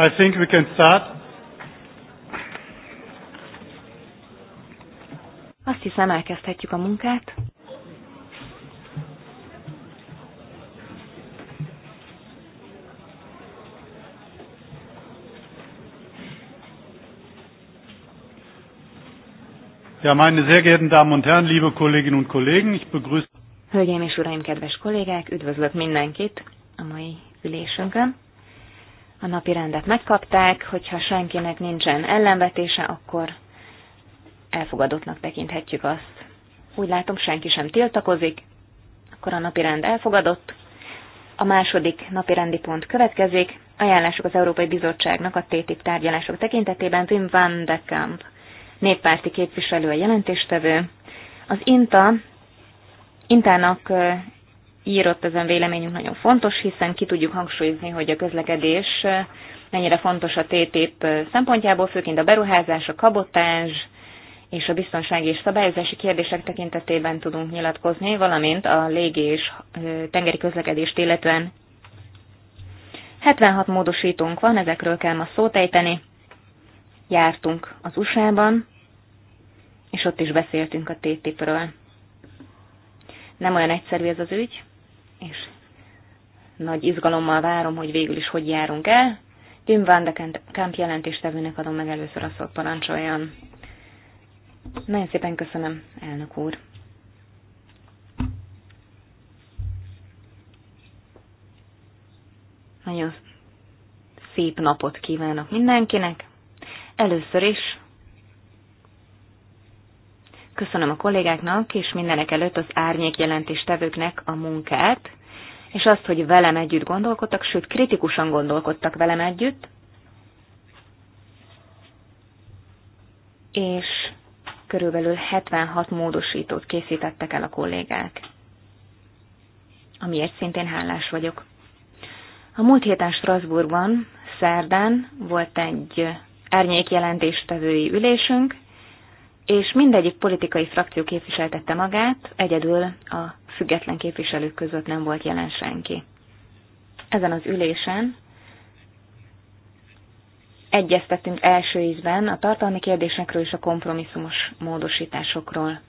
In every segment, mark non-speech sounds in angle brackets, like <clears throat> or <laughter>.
I think we can start. Azt hiszem, elkezdhetjük a munkát. Ja, meine sehr geehrten Damen und Herren, liebe Kolleginnen und Kollegen, ich begrüße. Hölgyeim és uraim, kedves kollégák, üdvözlök mindenkit a mai ülésünkön a napi rendet megkapták, hogyha senkinek nincsen ellenvetése, akkor elfogadottnak tekinthetjük azt. Úgy látom, senki sem tiltakozik, akkor a napi rend elfogadott. A második napi rendi pont következik, ajánlások az Európai Bizottságnak a TTIP tárgyalások tekintetében Wim van de Kamp, néppárti képviselő a jelentéstevő. Az INTA, Intának írott ezen véleményünk nagyon fontos, hiszen ki tudjuk hangsúlyozni, hogy a közlekedés mennyire fontos a TTIP szempontjából, főként a beruházás, a kabotázs és a biztonsági és szabályozási kérdések tekintetében tudunk nyilatkozni, valamint a légi és tengeri közlekedést illetően. 76 módosítónk van, ezekről kell ma szót ejteni. Jártunk az USA-ban, és ott is beszéltünk a TTIP-ről. Nem olyan egyszerű ez az ügy, és nagy izgalommal várom, hogy végül is hogy járunk el. Tim Van de Kamp jelentéstevőnek adom meg először a szót, parancsoljon. Nagyon szépen köszönöm, elnök úr. Nagyon szép napot kívánok mindenkinek. Először is Köszönöm a kollégáknak, és mindenek előtt az árnyék jelentéstevőknek a munkát, és azt, hogy velem együtt gondolkodtak, sőt, kritikusan gondolkodtak velem együtt, és körülbelül 76 módosítót készítettek el a kollégák, amiért szintén hálás vagyok. A múlt héten Strasbourgban, szerdán volt egy árnyék jelentéstevői ülésünk, és mindegyik politikai frakció képviseltette magát, egyedül a független képviselők között nem volt jelen senki. Ezen az ülésen egyeztettünk első ízben a tartalmi kérdésekről és a kompromisszumos módosításokról.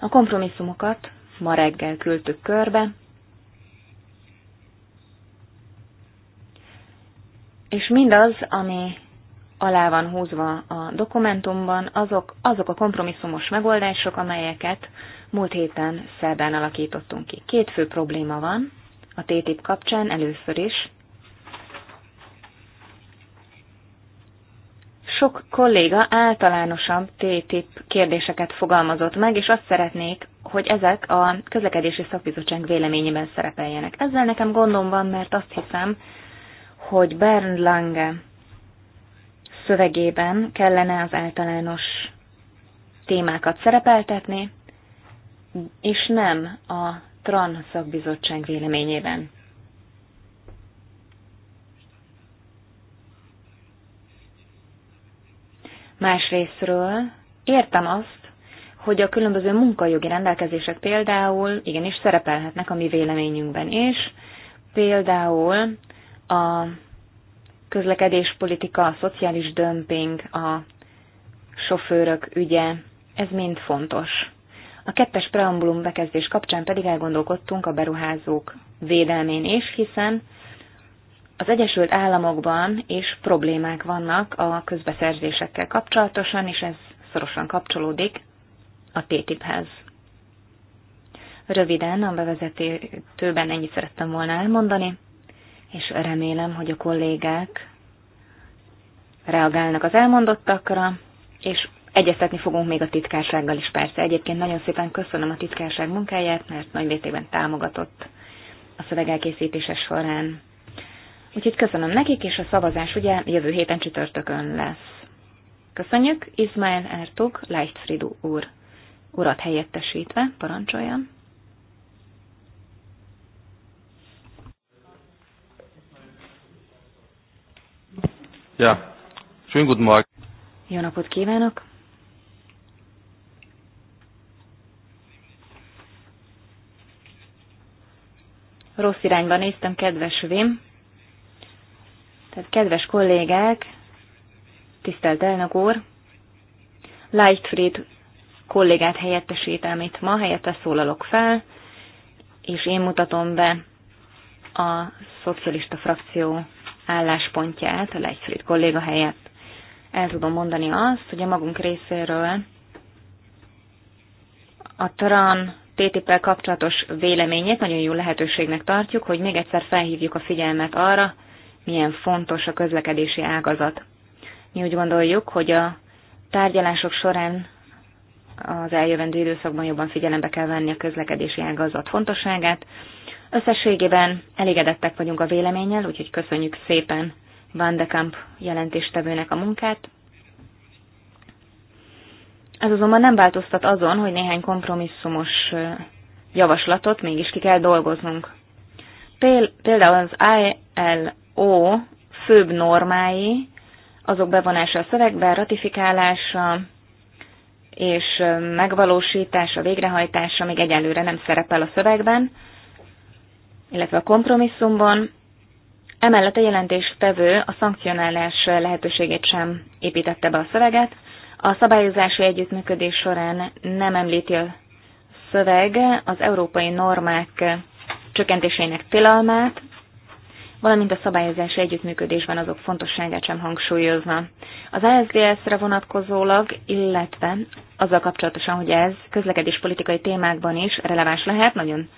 A kompromisszumokat ma reggel küldtük körbe, és mindaz, ami alá van húzva a dokumentumban, azok, azok a kompromisszumos megoldások, amelyeket múlt héten szerdán alakítottunk ki. Két fő probléma van a TTIP kapcsán először is. Sok kolléga általánosabb TTIP kérdéseket fogalmazott meg, és azt szeretnék, hogy ezek a közlekedési szakbizottság véleményében szerepeljenek. Ezzel nekem gondom van, mert azt hiszem, hogy Bernd Lange szövegében kellene az általános témákat szerepeltetni, és nem a TRAN szakbizottság véleményében. Másrésztről értem azt, hogy a különböző munkajogi rendelkezések például igenis szerepelhetnek a mi véleményünkben is, például a közlekedéspolitika, a szociális dömping, a sofőrök ügye, ez mind fontos. A kettes preambulum bekezdés kapcsán pedig elgondolkodtunk a beruházók védelmén is, hiszen az Egyesült Államokban is problémák vannak a közbeszerzésekkel kapcsolatosan, és ez szorosan kapcsolódik a TTIP-hez. Röviden a bevezetőben ennyit szerettem volna elmondani és remélem, hogy a kollégák reagálnak az elmondottakra, és egyeztetni fogunk még a titkársággal is persze. Egyébként nagyon szépen köszönöm a titkárság munkáját, mert nagy mértékben támogatott a szöveg elkészítése során. Úgyhogy köszönöm nekik, és a szavazás ugye jövő héten csütörtökön lesz. Köszönjük, Izmail Ertug, Leichtfried úr. Urat helyettesítve, parancsoljon. Ja, schönen guten Morgen. Jó napot kívánok! Rossz irányba néztem, kedves Vim. Tehát kedves kollégák, tisztelt elnök úr, Lightfried kollégát helyettesítem itt ma, helyette szólalok fel, és én mutatom be a szocialista frakció álláspontját, a Leichfried kolléga helyett. El tudom mondani azt, hogy a magunk részéről a TRAN ttip kapcsolatos véleményét nagyon jó lehetőségnek tartjuk, hogy még egyszer felhívjuk a figyelmet arra, milyen fontos a közlekedési ágazat. Mi úgy gondoljuk, hogy a tárgyalások során az eljövendő időszakban jobban figyelembe kell venni a közlekedési ágazat fontosságát, Összességében elégedettek vagyunk a véleménnyel, úgyhogy köszönjük szépen Van de Kamp jelentéstevőnek a munkát. Ez azonban nem változtat azon, hogy néhány kompromisszumos javaslatot mégis ki kell dolgoznunk. Például az ILO főbb normái, azok bevonása a szövegbe, ratifikálása és megvalósítása, végrehajtása még egyelőre nem szerepel a szövegben, illetve a kompromisszumban. Emellett a jelentéstevő a szankcionálás lehetőségét sem építette be a szöveget. A szabályozási együttműködés során nem említi a szöveg az európai normák csökkentésének tilalmát, valamint a szabályozási együttműködésben azok fontosságát sem hangsúlyozna. Az ASDS-re vonatkozólag, illetve azzal kapcsolatosan, hogy ez közlekedéspolitikai témákban is releváns lehet, nagyon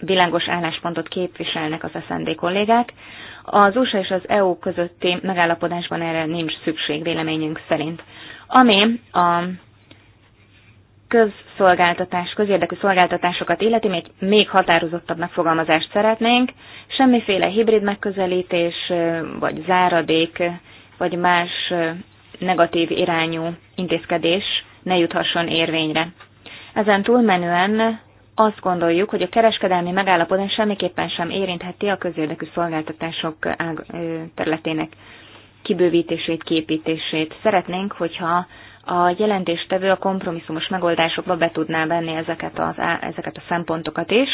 világos álláspontot képviselnek az SZND kollégák. Az USA és az EU közötti megállapodásban erre nincs szükség véleményünk szerint. Ami a közszolgáltatás, közérdekű szolgáltatásokat illeti, még, még határozottabb megfogalmazást szeretnénk. Semmiféle hibrid megközelítés, vagy záradék, vagy más negatív irányú intézkedés ne juthasson érvényre. Ezen túlmenően azt gondoljuk, hogy a kereskedelmi megállapodás semmiképpen sem érintheti a közérdekű szolgáltatások területének kibővítését, képítését. Szeretnénk, hogyha a jelentéstevő a kompromisszumos megoldásokba be tudná venni ezeket, az, ezeket a szempontokat is.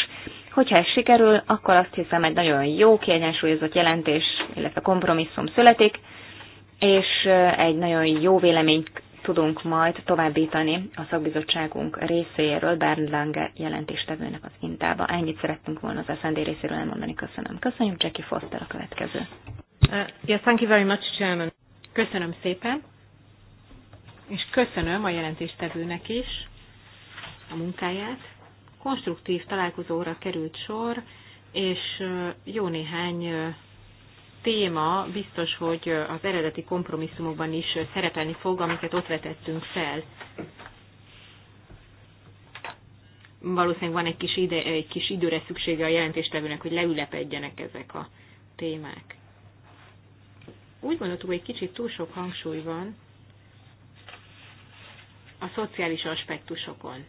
Hogyha ez sikerül, akkor azt hiszem egy nagyon jó, kiegyensúlyozott jelentés, illetve kompromisszum születik, és egy nagyon jó véleményt tudunk majd továbbítani a szakbizottságunk részéről Bernd Lange jelentéstevőnek az intába. Ennyit szerettünk volna az SND részéről elmondani. Köszönöm. Köszönjük, Jackie Foster a következő. Uh, yes, thank you very much, Chairman. Köszönöm szépen, és köszönöm a jelentéstevőnek is a munkáját. Konstruktív találkozóra került sor, és uh, jó néhány uh, téma biztos, hogy az eredeti kompromisszumokban is szerepelni fog, amiket ott vetettünk fel. Valószínűleg van egy kis, ide, egy kis időre szüksége a jelentéstevőnek, hogy leülepedjenek ezek a témák. Úgy gondoltuk, hogy egy kicsit túl sok hangsúly van a szociális aspektusokon.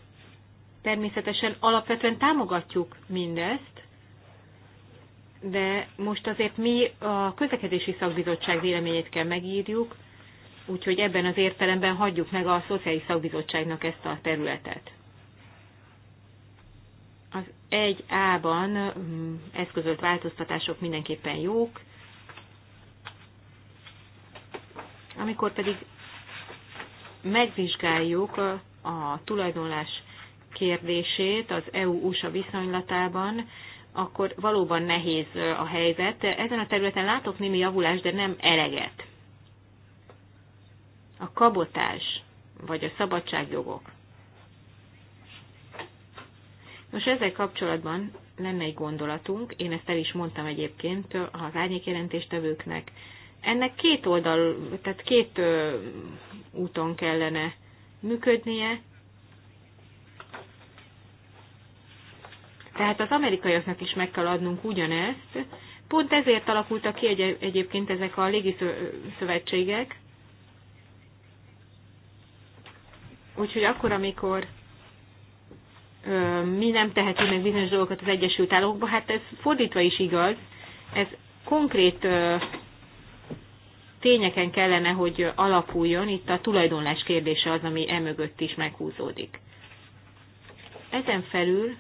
Természetesen alapvetően támogatjuk mindezt, de most azért mi a közlekedési szakbizottság véleményét kell megírjuk, úgyhogy ebben az értelemben hagyjuk meg a szociális szakbizottságnak ezt a területet. Az 1A-ban mm, eszközölt változtatások mindenképpen jók, amikor pedig megvizsgáljuk a tulajdonlás kérdését az EU-USA viszonylatában, akkor valóban nehéz a helyzet. Ezen a területen látok némi javulást, de nem eleget. A kabotás, vagy a szabadságjogok. Most ezzel kapcsolatban lenne egy gondolatunk, én ezt el is mondtam egyébként az árnyékjelentéstevőknek. Ennek két oldal, tehát két ö, úton kellene működnie, Tehát az amerikaiaknak is meg kell adnunk ugyanezt. Pont ezért alakultak ki egy- egyébként ezek a légiszövetségek. Úgyhogy akkor, amikor ö, mi nem tehetünk meg bizonyos dolgokat az Egyesült Államokban, hát ez fordítva is igaz, ez konkrét ö, tényeken kellene, hogy alapuljon, itt a tulajdonlás kérdése az, ami emögött is meghúzódik. Ezen felül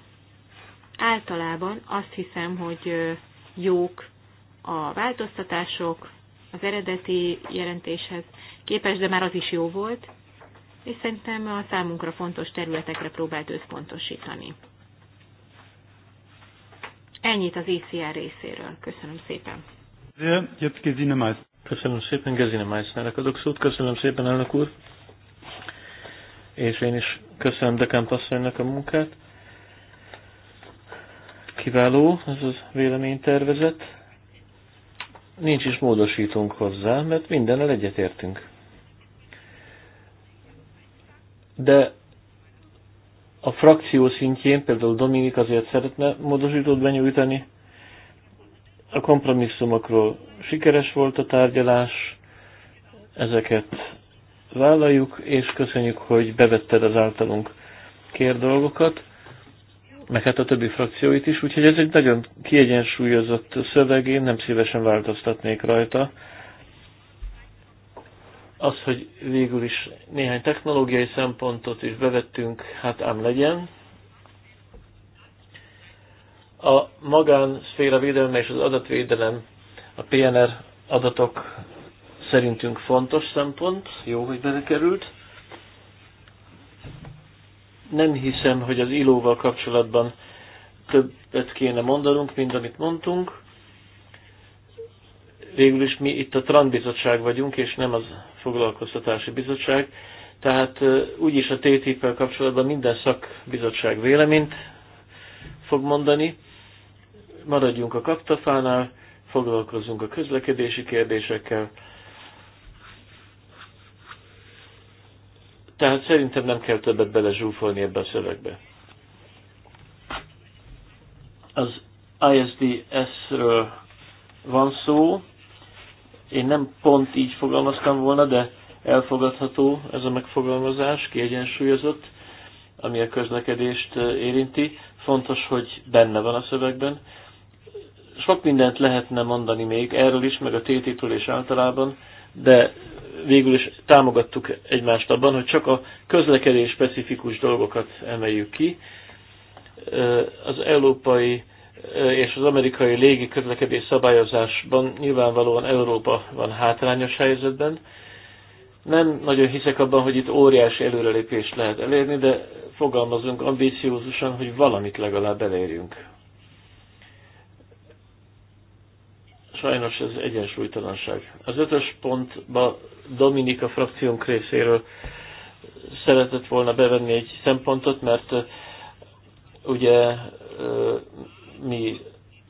általában azt hiszem, hogy jók a változtatások az eredeti jelentéshez képest, de már az is jó volt, és szerintem a számunkra fontos területekre próbált összpontosítani. Ennyit az ICR e részéről. Köszönöm szépen. Köszönöm szépen, Gezine Meissnernek adok szót. Köszönöm szépen, elnök úr. És én is köszönöm Dekán Passzonynak a munkát kiváló ez az véleménytervezet. Nincs is módosítunk hozzá, mert mindennel egyetértünk. De a frakció szintjén, például Dominik azért szeretne módosítót benyújtani, a kompromisszumokról sikeres volt a tárgyalás, ezeket vállaljuk, és köszönjük, hogy bevetted az általunk kér dolgokat meg hát a többi frakcióit is, úgyhogy ez egy nagyon kiegyensúlyozott szöveg, én nem szívesen változtatnék rajta. Az, hogy végül is néhány technológiai szempontot is bevettünk, hát ám legyen. A magánszféra védelme és az adatvédelem, a PNR adatok szerintünk fontos szempont, jó, hogy belekerült nem hiszem, hogy az ilóval kapcsolatban többet kéne mondanunk, mint amit mondtunk. Végül is mi itt a Trant bizottság vagyunk, és nem az foglalkoztatási bizottság, tehát úgyis a TTIP-vel kapcsolatban minden szakbizottság véleményt fog mondani. Maradjunk a kaptafánál, foglalkozzunk a közlekedési kérdésekkel, Tehát szerintem nem kell többet belezsúfolni ebbe a szövegbe. Az ISDS-ről van szó. Én nem pont így fogalmaztam volna, de elfogadható ez a megfogalmazás, kiegyensúlyozott, ami a közlekedést eh, érinti. Fontos, hogy benne van a szövegben. Sok mindent lehetne mondani még erről is, meg a tétitől és általában, de végül is támogattuk egymást abban, hogy csak a közlekedés specifikus dolgokat emeljük ki. Az európai és az amerikai légi közlekedés szabályozásban nyilvánvalóan Európa van hátrányos helyzetben. Nem nagyon hiszek abban, hogy itt óriási előrelépést lehet elérni, de fogalmazunk ambíciózusan, hogy valamit legalább elérjünk. sajnos ez egyensúlytalanság. Az ötös pontba Dominika frakciónk részéről szeretett volna bevenni egy szempontot, mert ugye mi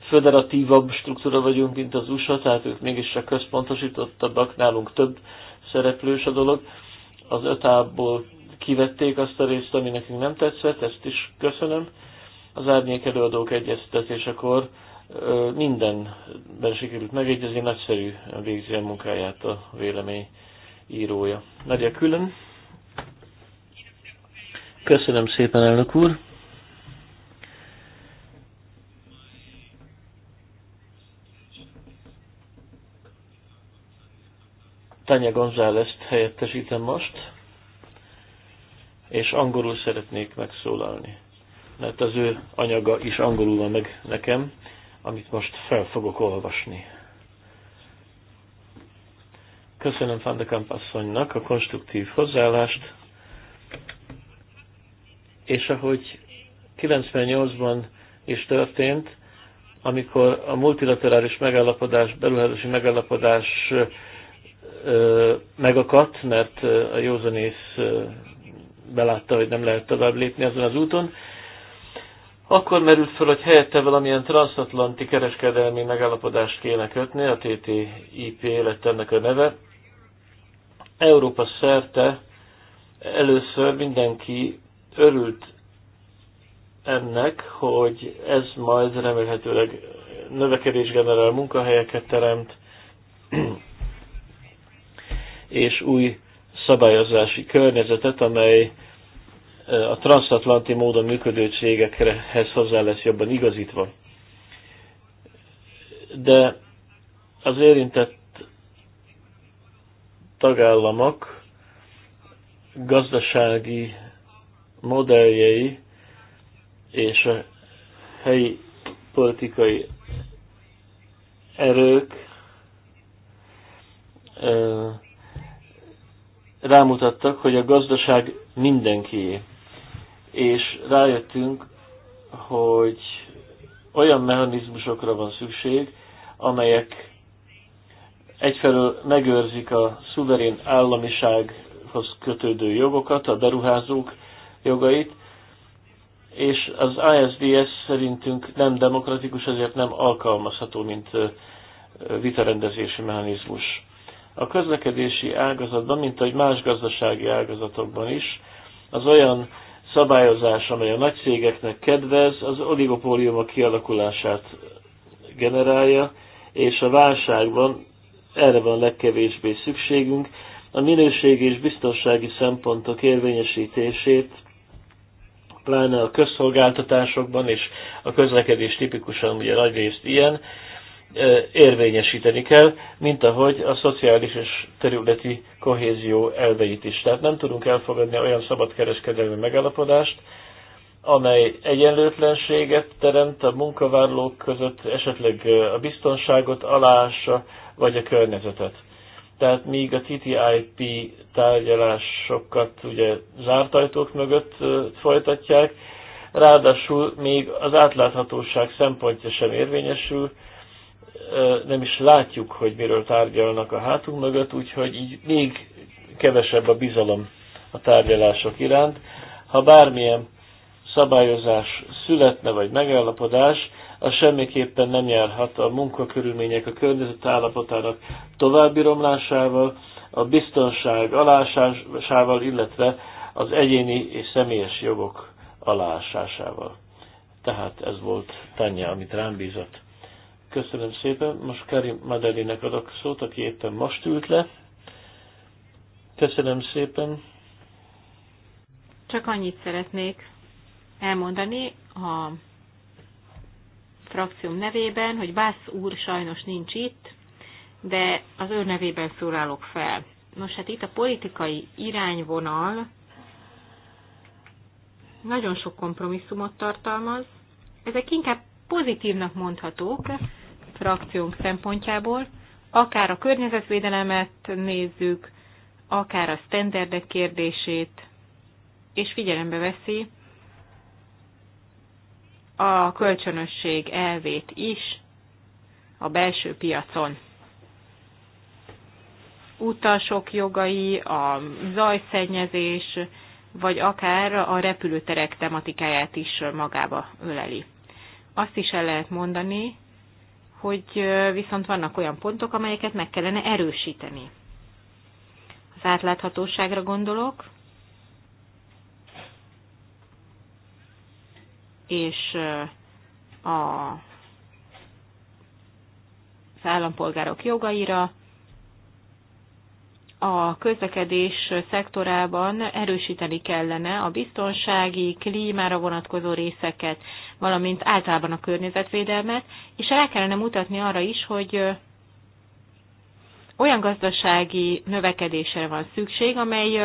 föderatívabb struktúra vagyunk, mint az USA, tehát ők mégis csak központosítottabbak, nálunk több szereplős a dolog. Az ötából kivették azt a részt, ami nekünk nem tetszett, ezt is köszönöm. Az árnyék előadók egyeztetésekor mindenben sikerült megegyezni, nagyszerű végzi a munkáját a vélemény írója. Nagyja külön. Köszönöm szépen, elnök úr. Tanya gonzález helyettesítem most, és angolul szeretnék megszólalni, mert az ő anyaga is angolul van meg nekem amit most fel fogok olvasni. Köszönöm Van de Kamp asszonynak a konstruktív hozzáállást, és ahogy 98-ban is történt, amikor a multilaterális megállapodás, beruházási megállapodás megakadt, mert a józanész belátta, hogy nem lehet tovább lépni azon az úton, akkor merült föl, hogy helyette valamilyen transatlanti kereskedelmi megállapodást kéne kötni, a TTIP lett ennek a neve. Európa szerte először mindenki örült ennek, hogy ez majd remélhetőleg növekedés generál, munkahelyeket teremt, <clears throat> és új szabályozási környezetet, amely a transatlanti módon működő cégekhez hozzá lesz jobban igazítva. De az érintett tagállamok gazdasági modelljei és a helyi politikai erők rámutattak, hogy a gazdaság mindenkié és rájöttünk, hogy olyan mechanizmusokra van szükség, amelyek egyfelől megőrzik a szuverén államisághoz kötődő jogokat, a beruházók jogait, és az ISDS szerintünk nem demokratikus, ezért nem alkalmazható, mint vitarendezési mechanizmus. A közlekedési ágazatban, mint ahogy más gazdasági ágazatokban is, az olyan szabályozás, amely a nagy cégeknek kedvez, az a kialakulását generálja, és a válságban erre van legkevésbé szükségünk. A minőségi és biztonsági szempontok érvényesítését pláne a közszolgáltatásokban, és a közlekedés tipikusan ugye nagy részt ilyen, érvényesíteni kell, mint ahogy a szociális és területi kohézió elveit is. Tehát nem tudunk elfogadni olyan szabadkereskedelmi megállapodást, amely egyenlőtlenséget teremt a munkavállalók között, esetleg a biztonságot alása, vagy a környezetet. Tehát míg a TTIP tárgyalásokat ugye zárt ajtók mögött folytatják, ráadásul még az átláthatóság szempontja sem érvényesül, nem is látjuk, hogy miről tárgyalnak a hátunk mögött, úgyhogy így még kevesebb a bizalom a tárgyalások iránt. Ha bármilyen szabályozás születne, vagy megállapodás, az semmiképpen nem járhat a munkakörülmények, a környezet állapotának további romlásával, a biztonság alásásával, illetve az egyéni és személyes jogok alásásával. Tehát ez volt Tanya, amit rám bízott. Köszönöm szépen. Most Karim Madelinek adok szót, aki éppen most ült le. Köszönöm szépen. Csak annyit szeretnék elmondani a frakcióm nevében, hogy Bász úr sajnos nincs itt, de az ő nevében szólálok fel. Nos, hát itt a politikai irányvonal nagyon sok kompromisszumot tartalmaz. Ezek inkább pozitívnak mondhatók, frakciónk szempontjából, akár a környezetvédelemet nézzük, akár a standardek kérdését, és figyelembe veszi a kölcsönösség elvét is a belső piacon. Utasok jogai, a zajszennyezés, vagy akár a repülőterek tematikáját is magába öleli. Azt is el lehet mondani, hogy viszont vannak olyan pontok, amelyeket meg kellene erősíteni. Az átláthatóságra gondolok, és a az állampolgárok jogaira. A közlekedés szektorában erősíteni kellene a biztonsági, klímára vonatkozó részeket, valamint általában a környezetvédelmet, és rá kellene mutatni arra is, hogy olyan gazdasági növekedésre van szükség, amely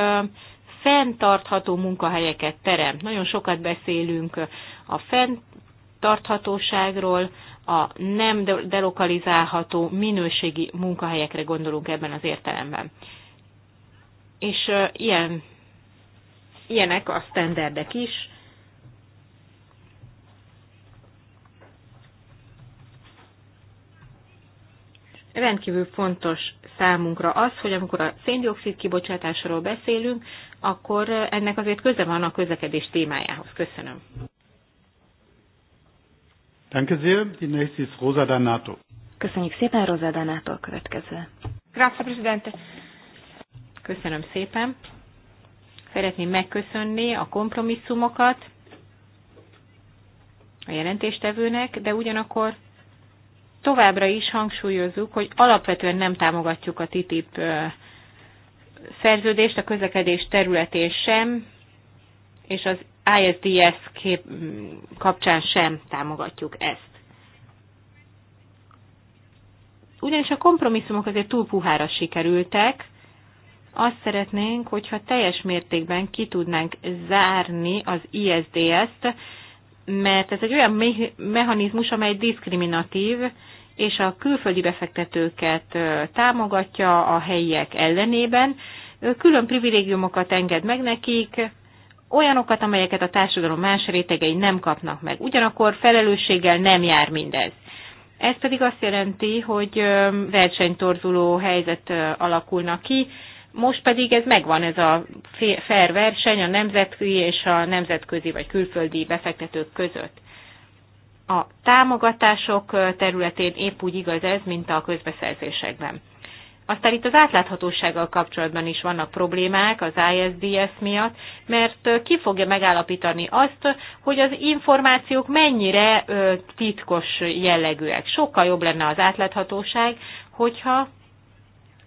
fenntartható munkahelyeket terem. Nagyon sokat beszélünk a fenntarthatóságról, a nem delokalizálható minőségi munkahelyekre gondolunk ebben az értelemben. És ilyen, ilyenek a standardek is, rendkívül fontos számunkra az, hogy amikor a széndiokszid kibocsátásról beszélünk, akkor ennek azért köze van a közlekedés témájához. Köszönöm. Danke sehr. Die nächste ist Rosa Danato. Köszönjük szépen, Rosa Danato következő. Grazie, Presidente. Köszönöm szépen. Szeretném megköszönni a kompromisszumokat a jelentéstevőnek, de ugyanakkor továbbra is hangsúlyozzuk, hogy alapvetően nem támogatjuk a TTIP szerződést, a közlekedés területén sem, és az ISDS kép kapcsán sem támogatjuk ezt. Ugyanis a kompromisszumok azért túl puhára sikerültek, azt szeretnénk, hogyha teljes mértékben ki tudnánk zárni az ISDS-t, mert ez egy olyan mechanizmus, amely diszkriminatív, és a külföldi befektetőket támogatja a helyiek ellenében, külön privilégiumokat enged meg nekik, olyanokat, amelyeket a társadalom más rétegei nem kapnak meg. Ugyanakkor felelősséggel nem jár mindez. Ez pedig azt jelenti, hogy versenytorzuló helyzet alakulna ki, most pedig ez megvan, ez a fair verseny a nemzetközi és a nemzetközi vagy külföldi befektetők között. A támogatások területén épp úgy igaz ez, mint a közbeszerzésekben. Aztán itt az átláthatósággal kapcsolatban is vannak problémák az ISDS miatt, mert ki fogja megállapítani azt, hogy az információk mennyire titkos jellegűek. Sokkal jobb lenne az átláthatóság, hogyha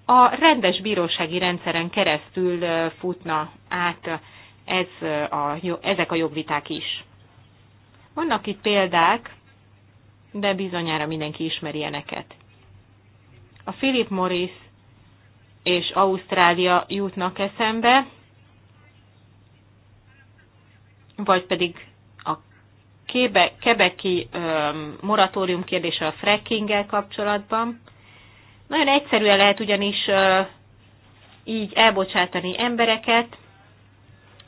a rendes bírósági rendszeren keresztül futna át ez a, ezek a jogviták is. Vannak itt példák, de bizonyára mindenki ismeri ilyeneket. A Philip Morris és Ausztrália jutnak eszembe, vagy pedig a kebeki moratórium kérdése a frackinggel kapcsolatban. Nagyon egyszerűen lehet ugyanis így elbocsátani embereket.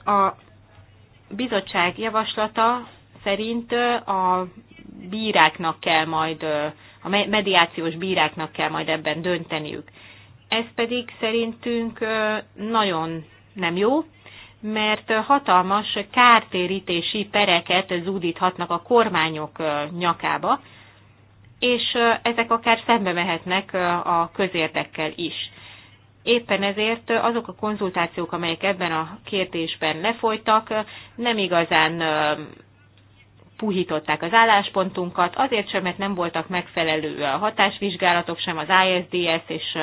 A bizottság javaslata szerint a bíráknak kell majd, a mediációs bíráknak kell majd ebben dönteniük. Ez pedig szerintünk nagyon nem jó, mert hatalmas kártérítési pereket zúdíthatnak a kormányok nyakába, és ezek akár szembe mehetnek a közérdekkel is. Éppen ezért azok a konzultációk, amelyek ebben a kérdésben lefolytak, nem igazán puhították az álláspontunkat, azért sem, mert nem voltak megfelelő hatásvizsgálatok sem az ISDS és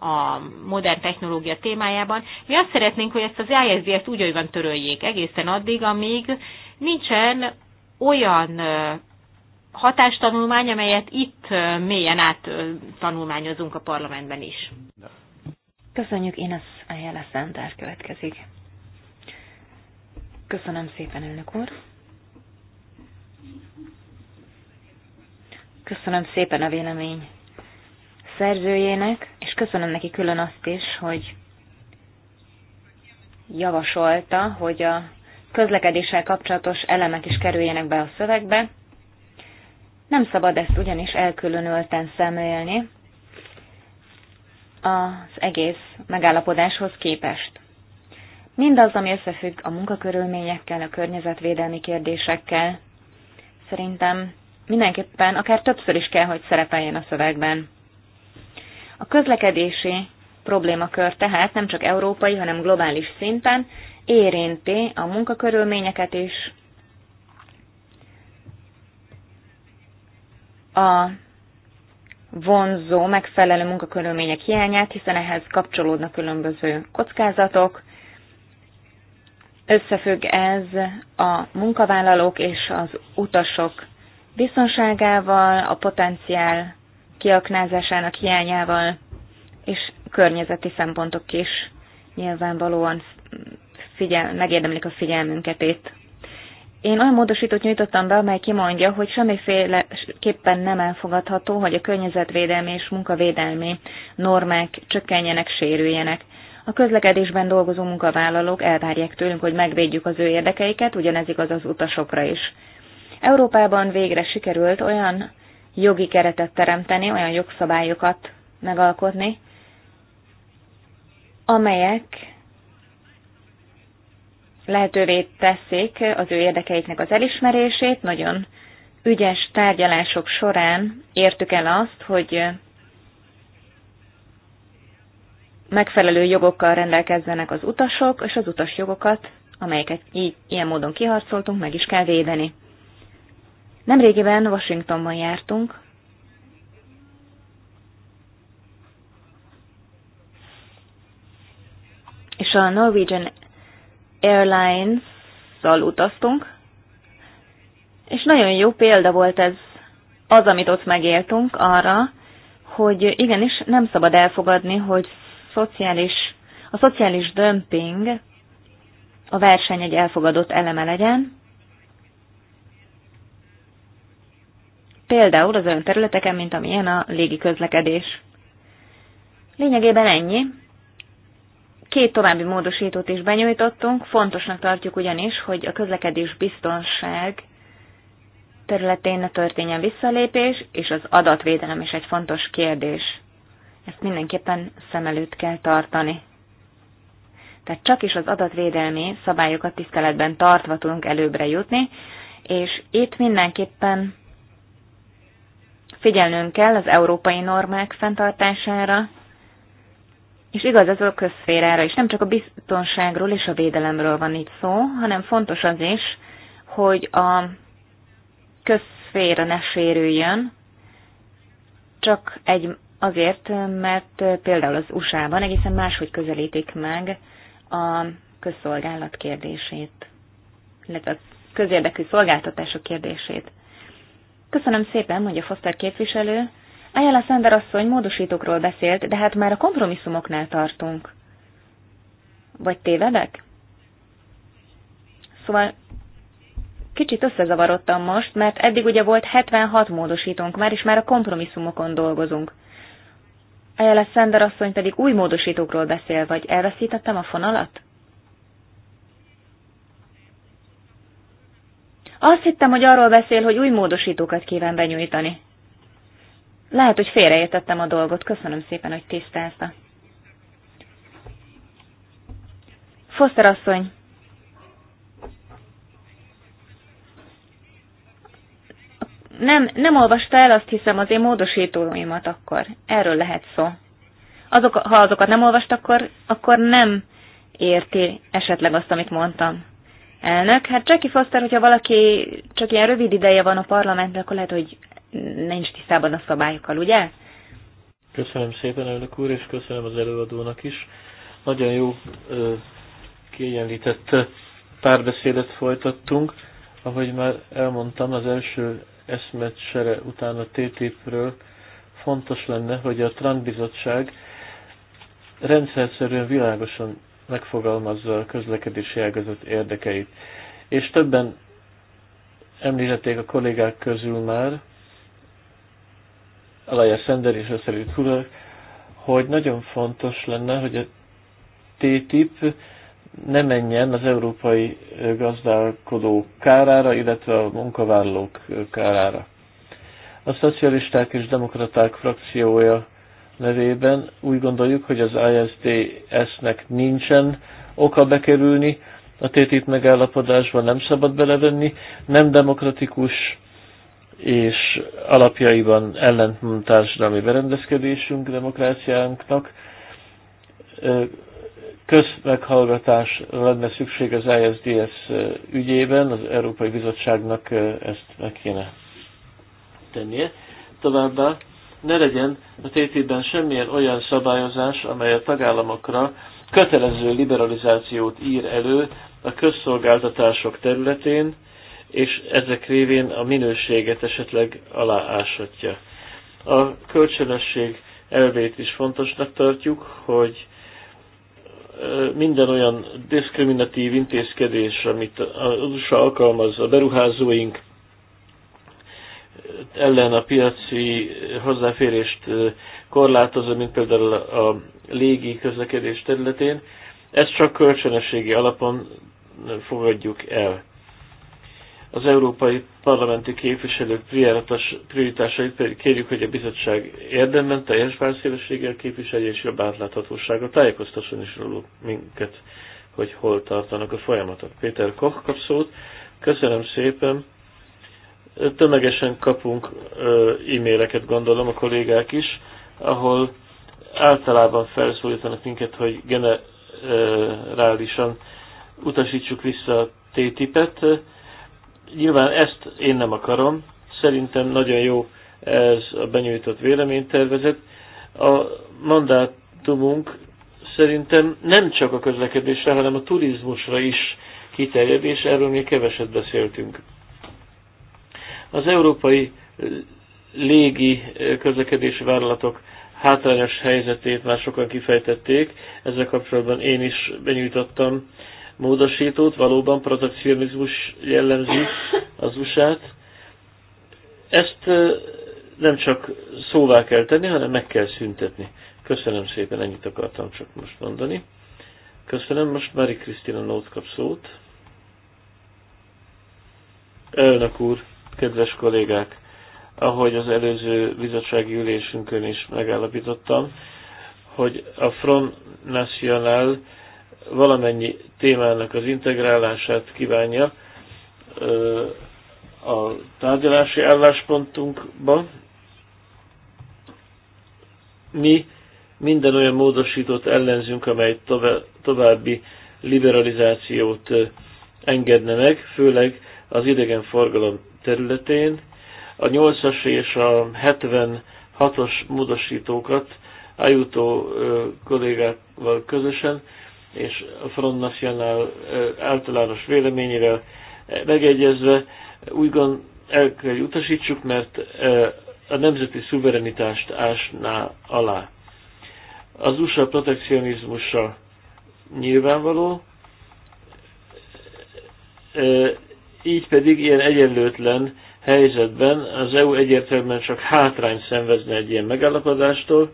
a modern technológia témájában. Mi azt szeretnénk, hogy ezt az ISDS-t úgy van töröljék egészen addig, amíg nincsen olyan hatástanulmány, amelyet itt mélyen át tanulmányozunk a parlamentben is. Köszönjük, én az Ayala Szentár következik. Köszönöm szépen, elnök úr. Köszönöm szépen a vélemény szerzőjének, és köszönöm neki külön azt is, hogy javasolta, hogy a közlekedéssel kapcsolatos elemek is kerüljenek be a szövegbe. Nem szabad ezt ugyanis elkülönölten szemlélni az egész megállapodáshoz képest. Mindaz, ami összefügg a munkakörülményekkel, a környezetvédelmi kérdésekkel, szerintem mindenképpen akár többször is kell, hogy szerepeljen a szövegben. A közlekedési problémakör tehát nem csak európai, hanem globális szinten érinti a munkakörülményeket is, a vonzó, megfelelő munkakörülmények hiányát, hiszen ehhez kapcsolódnak különböző kockázatok. Összefügg ez a munkavállalók és az utasok biztonságával, a potenciál kiaknázásának hiányával, és környezeti szempontok is nyilvánvalóan figyel, megérdemlik a figyelmünket itt. Én olyan módosítót nyújtottam be, amely kimondja, hogy semmiféleképpen nem elfogadható, hogy a környezetvédelmi és munkavédelmi normák csökkenjenek, sérüljenek. A közlekedésben dolgozó munkavállalók elvárják tőlünk, hogy megvédjük az ő érdekeiket, ugyanez igaz az utasokra is. Európában végre sikerült olyan jogi keretet teremteni, olyan jogszabályokat megalkotni, amelyek lehetővé teszik az ő érdekeiknek az elismerését. Nagyon ügyes tárgyalások során értük el azt, hogy megfelelő jogokkal rendelkezzenek az utasok, és az utas jogokat, amelyeket így, ilyen módon kiharcoltunk, meg is kell védeni. Nemrégiben Washingtonban jártunk, és a Norwegian Airlines-szal utaztunk, és nagyon jó példa volt ez az, amit ott megéltünk arra, hogy igenis nem szabad elfogadni, hogy szociális, a szociális dömping a verseny egy elfogadott eleme legyen. Például az olyan területeken, mint amilyen a légi közlekedés. Lényegében ennyi. Két további módosítót is benyújtottunk, fontosnak tartjuk ugyanis, hogy a közlekedés biztonság területén ne történjen visszalépés, és az adatvédelem is egy fontos kérdés. Ezt mindenképpen szem előtt kell tartani. Tehát csak is az adatvédelmi szabályokat tiszteletben tartva tudunk előbbre jutni, és itt mindenképpen figyelnünk kell az európai normák fenntartására, és igaz az a közszférára is. Nem csak a biztonságról és a védelemről van itt szó, hanem fontos az is, hogy a közszféra ne sérüljön, csak egy azért, mert például az USA-ban egészen máshogy közelítik meg a közszolgálat kérdését, illetve a közérdekű szolgáltatások kérdését. Köszönöm szépen, hogy a Foster képviselő, Ayala Sander asszony módosítókról beszélt, de hát már a kompromisszumoknál tartunk. Vagy tévedek? Szóval kicsit összezavarodtam most, mert eddig ugye volt 76 módosítónk már, is már a kompromisszumokon dolgozunk. Ayala Sander asszony pedig új módosítókról beszél, vagy elveszítettem a fonalat? Azt hittem, hogy arról beszél, hogy új módosítókat kíván benyújtani. Lehet, hogy félreértettem a dolgot. Köszönöm szépen, hogy tisztázta. Foster asszony. Nem, nem olvasta el, azt hiszem, az én módosítóimat akkor. Erről lehet szó. Azok, ha azokat nem olvast, akkor, akkor nem érti esetleg azt, amit mondtam. Elnök, hát Jackie Foster, hogyha valaki csak ilyen rövid ideje van a parlamentben, akkor lehet, hogy nincs tisztában a szabályokkal, ugye? Köszönöm szépen, elnök úr, és köszönöm az előadónak is. Nagyon jó kiegyenlített párbeszédet folytattunk. Ahogy már elmondtam, az első eszmetsere után a TTIP-ről fontos lenne, hogy a Trump bizottság rendszerszerűen világosan megfogalmazza a közlekedési ágazat érdekeit. És többen említették a kollégák közül már, Alaja Szender és Összerű Kulak, hogy nagyon fontos lenne, hogy a TTIP ne menjen az európai gazdálkodó kárára, illetve a munkavállalók kárára. A szocialisták és demokraták frakciója nevében úgy gondoljuk, hogy az ISDS-nek nincsen oka bekerülni, a TTIP megállapodásban nem szabad belevenni, nem demokratikus és alapjaiban ellentmond társadalmi berendezkedésünk, demokráciánknak. Közmeghallgatás lenne szükség az ISDS ügyében, az Európai Bizottságnak ezt meg kéne tennie. Továbbá ne legyen a TTIP-ben semmilyen olyan szabályozás, amely a tagállamokra kötelező liberalizációt ír elő a közszolgáltatások területén, és ezek révén a minőséget esetleg aláásatja. A kölcsönösség elvét is fontosnak tartjuk, hogy minden olyan diszkriminatív intézkedés, amit az USA alkalmaz a beruházóink ellen a piaci hozzáférést korlátozza, mint például a légi közlekedés területén, ezt csak kölcsönösségi alapon fogadjuk el. Az európai parlamenti képviselők prioritásait pedig kérjük, hogy a bizottság érdemben teljes bárszélességgel képviselje és jobb átláthatósága tájékoztasson is róluk minket, hogy hol tartanak a folyamatok. Péter Koch kap szót. Köszönöm szépen. Tömegesen kapunk e-maileket, gondolom, a kollégák is, ahol általában felszólítanak minket, hogy generálisan utasítsuk vissza a TTIP-et. Nyilván ezt én nem akarom. Szerintem nagyon jó ez a benyújtott véleménytervezet. A mandátumunk szerintem nem csak a közlekedésre, hanem a turizmusra is kiterjed, és erről még keveset beszéltünk. Az európai légi közlekedési vállalatok hátrányos helyzetét már sokan kifejtették, ezzel kapcsolatban én is benyújtottam módosítót, valóban protekcionizmus jellemzi az USA-t. Ezt nem csak szóvá kell tenni, hanem meg kell szüntetni. Köszönöm szépen, ennyit akartam csak most mondani. Köszönöm, most Mari Krisztina Nót kap szót. Elnök úr, kedves kollégák, ahogy az előző bizottsági ülésünkön is megállapítottam, hogy a Front National valamennyi témának az integrálását kívánja a tárgyalási álláspontunkban. Mi minden olyan módosítót ellenzünk, amely további liberalizációt engedne meg, főleg az idegenforgalom területén. A 8-as és a 76-os módosítókat Ajutó kollégával közösen és a Front National általános véleményével megegyezve úgy gond, el kell utasítsuk, mert a nemzeti szuverenitást ásná alá. Az USA protekcionizmusa nyilvánvaló, így pedig ilyen egyenlőtlen helyzetben az EU egyértelműen csak hátrány szenvezne egy ilyen megállapodástól,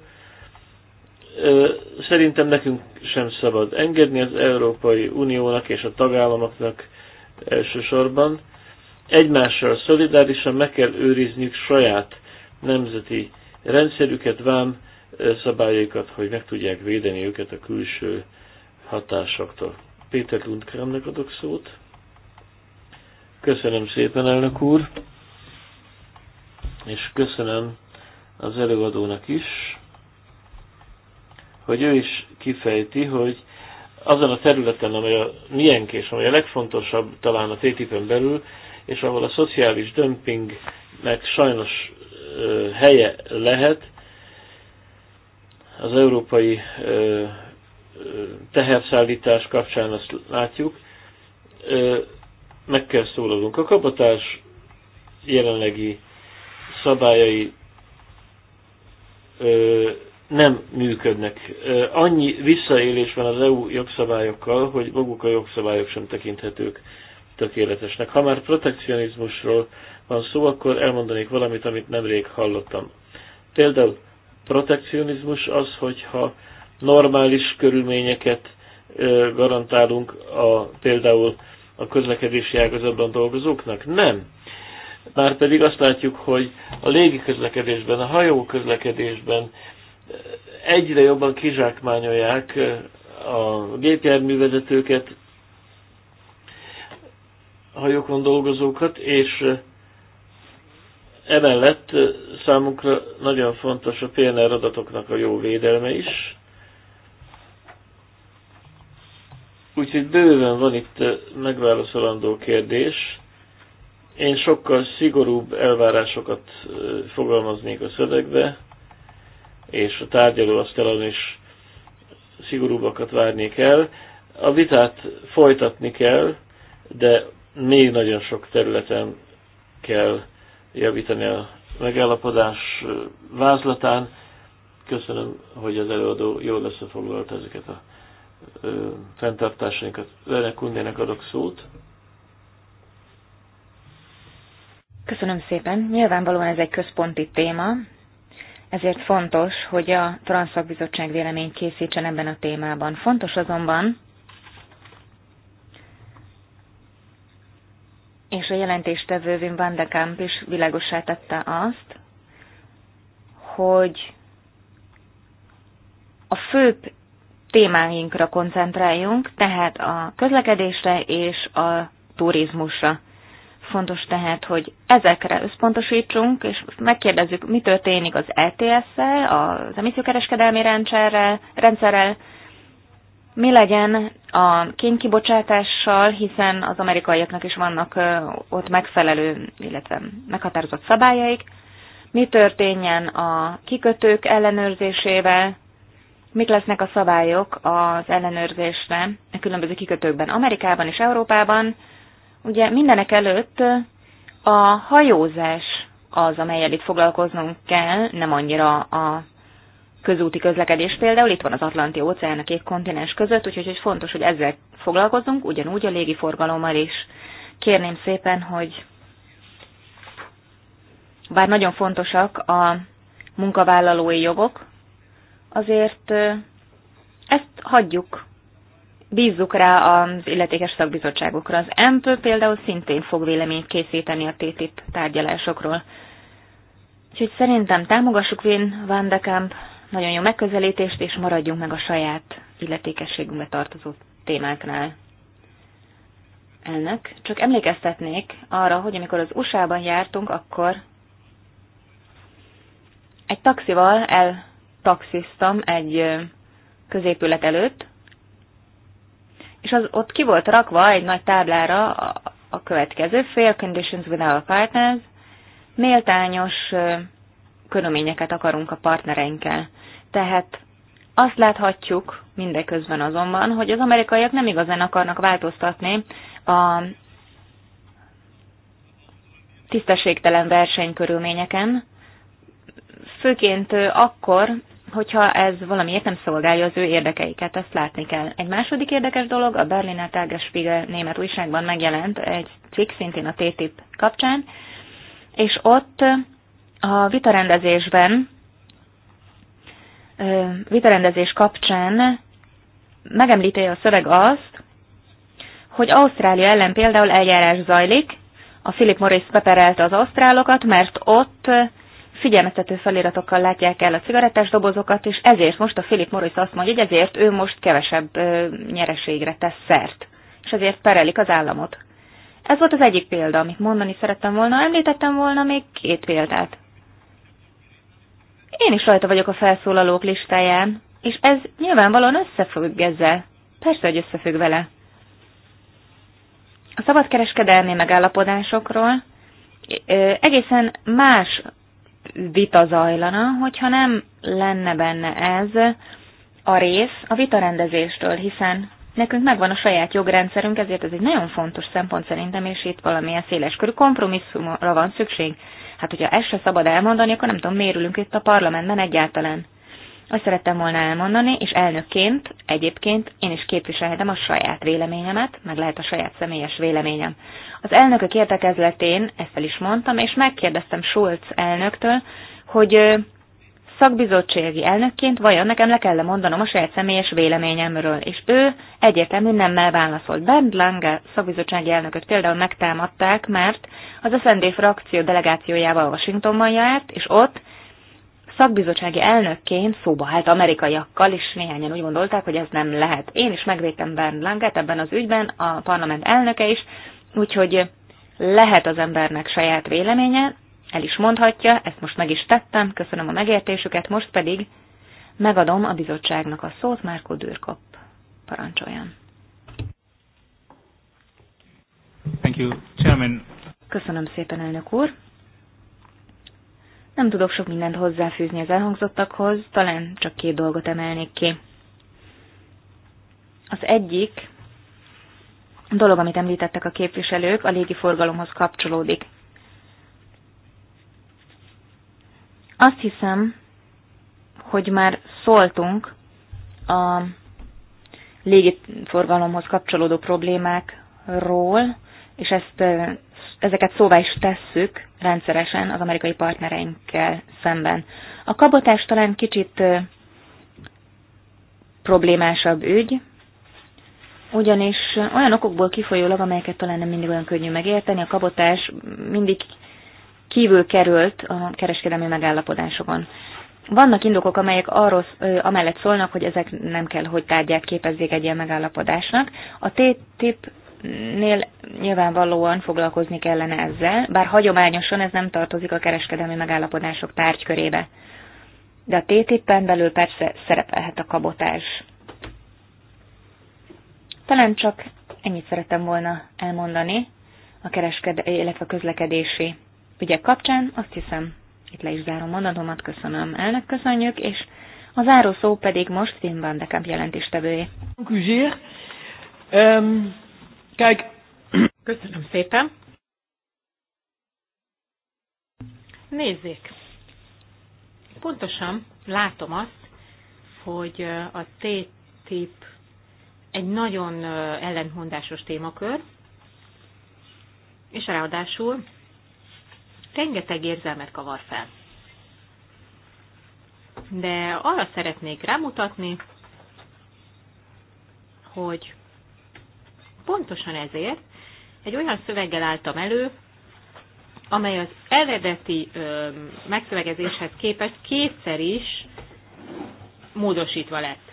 Szerintem nekünk sem szabad engedni az Európai Uniónak és a tagállamoknak elsősorban. Egymással szolidárisan meg kell őrizniük saját nemzeti rendszerüket, vám szabályaikat, hogy meg tudják védeni őket a külső hatásoktól. Péter Lundkremnek adok szót. Köszönöm szépen, elnök úr, és köszönöm az előadónak is hogy ő is kifejti, hogy azon a területen, amely a miénk és amely a legfontosabb talán a TTIP-en belül, és ahol a szociális dömpingnek sajnos ö, helye lehet, az európai ö, teherszállítás kapcsán azt látjuk, ö, meg kell szólalunk. A kabotás jelenlegi szabályai ö, nem működnek. Annyi visszaélés van az EU jogszabályokkal, hogy maguk a jogszabályok sem tekinthetők tökéletesnek. Ha már protekcionizmusról van szó, akkor elmondanék valamit, amit nemrég hallottam. Például protekcionizmus az, hogyha normális körülményeket garantálunk a, például a közlekedési ágazatban dolgozóknak? Nem. Márpedig azt látjuk, hogy a légi közlekedésben, a hajó közlekedésben egyre jobban kizsákmányolják a gépjárművezetőket, hajókon dolgozókat, és emellett számunkra nagyon fontos a PNR adatoknak a jó védelme is. Úgyhogy bőven van itt megválaszolandó kérdés. Én sokkal szigorúbb elvárásokat fogalmaznék a szövegbe, és a tárgyalóasztalon is szigorúbbakat várni kell. A vitát folytatni kell, de még nagyon sok területen kell javítani a megállapodás vázlatán. Köszönöm, hogy az előadó jól összefoglalta ezeket a fenntartásainkat. Lene Kundének adok szót. Köszönöm szépen. Nyilvánvalóan ez egy központi téma, ezért fontos, hogy a Transzakbizottság véleményt készítsen ebben a témában. Fontos azonban, és a jelentéstevő Wim van de Kamp is világosá tette azt, hogy a fő témáinkra koncentráljunk, tehát a közlekedésre és a turizmusra. Fontos tehát, hogy ezekre összpontosítsunk, és megkérdezzük, mi történik az ETS-szel, az emissziókereskedelmi rendszerrel, rendszerrel, mi legyen a kénykibocsátással, hiszen az amerikaiaknak is vannak ott megfelelő, illetve meghatározott szabályaik, mi történjen a kikötők ellenőrzésével, mik lesznek a szabályok az ellenőrzésre a különböző kikötőkben, Amerikában és Európában, Ugye mindenek előtt a hajózás az, amelyel itt foglalkoznunk kell, nem annyira a közúti közlekedés például, itt van az Atlanti óceán a két kontinens között, úgyhogy hogy fontos, hogy ezzel foglalkozunk, ugyanúgy a légiforgalommal is. Kérném szépen, hogy bár nagyon fontosak a munkavállalói jogok, azért ezt hagyjuk bízzuk rá az illetékes szakbizottságokra. Az EMPÖ például szintén fog véleményt készíteni a TTIP tárgyalásokról. Úgyhogy szerintem támogassuk Vin Van de Kamp nagyon jó megközelítést, és maradjunk meg a saját illetékességünkbe tartozó témáknál. Elnök, csak emlékeztetnék arra, hogy amikor az USA-ban jártunk, akkor egy taxival eltaxiztam egy középület előtt, az, ott ki volt rakva egy nagy táblára a, a következő, fair conditions with our partners, méltányos körülményeket akarunk a partnereinkkel. Tehát azt láthatjuk mindeközben azonban, hogy az amerikaiak nem igazán akarnak változtatni a tisztességtelen versenykörülményeken, főként akkor, hogyha ez valamiért nem szolgálja az ő érdekeiket, azt látni kell. Egy második érdekes dolog, a Berliner Tagesspiegel német újságban megjelent egy cikk szintén a TTIP kapcsán, és ott a vitarendezésben, vitarendezés kapcsán megemlíti a szöveg azt, hogy Ausztrália ellen például eljárás zajlik, a Philip Morris peperelte az ausztrálokat, mert ott figyelmeztető feliratokkal látják el a cigarettás dobozokat, és ezért most a Philip Morris azt mondja, hogy ezért ő most kevesebb nyereségre tesz szert, és ezért perelik az államot. Ez volt az egyik példa, amit mondani szerettem volna, említettem volna még két példát. Én is rajta vagyok a felszólalók listáján, és ez nyilvánvalóan összefügg ezzel. Persze, hogy összefügg vele. A szabadkereskedelmi megállapodásokról egészen más vita zajlana, hogyha nem lenne benne ez a rész a vitarendezéstől, hiszen nekünk megvan a saját jogrendszerünk, ezért ez egy nagyon fontos szempont szerintem, és itt valamilyen széleskörű kompromisszumra van szükség. Hát, hogyha ezt se szabad elmondani, akkor nem tudom, mérülünk itt a parlamentben egyáltalán. Azt szerettem volna elmondani, és elnökként egyébként én is képviselhetem a saját véleményemet, meg lehet a saját személyes véleményem. Az elnökök értekezletén ezt el is mondtam, és megkérdeztem Schulz elnöktől, hogy szakbizottsági elnökként vajon nekem le kell mondanom a saját személyes véleményemről, és ő egyértelmű nemmel válaszolt. Bernd Lange szakbizottsági elnököt például megtámadták, mert az SZND frakció delegációjával Washingtonban járt, és ott szakbizottsági elnökként szóba állt amerikaiakkal, és néhányan úgy gondolták, hogy ez nem lehet. Én is megvédtem Bernd Langet ebben az ügyben, a parlament elnöke is, úgyhogy lehet az embernek saját véleménye, el is mondhatja, ezt most meg is tettem, köszönöm a megértésüket, most pedig megadom a bizottságnak a szót, Márko Dürkop parancsoljon. Thank you, Chairman. Köszönöm szépen, elnök úr. Nem tudok sok mindent hozzáfűzni az elhangzottakhoz, talán csak két dolgot emelnék ki. Az egyik dolog, amit említettek a képviselők, a légiforgalomhoz kapcsolódik. Azt hiszem, hogy már szóltunk a légiforgalomhoz kapcsolódó problémákról, és ezt ezeket szóvá is tesszük rendszeresen az amerikai partnereinkkel szemben. A kabotás talán kicsit problémásabb ügy, ugyanis olyan okokból kifolyólag, amelyeket talán nem mindig olyan könnyű megérteni, a kabotás mindig kívül került a kereskedelmi megállapodásokon. Vannak indokok, amelyek arról, amellett szólnak, hogy ezek nem kell, hogy tárgyát képezzék egy ilyen megállapodásnak. A TTIP nél nyilvánvalóan foglalkozni kellene ezzel, bár hagyományosan ez nem tartozik a kereskedelmi megállapodások tárgykörébe. De a TTIP-en belül persze szerepelhet a kabotás. Talán csak ennyit szerettem volna elmondani a keresked, illetve a közlekedési ügyek kapcsán. Azt hiszem, itt le is zárom mondatomat, köszönöm elnök, köszönjük, és a záró szó pedig most Tim van de Kamp jelentéstevője. Um, Kijk. Köszönöm szépen. Nézzék. Pontosan látom azt, hogy a T-tip egy nagyon ellentmondásos témakör, és ráadásul rengeteg érzelmet kavar fel. De arra szeretnék rámutatni, hogy Pontosan ezért egy olyan szöveggel álltam elő, amely az eredeti ö, megszövegezéshez képest kétszer is módosítva lett.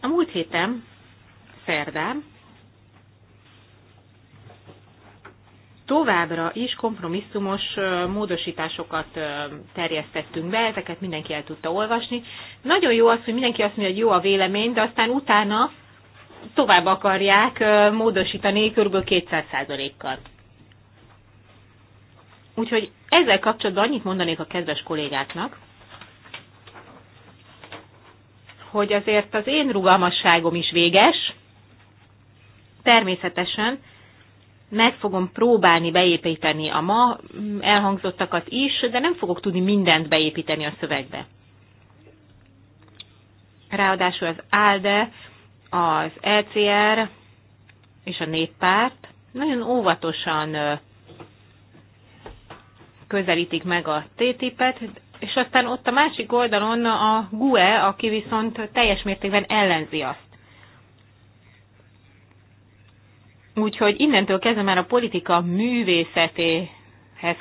A múlt héten, szerdán, továbbra is kompromisszumos módosításokat terjesztettünk be, ezeket mindenki el tudta olvasni. Nagyon jó az, hogy mindenki azt mondja, hogy jó a vélemény, de aztán utána tovább akarják módosítani kb. 200%-kal. Úgyhogy ezzel kapcsolatban annyit mondanék a kedves kollégáknak, hogy azért az én rugalmasságom is véges. Természetesen meg fogom próbálni beépíteni a ma elhangzottakat is, de nem fogok tudni mindent beépíteni a szövegbe. Ráadásul az ALDE az ECR és a néppárt nagyon óvatosan közelítik meg a TTIP-et, és aztán ott a másik oldalon a GUE, aki viszont teljes mértékben ellenzi azt. Úgyhogy innentől kezdve már a politika művészetéhez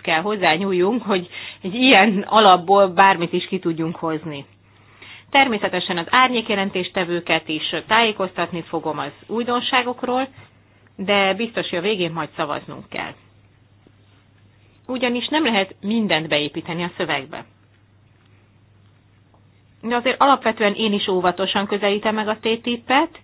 kell hozzányúljunk, hogy egy ilyen alapból bármit is ki tudjunk hozni. Természetesen az árnyékjelentéstevőket is tájékoztatni fogom az újdonságokról, de biztos, hogy a végén majd szavaznunk kell. Ugyanis nem lehet mindent beépíteni a szövegbe. De azért alapvetően én is óvatosan közelítem meg a TTIP-et,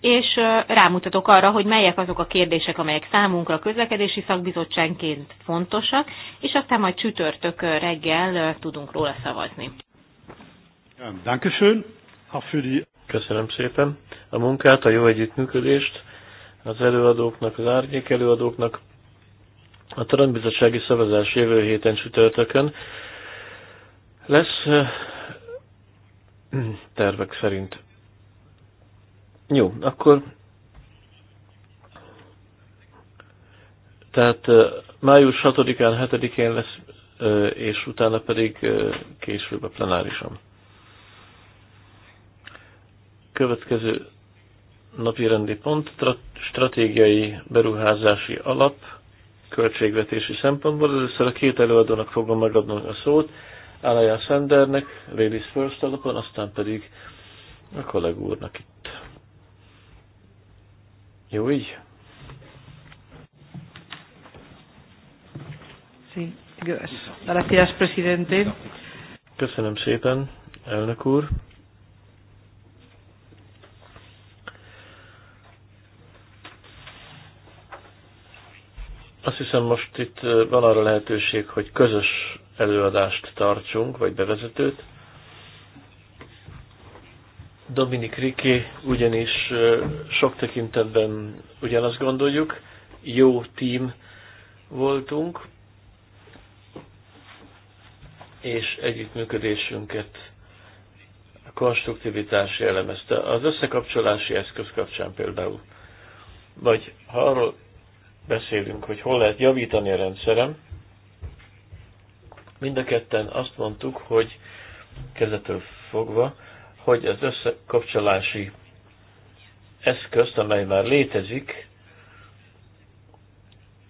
és rámutatok arra, hogy melyek azok a kérdések, amelyek számunkra közlekedési szakbizottságként fontosak, és aztán majd csütörtök reggel tudunk róla szavazni. Dankeschön. Köszönöm szépen a munkát, a jó együttműködést az előadóknak, az árnyék előadóknak. A Tarantbizottsági Szavazás jövő héten csütörtökön lesz tervek szerint. Jó, akkor tehát május 6-án, 7-én lesz, és utána pedig később a plenárisom. Következő napi rendi pont, stratégiai beruházási alap, költségvetési szempontból. Először a két előadónak fogom megadni a szót, Alaya Sandernek, Ladies First alapon, aztán pedig a kollégúrnak itt. Jó így? Sí, gracias, presidente. Köszönöm szépen, elnök úr. Azt hiszem most itt van arra lehetőség, hogy közös előadást tartsunk, vagy bevezetőt. Dominik Riki ugyanis sok tekintetben ugyanazt gondoljuk, jó tím voltunk, és együttműködésünket a konstruktivitás jellemezte. Az összekapcsolási eszköz kapcsán például. Vagy ha arról beszélünk, hogy hol lehet javítani a rendszerem. Mind a ketten azt mondtuk, hogy kezdetől fogva, hogy az összekapcsolási eszközt, amely már létezik,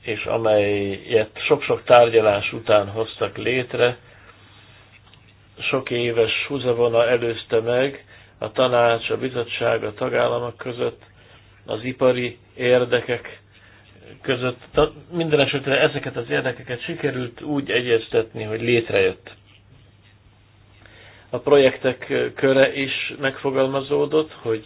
és amelyet sok-sok tárgyalás után hoztak létre, sok éves húzavona előzte meg a tanács, a bizottság, a tagállamok között, az ipari érdekek között. minden esetre ezeket az érdekeket sikerült úgy egyeztetni, hogy létrejött. A projektek köre is megfogalmazódott, hogy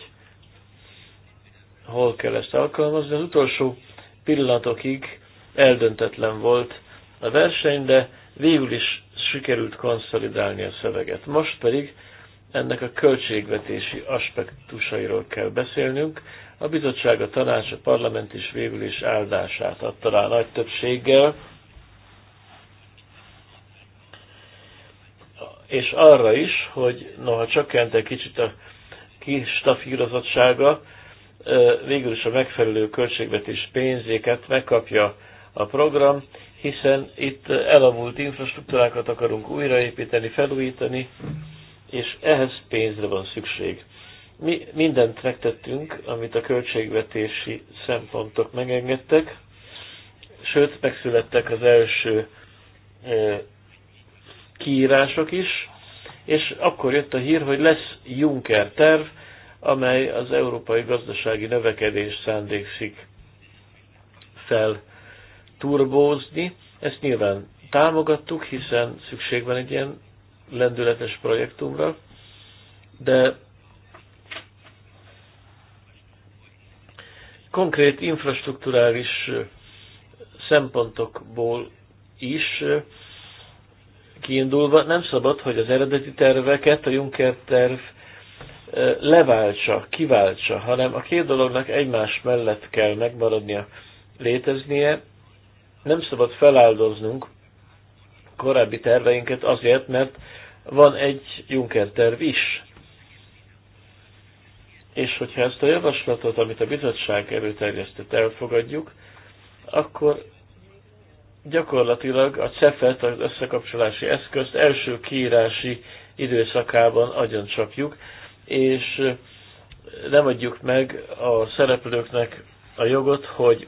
hol kell ezt alkalmazni. Az utolsó pillanatokig eldöntetlen volt a verseny, de végül is sikerült konszolidálni a szöveget. Most pedig ennek a költségvetési aspektusairól kell beszélnünk, a bizottság, a tanács, a parlament is végül is áldását adta rá nagy többséggel, és arra is, hogy noha csökkent egy kicsit a kistafírozottsága, végül is a megfelelő költségvetés pénzéket megkapja a program, hiszen itt elavult infrastruktúrákat akarunk újraépíteni, felújítani, és ehhez pénzre van szükség. Mi mindent megtettünk, amit a költségvetési szempontok megengedtek, sőt, megszülettek az első kiírások is, és akkor jött a hír, hogy lesz Juncker terv, amely az európai gazdasági növekedés szándékszik fel turbózni. Ezt nyilván támogattuk, hiszen szükség van egy ilyen lendületes projektumra, de konkrét infrastruktúrális szempontokból is kiindulva nem szabad, hogy az eredeti terveket a Juncker terv leváltsa, kiváltsa, hanem a két dolognak egymás mellett kell megmaradnia, léteznie. Nem szabad feláldoznunk korábbi terveinket azért, mert van egy Juncker terv is és hogyha ezt a javaslatot, amit a bizottság előterjesztett, elfogadjuk, akkor gyakorlatilag a CEFET, az összekapcsolási eszközt első kiírási időszakában csapjuk, és nem adjuk meg a szereplőknek a jogot, hogy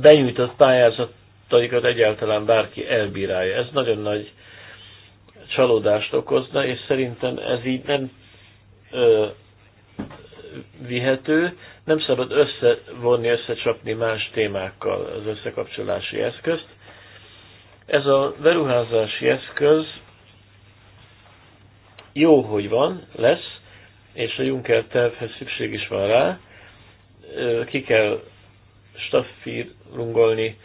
benyújtott pályázataikat egyáltalán bárki elbírálja. Ez nagyon nagy csalódást okozna, és szerintem ez így nem ö, vihető, nem szabad összevonni, összecsapni más témákkal az összekapcsolási eszközt. Ez a beruházási eszköz jó, hogy van, lesz, és a Juncker tervhez szükség is van rá. Ki kell staffírungolni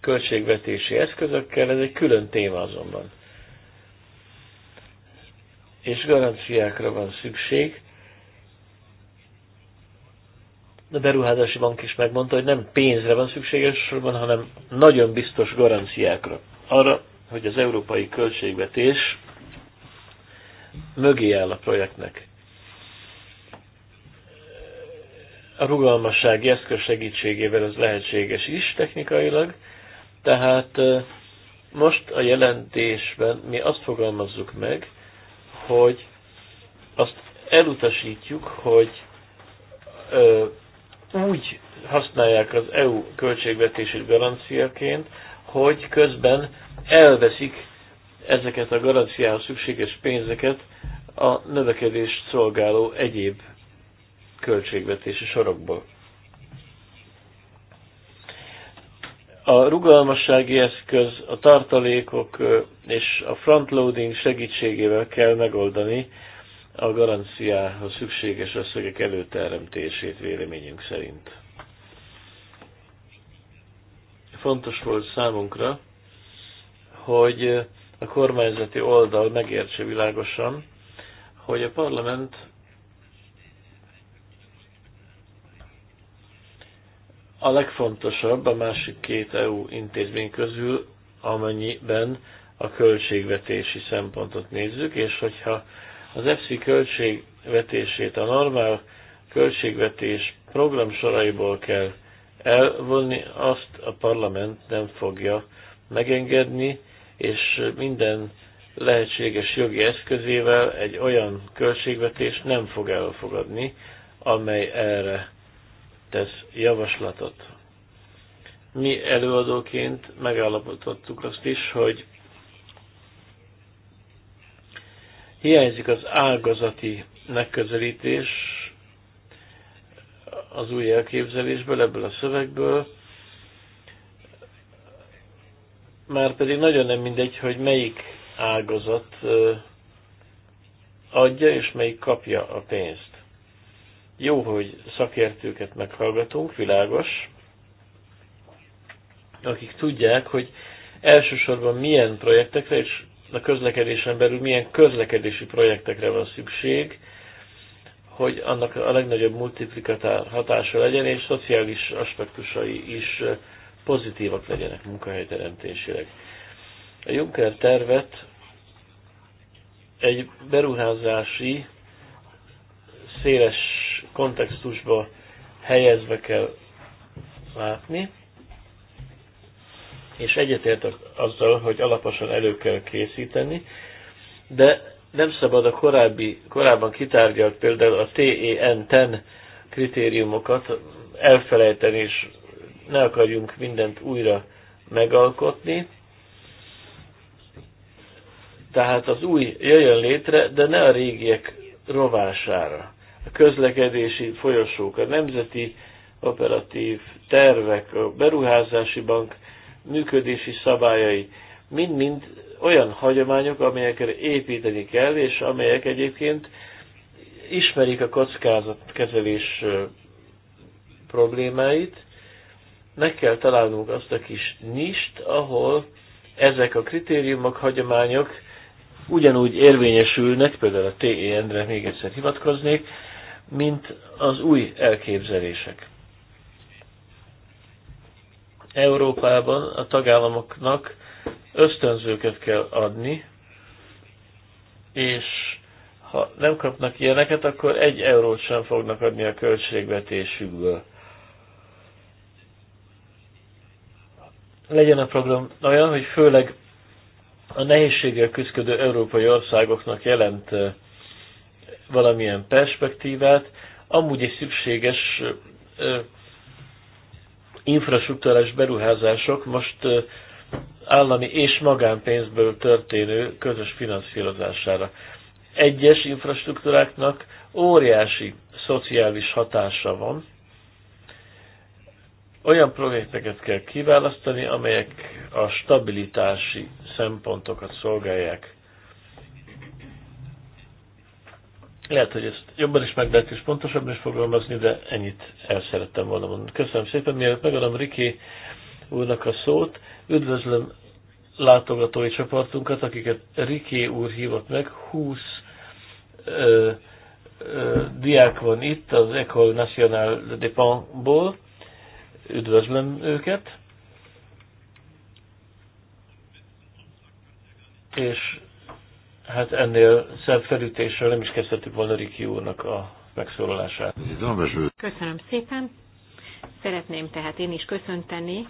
költségvetési eszközökkel, ez egy külön téma azonban. És garanciákra van szükség, a beruházási bank is megmondta, hogy nem pénzre van szükséges, hanem nagyon biztos garanciákra. Arra, hogy az európai költségvetés mögé áll a projektnek. A rugalmassági eszköz segítségével ez lehetséges is technikailag, tehát most a jelentésben mi azt fogalmazzuk meg, hogy azt elutasítjuk, hogy úgy használják az EU költségvetését garanciaként, hogy közben elveszik ezeket a garanciához szükséges pénzeket a növekedést szolgáló egyéb költségvetési sorokból. A rugalmassági eszköz, a tartalékok és a frontloading segítségével kell megoldani a garanciához szükséges összegek előteremtését véleményünk szerint. Fontos volt számunkra, hogy a kormányzati oldal megértse világosan, hogy a parlament a legfontosabb a másik két EU intézmény közül, amennyiben a költségvetési szempontot nézzük, és hogyha az EFSI költségvetését a normál költségvetés program soraiból kell elvonni, azt a parlament nem fogja megengedni, és minden lehetséges jogi eszközével egy olyan költségvetés nem fog elfogadni, amely erre tesz javaslatot. Mi előadóként megállapítottuk azt is, hogy Hiányzik az ágazati megközelítés az új elképzelésből, ebből a szövegből, már pedig nagyon nem mindegy, hogy melyik ágazat adja és melyik kapja a pénzt. Jó, hogy szakértőket meghallgatunk, világos, akik tudják, hogy elsősorban milyen projektekre és a közlekedésen belül milyen közlekedési projektekre van szükség, hogy annak a legnagyobb multiplikatár hatása legyen, és szociális aspektusai is pozitívak legyenek munkahelyteremtésileg. A Juncker tervet egy beruházási széles kontextusba helyezve kell látni és egyetértek azzal, hogy alaposan elő kell készíteni, de nem szabad a korábbi, korábban kitárgyalt például a e TEN, TEN kritériumokat elfelejteni, és ne akarjunk mindent újra megalkotni. Tehát az új jöjjön létre, de ne a régiek rovására. A közlekedési folyosók, a nemzeti operatív tervek, a beruházási bank működési szabályai, mind-mind olyan hagyományok, amelyekre építeni kell, és amelyek egyébként ismerik a kockázatkezelés problémáit. Meg kell találnunk azt a kis nist, ahol ezek a kritériumok, hagyományok ugyanúgy érvényesülnek, például a TEN-re még egyszer hivatkoznék, mint az új elképzelések. Európában a tagállamoknak ösztönzőket kell adni, és ha nem kapnak ilyeneket, akkor egy eurót sem fognak adni a költségvetésükből. Legyen a program olyan, hogy főleg a nehézséggel küzdő európai országoknak jelent valamilyen perspektívát, amúgy is szükséges infrastruktúrás beruházások most állami és magánpénzből történő közös finanszírozására. Egyes infrastruktúráknak óriási szociális hatása van. Olyan projekteket kell kiválasztani, amelyek a stabilitási szempontokat szolgálják. Lehet, hogy ezt jobban is meg lehet és pontosabban is fogalmazni, de ennyit el szerettem volna mondani. Köszönöm szépen, mielőtt megadom Riki úrnak a szót. Üdvözlöm látogatói csoportunkat, akiket Riki úr hívott meg. 20 ö, ö, diák van itt az Ecole National de Pont-ból. Üdvözlöm őket. És Hát ennél szebb felütésről nem is kezdhetük volna Riki úrnak a megszólalását. Köszönöm szépen. Szeretném tehát én is köszönteni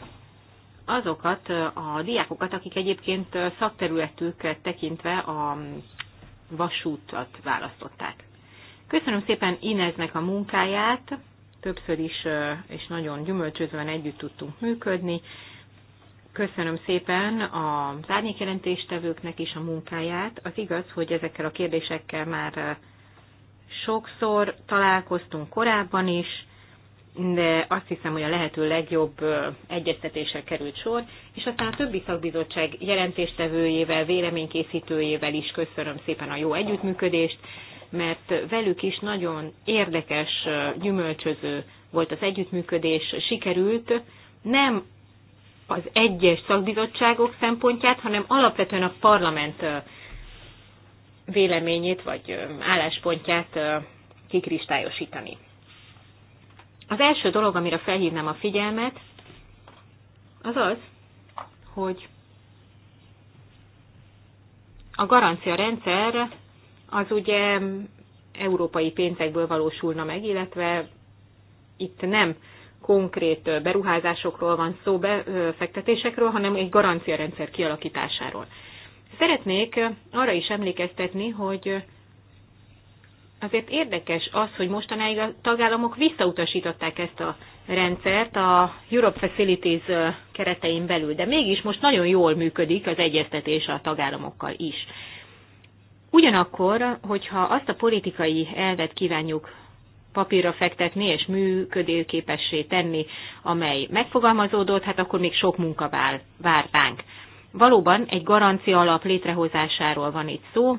azokat a diákokat, akik egyébként szakterületüket tekintve a vasútat választották. Köszönöm szépen Ineznek a munkáját, többször is és nagyon gyümölcsözően együtt tudtunk működni, Köszönöm szépen a árnyékjelentéstevőknek is a munkáját. Az igaz, hogy ezekkel a kérdésekkel már eh, sokszor találkoztunk korábban is, de azt hiszem, hogy a lehető legjobb eh, egyeztetésre került sor, és aztán a többi szakbizottság jelentéstevőjével, véleménykészítőjével is köszönöm szépen a jó együttműködést, mert velük is nagyon érdekes, eh, gyümölcsöző volt az együttműködés, sikerült nem az egyes szakbizottságok szempontját, hanem alapvetően a parlament véleményét vagy álláspontját kikristályosítani. Az első dolog, amire felhívnám a figyelmet, az az, hogy a garancia rendszer az ugye európai pénzekből valósulna meg, illetve itt nem konkrét beruházásokról van szó, befektetésekről, hanem egy garanciarendszer kialakításáról. Szeretnék arra is emlékeztetni, hogy azért érdekes az, hogy mostanáig a tagállamok visszautasították ezt a rendszert a Europe Facilities keretein belül, de mégis most nagyon jól működik az egyeztetés a tagállamokkal is. Ugyanakkor, hogyha azt a politikai elvet kívánjuk papírra fektetni és működőképessé tenni, amely megfogalmazódott, hát akkor még sok munka vár, vár ránk. Valóban egy garancia alap létrehozásáról van itt szó,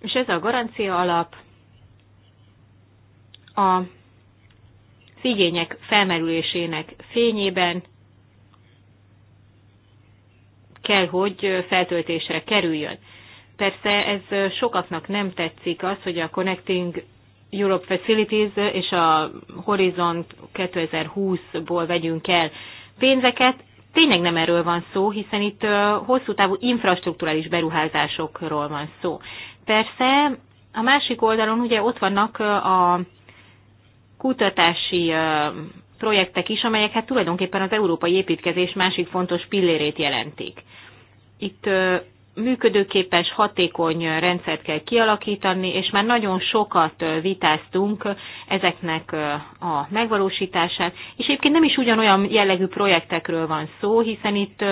és ez a garancia alap a igények felmerülésének fényében kell, hogy feltöltésre kerüljön. Persze ez sokaknak nem tetszik az, hogy a Connecting Europe Facilities és a Horizon 2020-ból vegyünk el pénzeket. Tényleg nem erről van szó, hiszen itt hosszú távú infrastruktúrális beruházásokról van szó. Persze a másik oldalon ugye ott vannak a kutatási projektek is, amelyek hát tulajdonképpen az európai építkezés másik fontos pillérét jelentik. Itt működőképes, hatékony rendszert kell kialakítani, és már nagyon sokat vitáztunk ezeknek a megvalósítását, és egyébként nem is ugyanolyan jellegű projektekről van szó, hiszen itt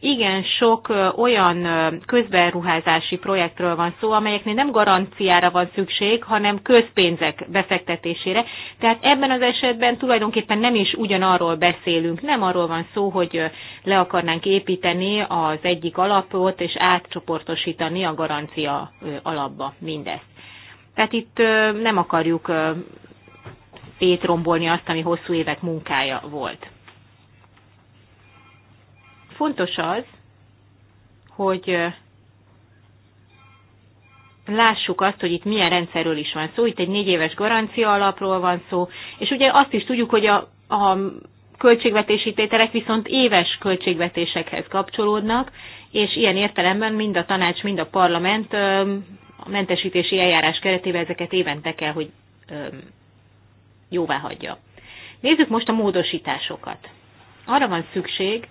igen sok olyan közberuházási projektről van szó, amelyeknél nem garanciára van szükség, hanem közpénzek befektetésére. Tehát ebben az esetben tulajdonképpen nem is ugyanarról beszélünk, nem arról van szó, hogy le akarnánk építeni az egyik alapot, és átcsoportosítani a garancia alapba mindezt. Tehát itt nem akarjuk szétrombolni azt, ami hosszú évek munkája volt. Fontos az, hogy lássuk azt, hogy itt milyen rendszerről is van szó. Itt egy négy éves garancia alapról van szó, és ugye azt is tudjuk, hogy a, a költségvetési tételek viszont éves költségvetésekhez kapcsolódnak, és ilyen értelemben mind a tanács, mind a parlament a mentesítési eljárás keretében ezeket évente kell, hogy jóvá hagyja. Nézzük most a módosításokat. Arra van szükség,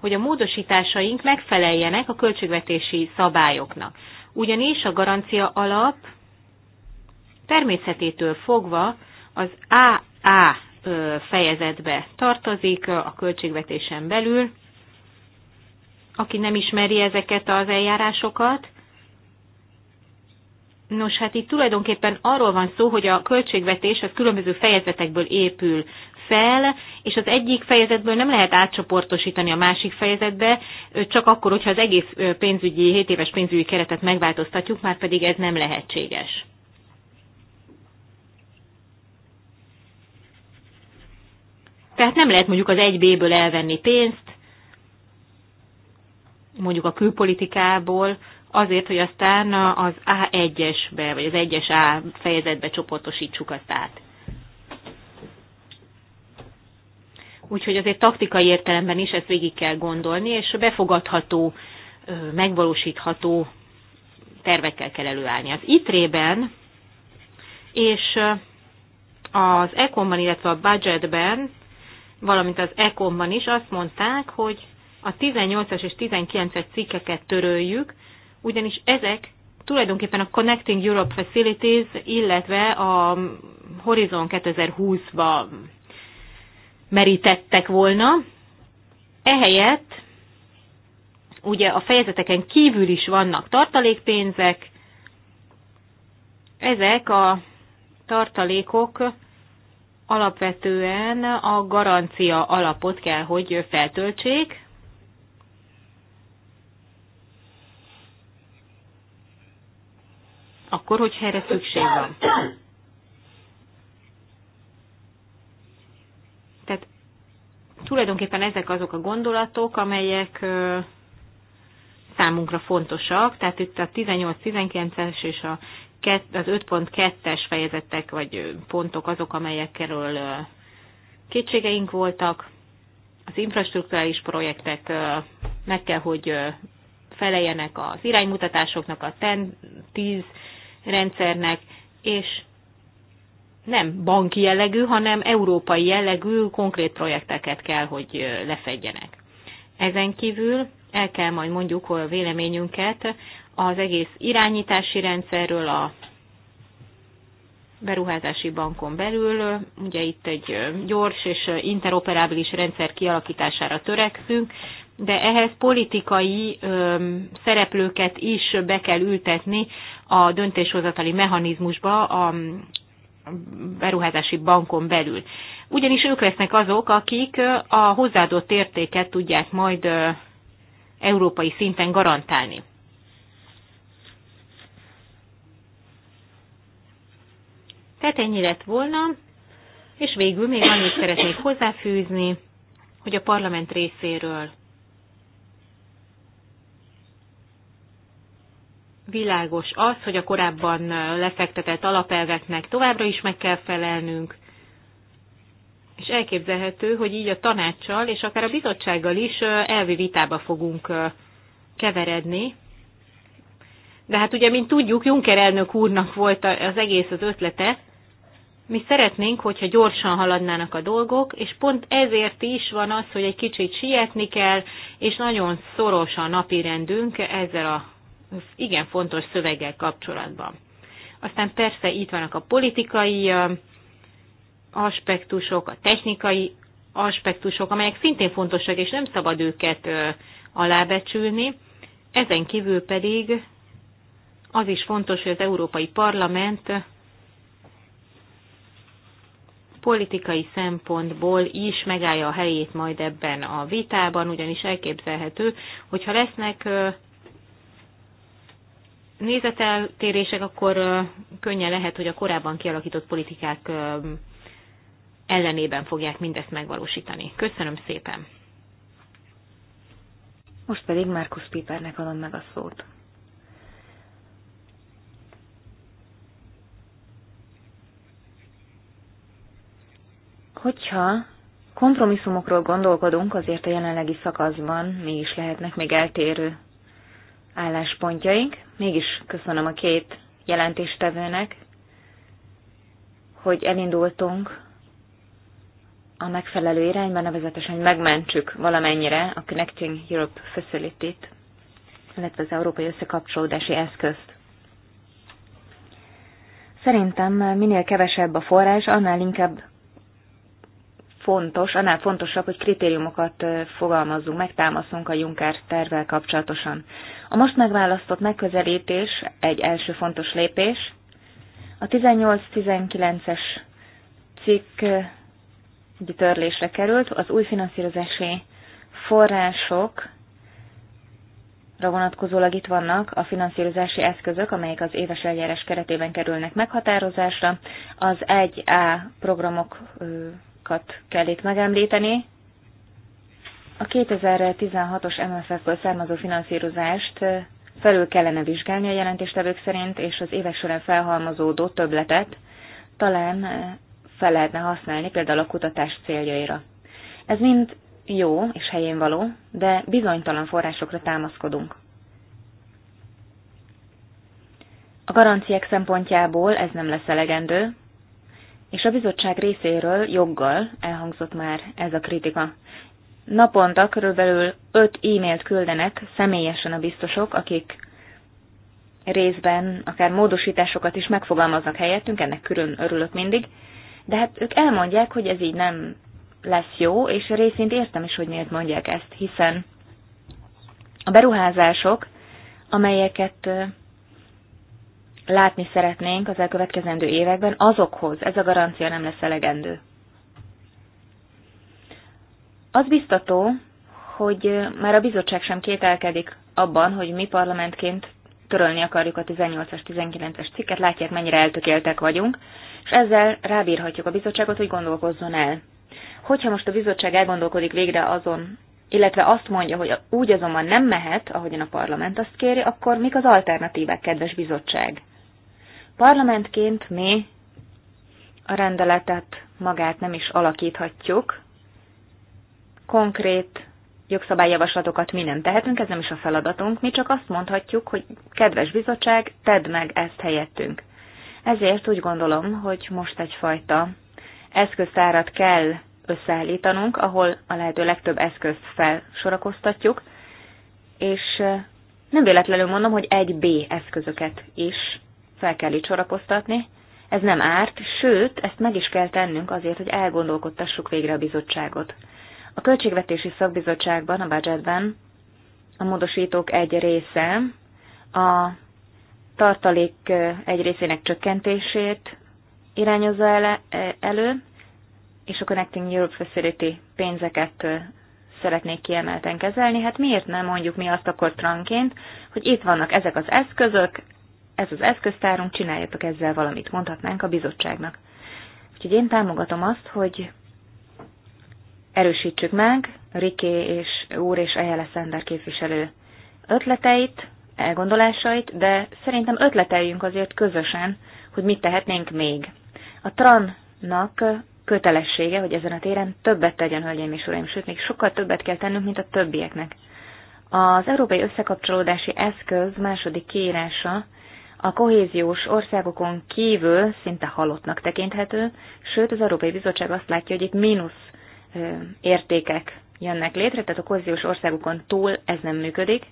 hogy a módosításaink megfeleljenek a költségvetési szabályoknak. Ugyanis a garancia alap természetétől fogva az AA fejezetbe tartozik a költségvetésen belül. Aki nem ismeri ezeket az eljárásokat, Nos, hát itt tulajdonképpen arról van szó, hogy a költségvetés az különböző fejezetekből épül fel, és az egyik fejezetből nem lehet átcsoportosítani a másik fejezetbe, csak akkor, hogyha az egész pénzügyi, 7 éves pénzügyi keretet megváltoztatjuk, már pedig ez nem lehetséges. Tehát nem lehet mondjuk az 1B-ből elvenni pénzt, mondjuk a külpolitikából, azért, hogy aztán az A1-esbe, vagy az 1-es A fejezetbe csoportosítsuk azt át. Úgyhogy azért taktikai értelemben is ezt végig kell gondolni, és befogadható, megvalósítható tervekkel kell előállni. Az ITRE-ben és az ECOM-ban, illetve a budgetben, valamint az ECOM-ban is azt mondták, hogy a 18-as és 19-es cikkeket töröljük, ugyanis ezek tulajdonképpen a Connecting Europe Facilities, illetve a Horizon 2020-ba merítettek volna. Ehelyett ugye a fejezeteken kívül is vannak tartalékpénzek, ezek a tartalékok alapvetően a garancia alapot kell, hogy feltöltsék. Akkor, hogyha erre szükség van. Tulajdonképpen ezek azok a gondolatok, amelyek számunkra fontosak, tehát itt a 18-19-es és a az 5.2-es fejezetek vagy pontok azok, amelyekről kétségeink voltak. Az infrastruktúrális projektek meg kell, hogy feleljenek az iránymutatásoknak, a 10 rendszernek, és nem banki jellegű, hanem európai jellegű konkrét projekteket kell, hogy lefedjenek. Ezen kívül el kell majd mondjuk a véleményünket az egész irányítási rendszerről, a beruházási bankon belül. Ugye itt egy gyors és interoperábilis rendszer kialakítására törekszünk, de ehhez politikai szereplőket is be kell ültetni a döntéshozatali mechanizmusba a beruházási bankon belül. Ugyanis ők lesznek azok, akik a hozzáadott értéket tudják majd európai szinten garantálni. Tehát ennyi lett volna, és végül még annyit szeretnék hozzáfűzni, hogy a parlament részéről világos az, hogy a korábban lefektetett alapelveknek továbbra is meg kell felelnünk, és elképzelhető, hogy így a tanácssal és akár a bizottsággal is elvi vitába fogunk keveredni. De hát ugye, mint tudjuk, Juncker elnök úrnak volt az egész az ötlete, mi szeretnénk, hogyha gyorsan haladnának a dolgok, és pont ezért is van az, hogy egy kicsit sietni kell, és nagyon szoros a napi rendünk ezzel a igen fontos szöveggel kapcsolatban. Aztán persze itt vannak a politikai aspektusok, a technikai aspektusok, amelyek szintén fontosak, és nem szabad őket alábecsülni. Ezen kívül pedig az is fontos, hogy az Európai Parlament politikai szempontból is megállja a helyét majd ebben a vitában, ugyanis elképzelhető, hogyha lesznek nézeteltérések, akkor könnyen lehet, hogy a korábban kialakított politikák ellenében fogják mindezt megvalósítani. Köszönöm szépen! Most pedig Márkusz Pipernek adom meg a szót. Hogyha kompromisszumokról gondolkodunk, azért a jelenlegi szakaszban mi is lehetnek még eltérő álláspontjaink, Mégis köszönöm a két jelentéstevőnek, hogy elindultunk a megfelelő irányba, nevezetesen, hogy megmentsük valamennyire a Connecting Europe Facility-t, illetve az Európai Összekapcsolódási Eszközt. Szerintem minél kevesebb a forrás, annál inkább fontos, annál fontosabb, hogy kritériumokat fogalmazzunk, megtámaszunk a Juncker tervvel kapcsolatosan. A most megválasztott megközelítés egy első fontos lépés. A 18-19-es cikk eh, törlésre került, az új finanszírozási források vonatkozólag itt vannak a finanszírozási eszközök, amelyek az éves eljárás keretében kerülnek meghatározásra. Az 1A programokat kell itt megemlíteni, a 2016-os MFF-ből származó finanszírozást felül kellene vizsgálni a jelentéstevők szerint, és az évek során felhalmozódó többletet talán fel lehetne használni például a kutatás céljaira. Ez mind jó és helyén való, de bizonytalan forrásokra támaszkodunk. A garanciák szempontjából ez nem lesz elegendő, és a bizottság részéről joggal elhangzott már ez a kritika. Naponta körülbelül 5 e-mailt küldenek személyesen a biztosok, akik részben akár módosításokat is megfogalmaznak helyettünk, ennek külön örülök mindig, de hát ők elmondják, hogy ez így nem lesz jó, és részint értem is, hogy miért mondják ezt, hiszen a beruházások, amelyeket látni szeretnénk az elkövetkezendő években, azokhoz ez a garancia nem lesz elegendő. Az biztató, hogy már a bizottság sem kételkedik abban, hogy mi parlamentként törölni akarjuk a 18-as, 19-es cikket, látják, mennyire eltökéltek vagyunk, és ezzel rábírhatjuk a bizottságot, hogy gondolkozzon el. Hogyha most a bizottság elgondolkodik végre azon, illetve azt mondja, hogy úgy azonban nem mehet, ahogyan a parlament azt kéri, akkor mik az alternatívek, kedves bizottság? Parlamentként mi a rendeletet magát nem is alakíthatjuk, konkrét jogszabályjavaslatokat mi nem tehetünk, ez nem is a feladatunk, mi csak azt mondhatjuk, hogy kedves bizottság, tedd meg ezt helyettünk. Ezért úgy gondolom, hogy most egyfajta eszköztárat kell összeállítanunk, ahol a lehető legtöbb eszközt felsorakoztatjuk, és nem véletlenül mondom, hogy egy b eszközöket is fel kell itt sorakoztatni. Ez nem árt, sőt, ezt meg is kell tennünk azért, hogy elgondolkodtassuk végre a bizottságot. A Költségvetési Szakbizottságban, a budgetben a módosítók egy része a tartalék egy részének csökkentését irányozza ele, elő, és a Connecting Europe Facility pénzeket szeretnék kiemelten kezelni, hát miért nem mondjuk mi azt akkor tranként, hogy itt vannak ezek az eszközök, ez az eszköztárunk, csináljatok ezzel valamit, mondhatnánk a bizottságnak. Úgyhogy én támogatom azt, hogy erősítsük meg Riké és úr és Ejele Szender képviselő ötleteit, elgondolásait, de szerintem ötleteljünk azért közösen, hogy mit tehetnénk még. A TRAN-nak kötelessége, hogy ezen a téren többet tegyen, hölgyeim és uraim, sőt, még sokkal többet kell tennünk, mint a többieknek. Az Európai Összekapcsolódási Eszköz második kiírása a kohéziós országokon kívül szinte halottnak tekinthető, sőt az Európai Bizottság azt látja, hogy itt mínusz értékek jönnek létre, tehát a kohéziós országokon túl ez nem működik.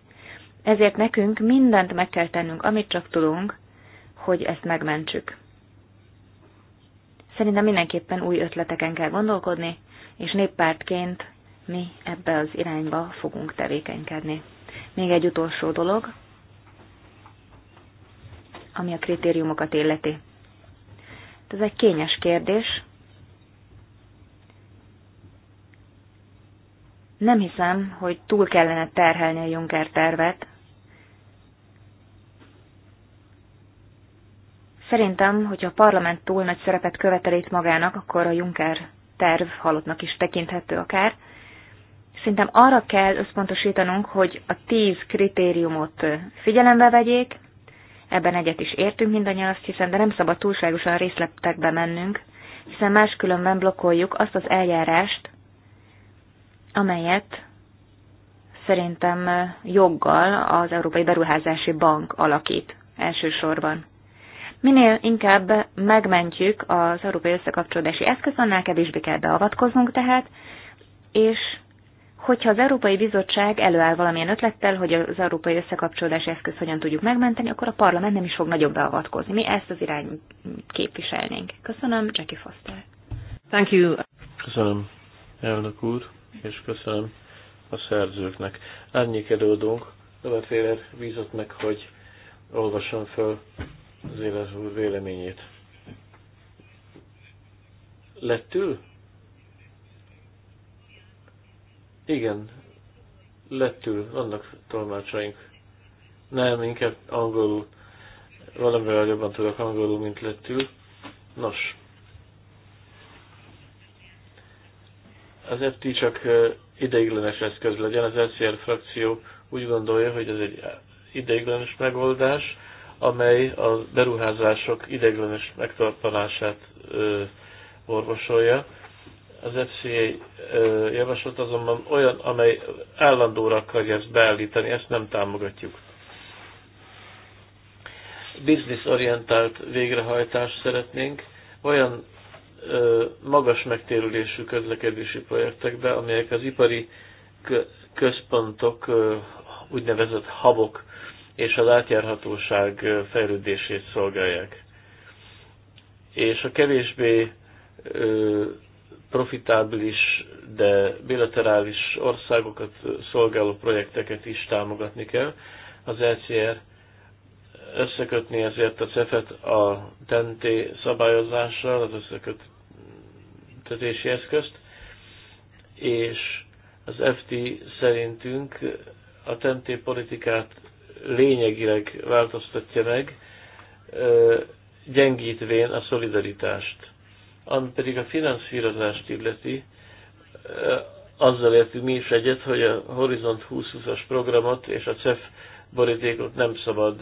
Ezért nekünk mindent meg kell tennünk, amit csak tudunk, hogy ezt megmentsük. Szerintem mindenképpen új ötleteken kell gondolkodni, és néppártként mi ebbe az irányba fogunk tevékenykedni. Még egy utolsó dolog, ami a kritériumokat illeti. Ez egy kényes kérdés, Nem hiszem, hogy túl kellene terhelni a Juncker tervet. Szerintem, hogy a parlament túl nagy szerepet követel itt magának, akkor a Juncker terv halottnak is tekinthető akár. Szerintem arra kell összpontosítanunk, hogy a tíz kritériumot figyelembe vegyék, ebben egyet is értünk mindannyian azt hiszem, de nem szabad túlságosan részletekbe mennünk, hiszen máskülönben blokkoljuk azt az eljárást, amelyet szerintem joggal az Európai Beruházási Bank alakít elsősorban. Minél inkább megmentjük az európai összekapcsolódási eszközt, annál kevésbé kell beavatkoznunk tehát, és hogyha az Európai Bizottság előáll valamilyen ötlettel, hogy az európai összekapcsolódási eszköz hogyan tudjuk megmenteni, akkor a parlament nem is fog nagyobb beavatkozni. Mi ezt az irány képviselnénk. Köszönöm, Jackie Foster. Thank you. Köszönöm, elnök úr és köszönöm a szerzőknek. Árnyék előadónk, Levet bízott meg, hogy olvassam föl az élet úr véleményét. Lettül? Igen, lettül, vannak tolmácsaink. Nem, inkább angolul. Valamivel jobban tudok angolul, mint lettül. Nos, az FT csak ideiglenes eszköz legyen. Az LCR frakció úgy gondolja, hogy ez egy ideiglenes megoldás, amely a beruházások ideiglenes megtartanását ö, orvosolja. Az FCA ö, javaslat azonban olyan, amely állandóra akarja ezt beállítani, ezt nem támogatjuk. Business-orientált végrehajtást szeretnénk, olyan magas megtérülésű közlekedési projektekbe, amelyek az ipari központok, úgynevezett habok és az átjárhatóság fejlődését szolgálják. És a kevésbé profitábilis, de bilaterális országokat szolgáló projekteket is támogatni kell. Az LCR e összekötni ezért a CEFET a tenté szabályozással, az összekötetési eszközt, és az FT szerintünk a tenté politikát lényegileg változtatja meg, gyengítvén a szolidaritást. Ami pedig a finanszírozást illeti, azzal értünk mi is egyet, hogy a Horizont 2020-as programot és a CEF borítékot nem szabad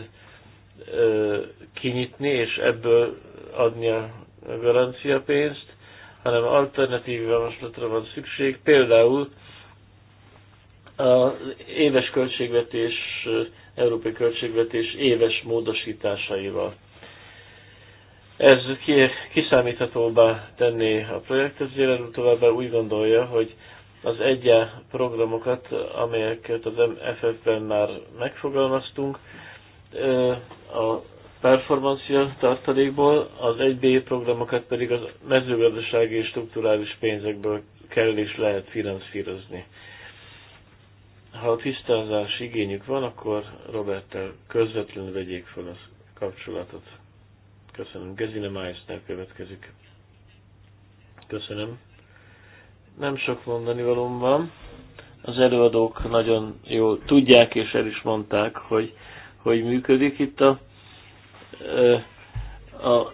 kinyitni, és ebből adni a garancia pénzt, hanem alternatív javaslatra van szükség. Például az éves költségvetés, európai költségvetés éves módosításaival. Ez kiszámíthatóbbá tenné a projektet, jelenleg továbbá úgy gondolja, hogy az egyá programokat, amelyeket az MFF-ben már megfogalmaztunk, a performancia tartalékból, az 1B programokat pedig a mezőgazdasági és strukturális pénzekből kell és lehet finanszírozni. Ha a tisztázás igényük van, akkor Roberttel közvetlenül vegyék fel a kapcsolatot. Köszönöm. Gezine Meissner következik. Köszönöm. Nem sok mondani valóban. van. Az előadók nagyon jól tudják és el is mondták, hogy hogy működik itt a, a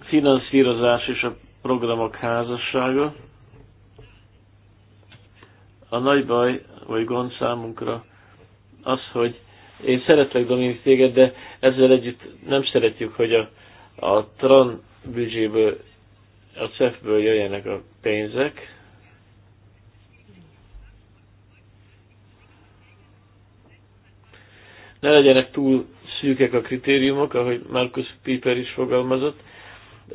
finanszírozás és a programok házassága. A nagy baj, vagy gond számunkra az, hogy én szeretlek Dominik téged, de ezzel együtt nem szeretjük, hogy a, a TRAN büdzséből, a CEF-ből jöjjenek a pénzek, ne legyenek túl szűkek a kritériumok, ahogy Markus Piper is fogalmazott.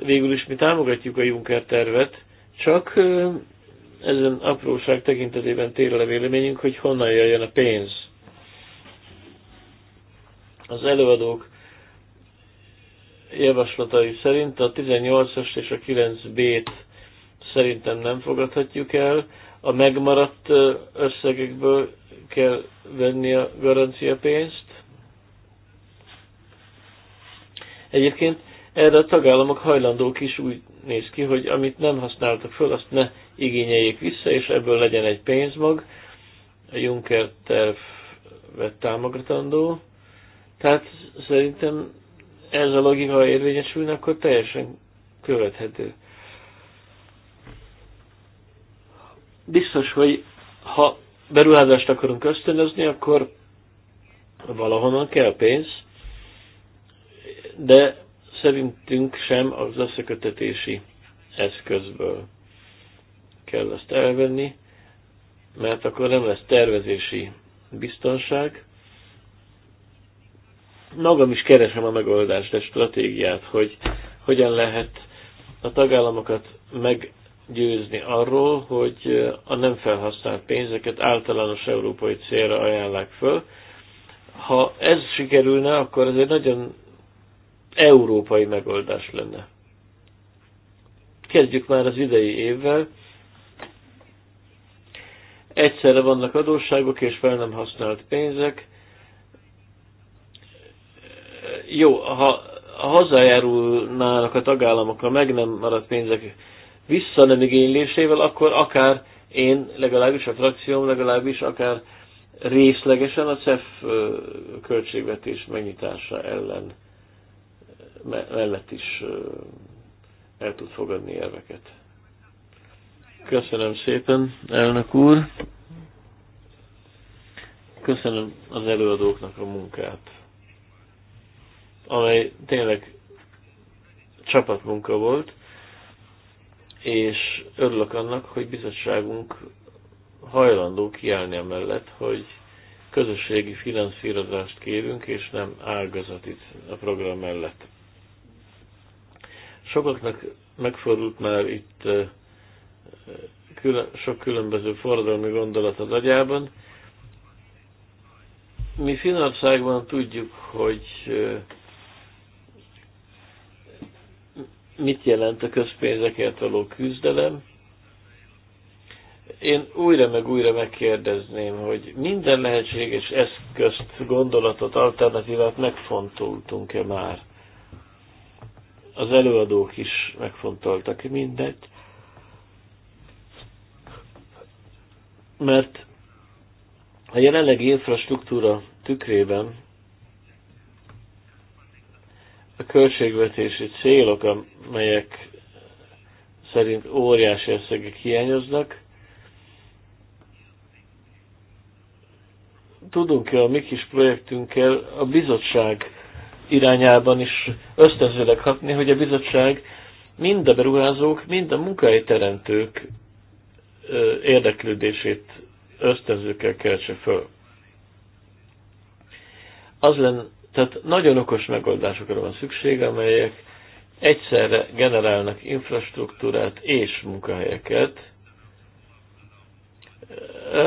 Végül is mi támogatjuk a Juncker tervet, csak ezen apróság tekintetében tér a véleményünk, hogy honnan jöjjön a pénz. Az előadók javaslatai szerint a 18-as és a 9B-t szerintem nem fogadhatjuk el. A megmaradt összegekből kell venni a garancia pénzt. Egyébként erre a tagállamok hajlandók is úgy néz ki, hogy amit nem használtak föl, azt ne igényeljék vissza, és ebből legyen egy pénzmag, a Juncker vett támogatandó. Tehát szerintem ez a logika érvényesülne, akkor teljesen követhető. Biztos, hogy ha beruházást akarunk ösztönözni, akkor valahonnan kell pénz, de szerintünk sem az összekötetési eszközből kell ezt elvenni, mert akkor nem lesz tervezési biztonság. Magam is keresem a megoldást, a stratégiát, hogy hogyan lehet a tagállamokat meggyőzni arról, hogy a nem felhasznált pénzeket általános európai célra ajánlák föl. Ha ez sikerülne, akkor ez egy nagyon európai megoldás lenne. Kezdjük már az idei évvel. Egyszerre vannak adósságok és fel nem használt pénzek. Jó, ha hozzájárulnának a tagállamok a meg nem maradt pénzek vissza nem igénylésével, akkor akár én legalábbis, a frakcióm legalábbis, akár részlegesen a CEF költségvetés megnyitása ellen mellett is el tud fogadni érveket. Köszönöm szépen, elnök úr! Köszönöm az előadóknak a munkát, amely tényleg csapatmunka volt, és örülök annak, hogy bizottságunk hajlandó kiállni mellett, hogy közösségi finanszírozást kérünk, és nem ágazatit a program mellett. Sokaknak megfordult már itt eh, külön, sok különböző forradalmi gondolat az agyában. Mi Finországban tudjuk, hogy eh, mit jelent a közpénzekért való küzdelem. Én újra meg újra megkérdezném, hogy minden lehetséges eszközt, gondolatot, alternatívát megfontoltunk-e már? az előadók is megfontoltak mindet, mert a jelenlegi infrastruktúra tükrében a költségvetési célok, amelyek szerint óriási összegek hiányoznak, tudunk-e a mi kis projektünkkel a bizottság irányában is ösztönzőleg hatni, hogy a bizottság mind a beruházók, mind a teremtők érdeklődését ösztönzőkkel keltse föl. Az lenne, tehát nagyon okos megoldásokra van szükség, amelyek egyszerre generálnak infrastruktúrát és munkahelyeket.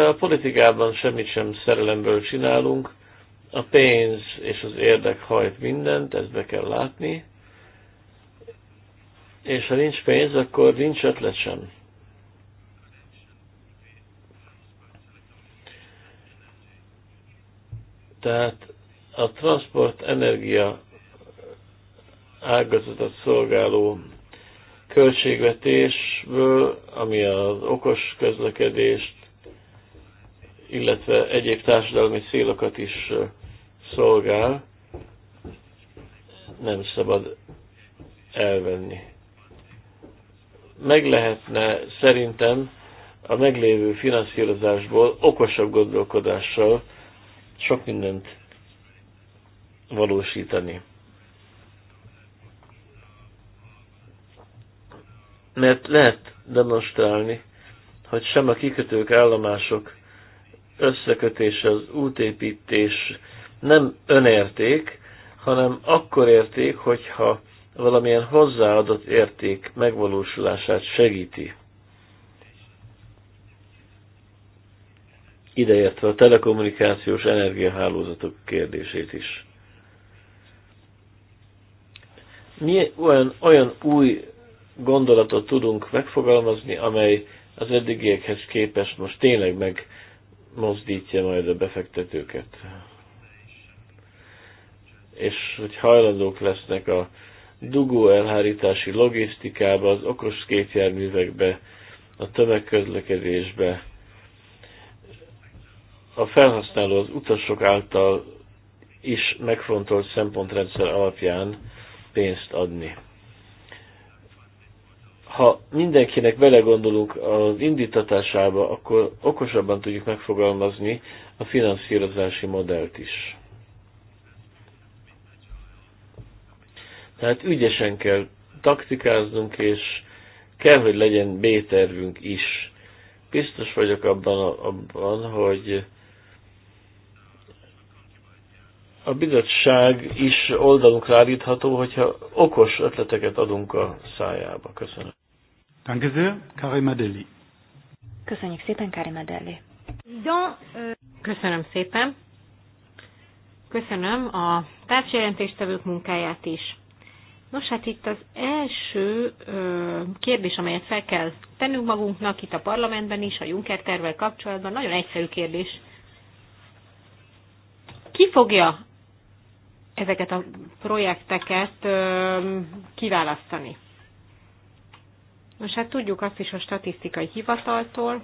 A politikában semmit sem szerelemből csinálunk, a pénz és az érdek hajt mindent, ezt be kell látni. És ha nincs pénz, akkor nincs ötlet sem. Tehát a transport energia ágazatot szolgáló költségvetésből, ami az okos közlekedést, illetve egyéb társadalmi célokat is szolgál, nem szabad elvenni. Meg lehetne szerintem a meglévő finanszírozásból okosabb gondolkodással sok mindent valósítani. Mert lehet demonstrálni, hogy sem a kikötők állomások összekötése, az útépítés, nem önérték, hanem akkor érték, hogyha valamilyen hozzáadott érték megvalósulását segíti. Ideértve a telekommunikációs energiahálózatok kérdését is. Mi olyan, olyan új gondolatot tudunk megfogalmazni, amely az eddigiekhez képest most tényleg megmozdítja majd a befektetőket és hogy hajlandók lesznek a dugó elhárítási logisztikába, az okos kétjárművekbe, a tömegközlekedésbe, a felhasználó az utasok által is megfontolt szempontrendszer alapján pénzt adni. Ha mindenkinek belegondolunk az indítatásába, akkor okosabban tudjuk megfogalmazni a finanszírozási modellt is. Tehát ügyesen kell taktikáznunk, és kell, hogy legyen B-tervünk is. Biztos vagyok abban, abban, hogy a bizottság is oldalunkra állítható, hogyha okos ötleteket adunk a szájába. Köszönöm. Danke Karim Adeli. Köszönjük szépen, Karim Adeli. Köszönöm szépen. Köszönöm a társjelentéstevők munkáját is. Nos, hát itt az első ö, kérdés, amelyet fel kell tennünk magunknak itt a parlamentben is, a Juncker tervvel kapcsolatban, nagyon egyszerű kérdés. Ki fogja ezeket a projekteket ö, kiválasztani? Nos, hát tudjuk azt is a statisztikai hivataltól,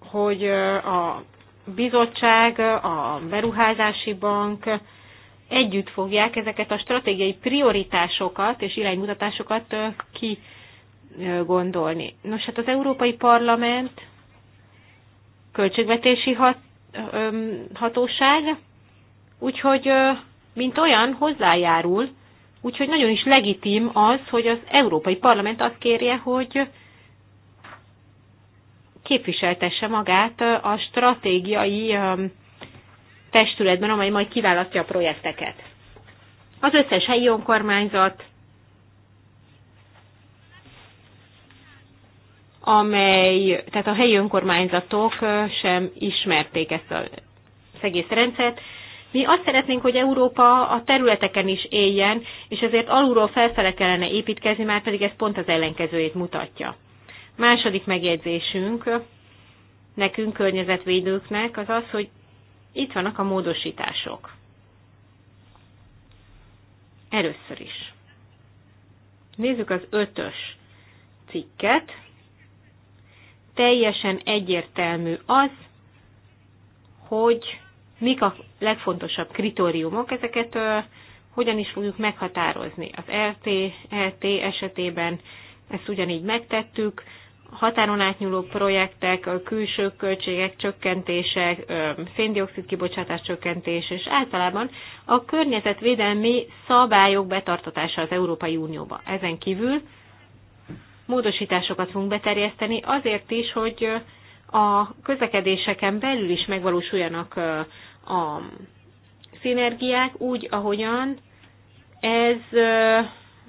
hogy a bizottság, a beruházási bank együtt fogják ezeket a stratégiai prioritásokat és iránymutatásokat kigondolni. Nos, hát az Európai Parlament költségvetési hat, hatóság, úgyhogy mint olyan hozzájárul, úgyhogy nagyon is legitim az, hogy az Európai Parlament azt kérje, hogy képviseltesse magát a stratégiai testületben, amely majd kiválasztja a projekteket. Az összes helyi önkormányzat, amely, tehát a helyi önkormányzatok sem ismerték ezt a, az egész rendszert. Mi azt szeretnénk, hogy Európa a területeken is éljen, és ezért alulról felfele kellene építkezni, már pedig ez pont az ellenkezőjét mutatja. Második megjegyzésünk nekünk, környezetvédőknek az az, hogy itt vannak a módosítások. Először is. Nézzük az ötös cikket. Teljesen egyértelmű az, hogy mik a legfontosabb kritériumok, ezeket ö, hogyan is fogjuk meghatározni. Az RT, RT esetében ezt ugyanígy megtettük, határon átnyúló projektek, a külső költségek csökkentése, széndiokszid kibocsátás csökkentése, és általában a környezetvédelmi szabályok betartatása az Európai Unióba. Ezen kívül módosításokat fogunk beterjeszteni azért is, hogy a közlekedéseken belül is megvalósuljanak a szinergiák úgy, ahogyan ez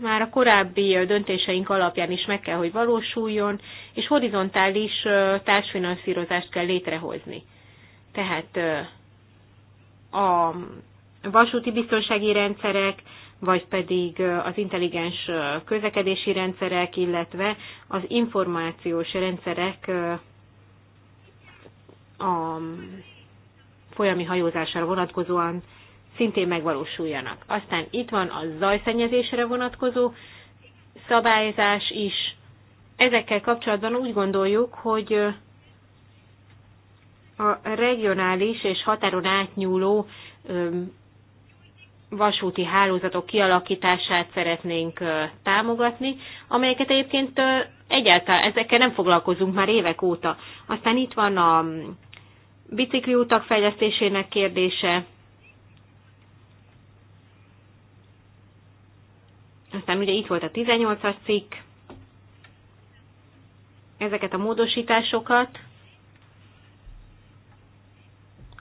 már a korábbi döntéseink alapján is meg kell, hogy valósuljon, és horizontális társfinanszírozást kell létrehozni. Tehát a vasúti biztonsági rendszerek, vagy pedig az intelligens közlekedési rendszerek, illetve az információs rendszerek a folyami hajózására vonatkozóan szintén megvalósuljanak. Aztán itt van a zajszennyezésre vonatkozó szabályzás is. Ezekkel kapcsolatban úgy gondoljuk, hogy a regionális és határon átnyúló vasúti hálózatok kialakítását szeretnénk támogatni, amelyeket egyébként egyáltalán ezekkel nem foglalkozunk már évek óta. Aztán itt van a bicikliútak fejlesztésének kérdése, Aztán ugye itt volt a 18-as cikk, ezeket a módosításokat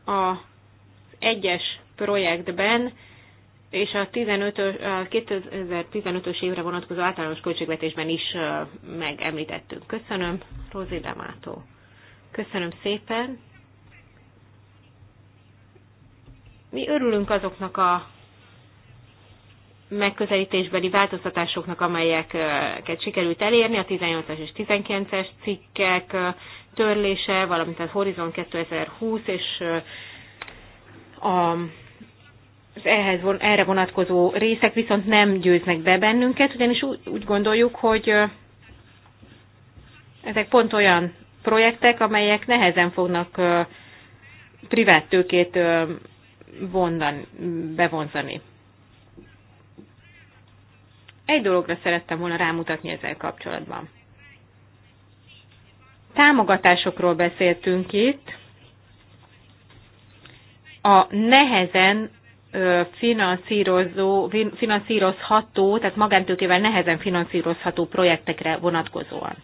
a egyes projektben és a, 15 a 2015-ös évre vonatkozó általános költségvetésben is megemlítettünk. Köszönöm, Rózi Demátó. Köszönöm szépen. Mi örülünk azoknak a megközelítésbeli változtatásoknak, amelyeket sikerült elérni, a 18-as és 19-es cikkek törlése, valamint a Horizon 2020 és a az ehhez von, erre vonatkozó részek viszont nem győznek be bennünket, ugyanis úgy, úgy gondoljuk, hogy ezek pont olyan projektek, amelyek nehezen fognak privát tőkét vondan, bevonzani. Egy dologra szerettem volna rámutatni ezzel kapcsolatban. Támogatásokról beszéltünk itt. A nehezen finanszírozó, finanszírozható, tehát magántőkével nehezen finanszírozható projektekre vonatkozóan.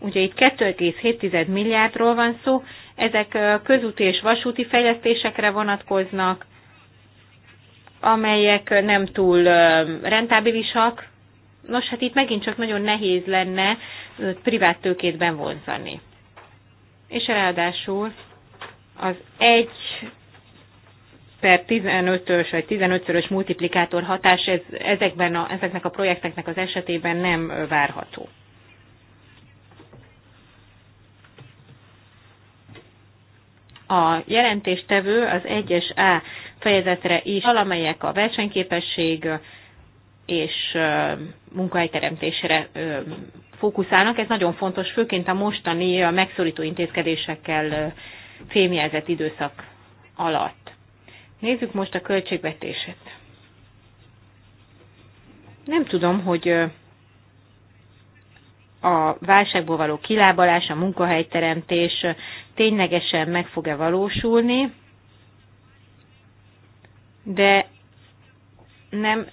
Ugye itt 2,7 milliárdról van szó, ezek közúti és vasúti fejlesztésekre vonatkoznak, amelyek nem túl rentábilisak. Nos, hát itt megint csak nagyon nehéz lenne privát tőkét bevonzani. És ráadásul az 1 per 15-ös vagy 15-szörös multiplikátor hatás ez, ezekben a, ezeknek a projekteknek az esetében nem várható. A jelentéstevő az 1-es A fejezetre is, valamelyek a versenyképesség és munkahelyteremtésre fókuszálnak. Ez nagyon fontos, főként a mostani a megszorító intézkedésekkel fémjelzett időszak alatt. Nézzük most a költségvetéset. Nem tudom, hogy a válságból való kilábalás, a munkahelyteremtés ténylegesen meg fog-e valósulni de nem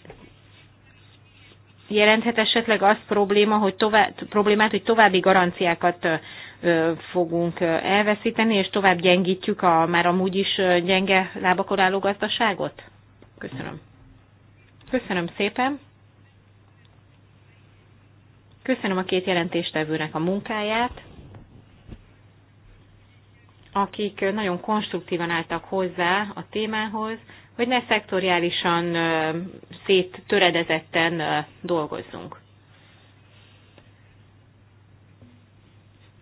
jelenthet esetleg azt probléma, hogy tovább, problémát, hogy további garanciákat fogunk elveszíteni, és tovább gyengítjük a már amúgy is gyenge lábakor álló gazdaságot? Köszönöm. Köszönöm szépen. Köszönöm a két jelentéstevőnek a munkáját, akik nagyon konstruktívan álltak hozzá a témához, hogy ne szektoriálisan széttöredezetten dolgozzunk.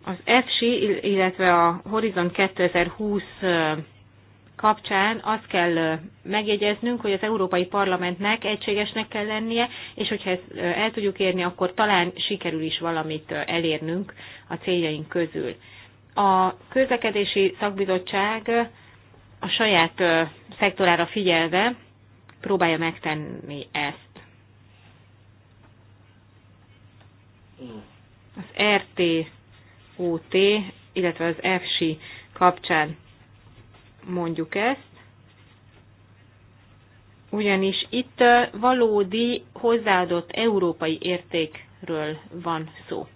Az EFSI, illetve a Horizon 2020 kapcsán azt kell megjegyeznünk, hogy az Európai Parlamentnek egységesnek kell lennie, és hogyha ezt el tudjuk érni, akkor talán sikerül is valamit elérnünk a céljaink közül. A közlekedési szakbizottság a saját szektorára figyelve próbálja megtenni ezt. Az RTOT, illetve az EFSI kapcsán mondjuk ezt, ugyanis itt valódi hozzáadott európai értékről van szó.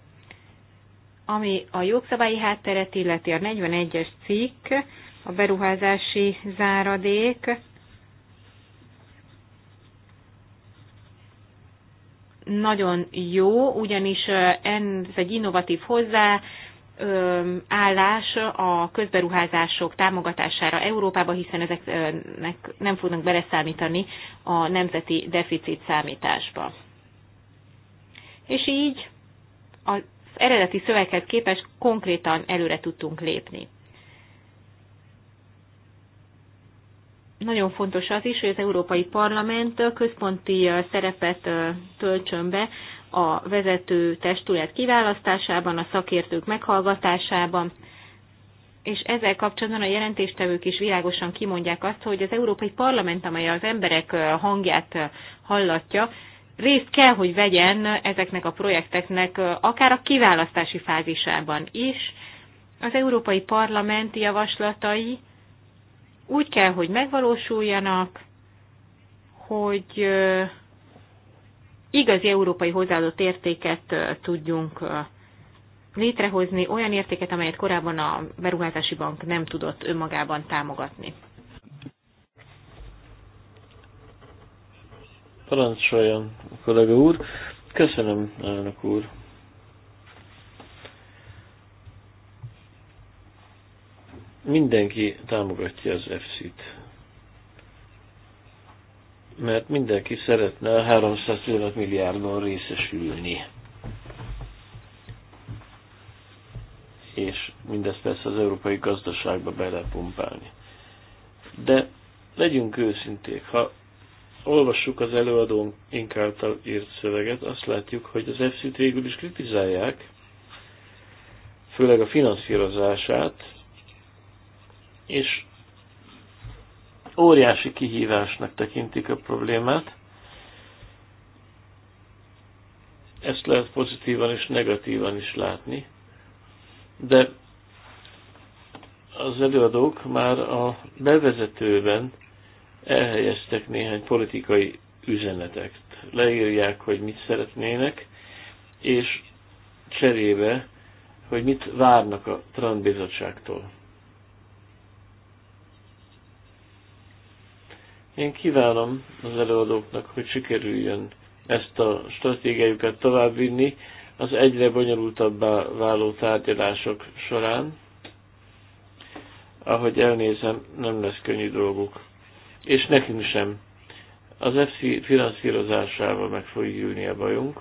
Ami a jogszabályi hátteret illeti a 41-es cikk, a beruházási záradék nagyon jó, ugyanis ez egy innovatív hozzá, állás a közberuházások támogatására Európába, hiszen ezeknek nem fognak beleszámítani a nemzeti deficit számításba. És így az eredeti szöveghez képest konkrétan előre tudtunk lépni. nagyon fontos az is, hogy az Európai Parlament központi szerepet töltsön be a vezető testület kiválasztásában, a szakértők meghallgatásában, és ezzel kapcsolatban a jelentéstevők is világosan kimondják azt, hogy az Európai Parlament, amely az emberek hangját hallatja, részt kell, hogy vegyen ezeknek a projekteknek akár a kiválasztási fázisában is. Az Európai Parlament javaslatai úgy kell, hogy megvalósuljanak, hogy igazi európai hozzáadott értéket tudjunk létrehozni, olyan értéket, amelyet korábban a beruházási bank nem tudott önmagában támogatni. Parancsoljon, kollega úr. Köszönöm, elnök úr. mindenki támogatja az fc t Mert mindenki szeretne a 315 milliárdon részesülni. És mindezt persze az európai gazdaságba belepumpálni. De legyünk őszinték, ha olvassuk az előadón által írt szöveget, azt látjuk, hogy az fc t végül is kritizálják, főleg a finanszírozását, és óriási kihívásnak tekintik a problémát. Ezt lehet pozitívan és negatívan is látni, de az előadók már a bevezetőben elhelyeztek néhány politikai üzenetet. Leírják, hogy mit szeretnének, és cserébe, hogy mit várnak a Trump bizottságtól. Én kívánom az előadóknak, hogy sikerüljön ezt a stratégiájukat továbbvinni az egyre bonyolultabbá váló tárgyalások során. Ahogy elnézem, nem lesz könnyű dolguk. És nekünk sem. Az FC finanszírozásával meg fog ülni a bajunk.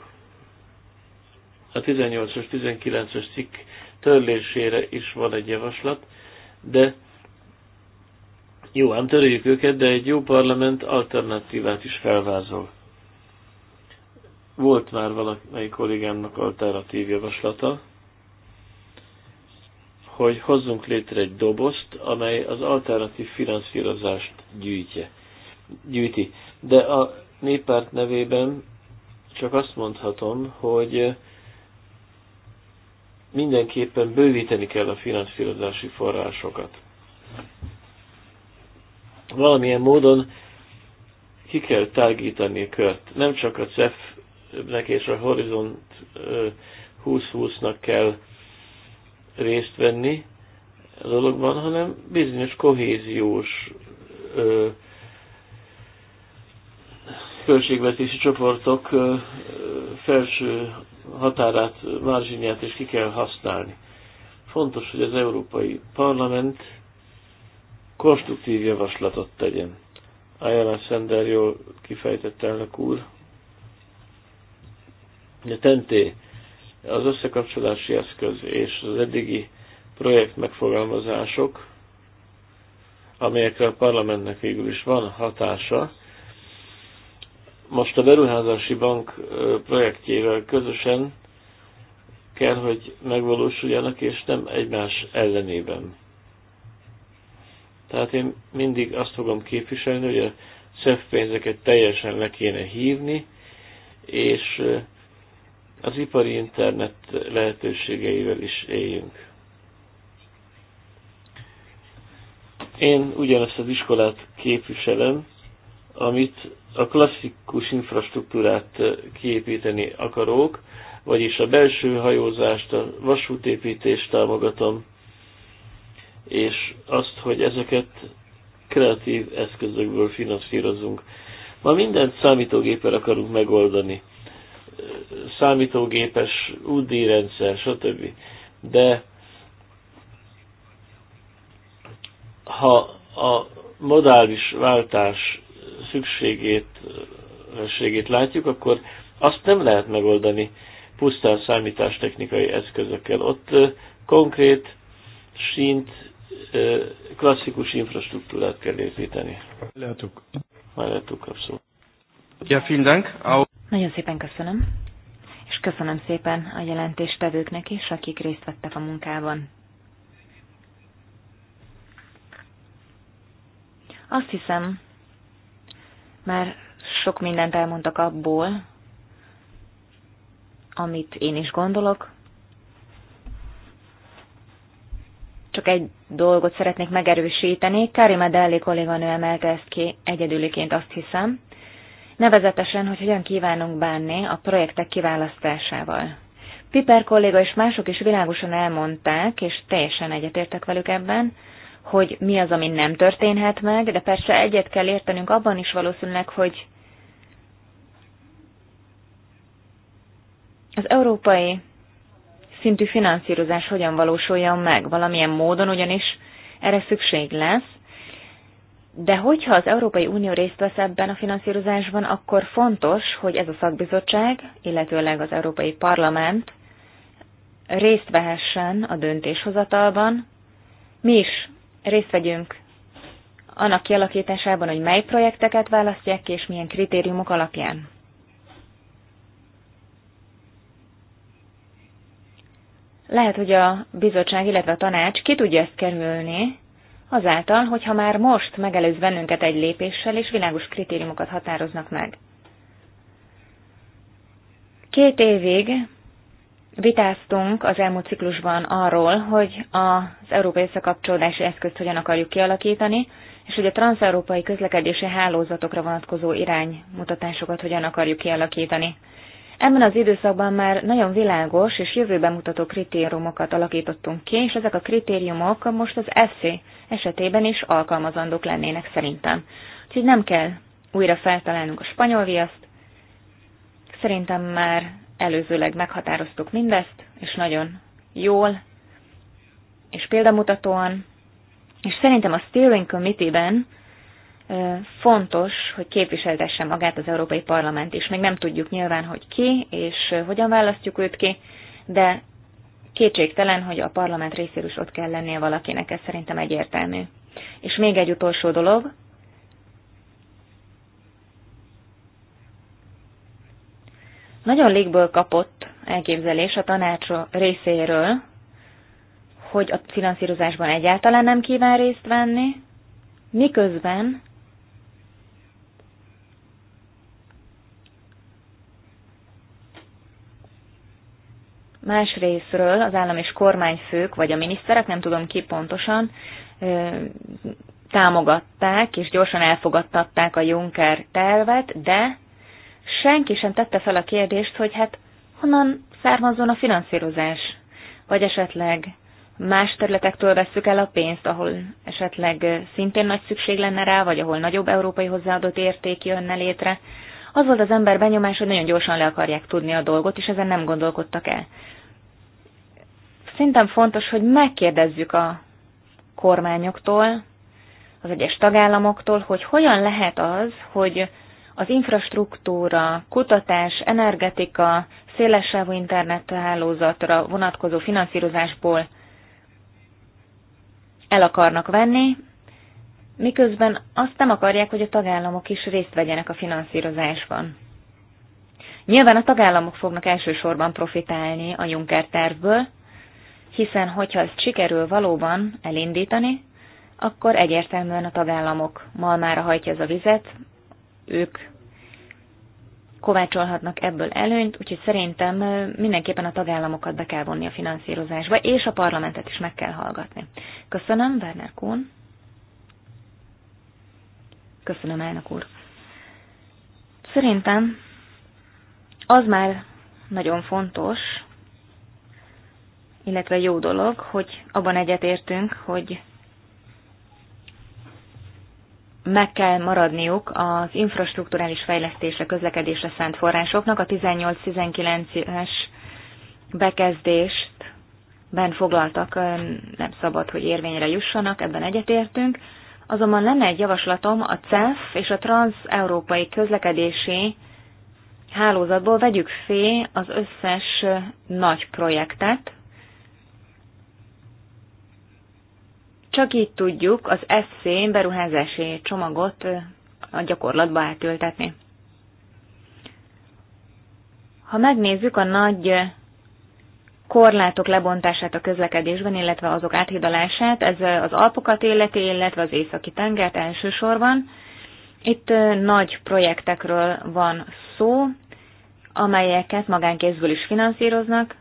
A 18-as, 19-es cikk törlésére is van egy javaslat, de jó, ám hát törjük őket, de egy jó parlament alternatívát is felvázol. Volt már valamelyik kollégámnak alternatív javaslata, hogy hozzunk létre egy dobozt, amely az alternatív finanszírozást gyűjtje, gyűjti. De a néppárt nevében csak azt mondhatom, hogy mindenképpen bővíteni kell a finanszírozási forrásokat valamilyen módon ki kell tágítani a kört. Nem csak a CEF-nek és a Horizont 2020-nak kell részt venni a dologban, hanem bizonyos kohéziós költségvetési csoportok ö, felső határát, márzsinyát is ki kell használni. Fontos, hogy az Európai Parlament konstruktív javaslatot tegyen. Ajánlás Szender jól kifejtett elnök úr. A tenté az összekapcsolási eszköz és az eddigi projekt megfogalmazások, amelyekre a parlamentnek végül is van hatása. Most a Beruházási Bank projektjével közösen kell, hogy megvalósuljanak, és nem egymás ellenében. Tehát én mindig azt fogom képviselni, hogy a SZEF pénzeket teljesen le kéne hívni, és az ipari internet lehetőségeivel is éljünk. Én ugyanezt az iskolát képviselem, amit a klasszikus infrastruktúrát kiépíteni akarók, vagyis a belső hajózást, a vasútépítést támogatom, és azt, hogy ezeket kreatív eszközökből finanszírozunk. Ma mindent számítógéppel akarunk megoldani. Számítógépes, UDI rendszer, stb. De ha a modális váltás szükségét lehetőségét látjuk, akkor azt nem lehet megoldani pusztán számítástechnikai eszközökkel. Ott konkrét sínt klasszikus infrastruktúrát kell építeni. Lehetuk. Lehetük, abszolút. Ja, vielen Dank. Nagyon szépen köszönöm. És köszönöm szépen a jelentéstevőknek is, akik részt vettek a munkában. Azt hiszem, már sok mindent elmondtak abból, amit én is gondolok, csak egy dolgot szeretnék megerősíteni. Kári Medelli kolléganő emelte ezt ki egyedüliként, azt hiszem. Nevezetesen, hogy hogyan kívánunk bánni a projektek kiválasztásával. Piper kolléga és mások is világosan elmondták, és teljesen egyetértek velük ebben, hogy mi az, ami nem történhet meg, de persze egyet kell értenünk abban is valószínűleg, hogy az európai szintű finanszírozás hogyan valósuljon meg. Valamilyen módon ugyanis erre szükség lesz, de hogyha az Európai Unió részt vesz ebben a finanszírozásban, akkor fontos, hogy ez a szakbizottság, illetőleg az Európai Parlament részt vehessen a döntéshozatalban. Mi is részt vegyünk annak kialakításában, hogy mely projekteket választják ki, és milyen kritériumok alapján. Lehet, hogy a bizottság, illetve a tanács ki tudja ezt kerülni, azáltal, hogyha már most megelőz bennünket egy lépéssel, és világos kritériumokat határoznak meg. Két évig vitáztunk az elmúlt ciklusban arról, hogy az európai összekapcsolódási eszközt hogyan akarjuk kialakítani, és hogy a transeurópai közlekedési hálózatokra vonatkozó iránymutatásokat hogyan akarjuk kialakítani. Ebben az időszakban már nagyon világos és jövőben mutató kritériumokat alakítottunk ki, és ezek a kritériumok most az eszé esetében is alkalmazandók lennének szerintem. Úgyhogy nem kell újra feltalálnunk a spanyol viaszt, szerintem már előzőleg meghatároztuk mindezt, és nagyon jól, és példamutatóan, és szerintem a Steering Committee-ben fontos, hogy képviseltesse magát az Európai Parlament is. Még nem tudjuk nyilván, hogy ki és hogyan választjuk őt ki, de kétségtelen, hogy a parlament részéről is ott kell lennie valakinek, ez szerintem egyértelmű. És még egy utolsó dolog. Nagyon légből kapott elképzelés a tanács részéről, hogy a finanszírozásban egyáltalán nem kíván részt venni, miközben Más részről az állam és kormányfők, vagy a miniszterek, nem tudom ki pontosan, támogatták és gyorsan elfogadtatták a Juncker tervet, de senki sem tette fel a kérdést, hogy hát honnan származzon a finanszírozás, vagy esetleg más területektől vesszük el a pénzt, ahol esetleg szintén nagy szükség lenne rá, vagy ahol nagyobb európai hozzáadott érték jönne létre. Az volt az ember benyomás, hogy nagyon gyorsan le akarják tudni a dolgot, és ezen nem gondolkodtak el. Szerintem fontos, hogy megkérdezzük a kormányoktól, az egyes tagállamoktól, hogy hogyan lehet az, hogy az infrastruktúra, kutatás, energetika, szélessávú internethálózatra vonatkozó finanszírozásból el akarnak venni, miközben azt nem akarják, hogy a tagállamok is részt vegyenek a finanszírozásban. Nyilván a tagállamok fognak elsősorban profitálni a Juncker tervből, hiszen hogyha ezt sikerül valóban elindítani, akkor egyértelműen a tagállamok malmára hajtja ez a vizet, ők kovácsolhatnak ebből előnyt, úgyhogy szerintem mindenképpen a tagállamokat be kell vonni a finanszírozásba, és a parlamentet is meg kell hallgatni. Köszönöm, Werner Kuhn. Köszönöm, elnök úr. Szerintem az már nagyon fontos, illetve jó dolog, hogy abban egyetértünk, hogy meg kell maradniuk az infrastruktúrális fejlesztésre, közlekedésre szánt forrásoknak. A 18-19-es bekezdést ben foglaltak, nem szabad, hogy érvényre jussanak, ebben egyetértünk. Azonban lenne egy javaslatom, a CEF és a transeurópai közlekedési hálózatból vegyük fé az összes nagy projektet, Csak így tudjuk az eszén beruházási csomagot a gyakorlatba átültetni. Ha megnézzük a nagy korlátok lebontását a közlekedésben, illetve azok áthidalását, ez az Alpokat illeti, illetve az északi tengert elsősorban. Itt nagy projektekről van szó, amelyeket magánkézből is finanszíroznak,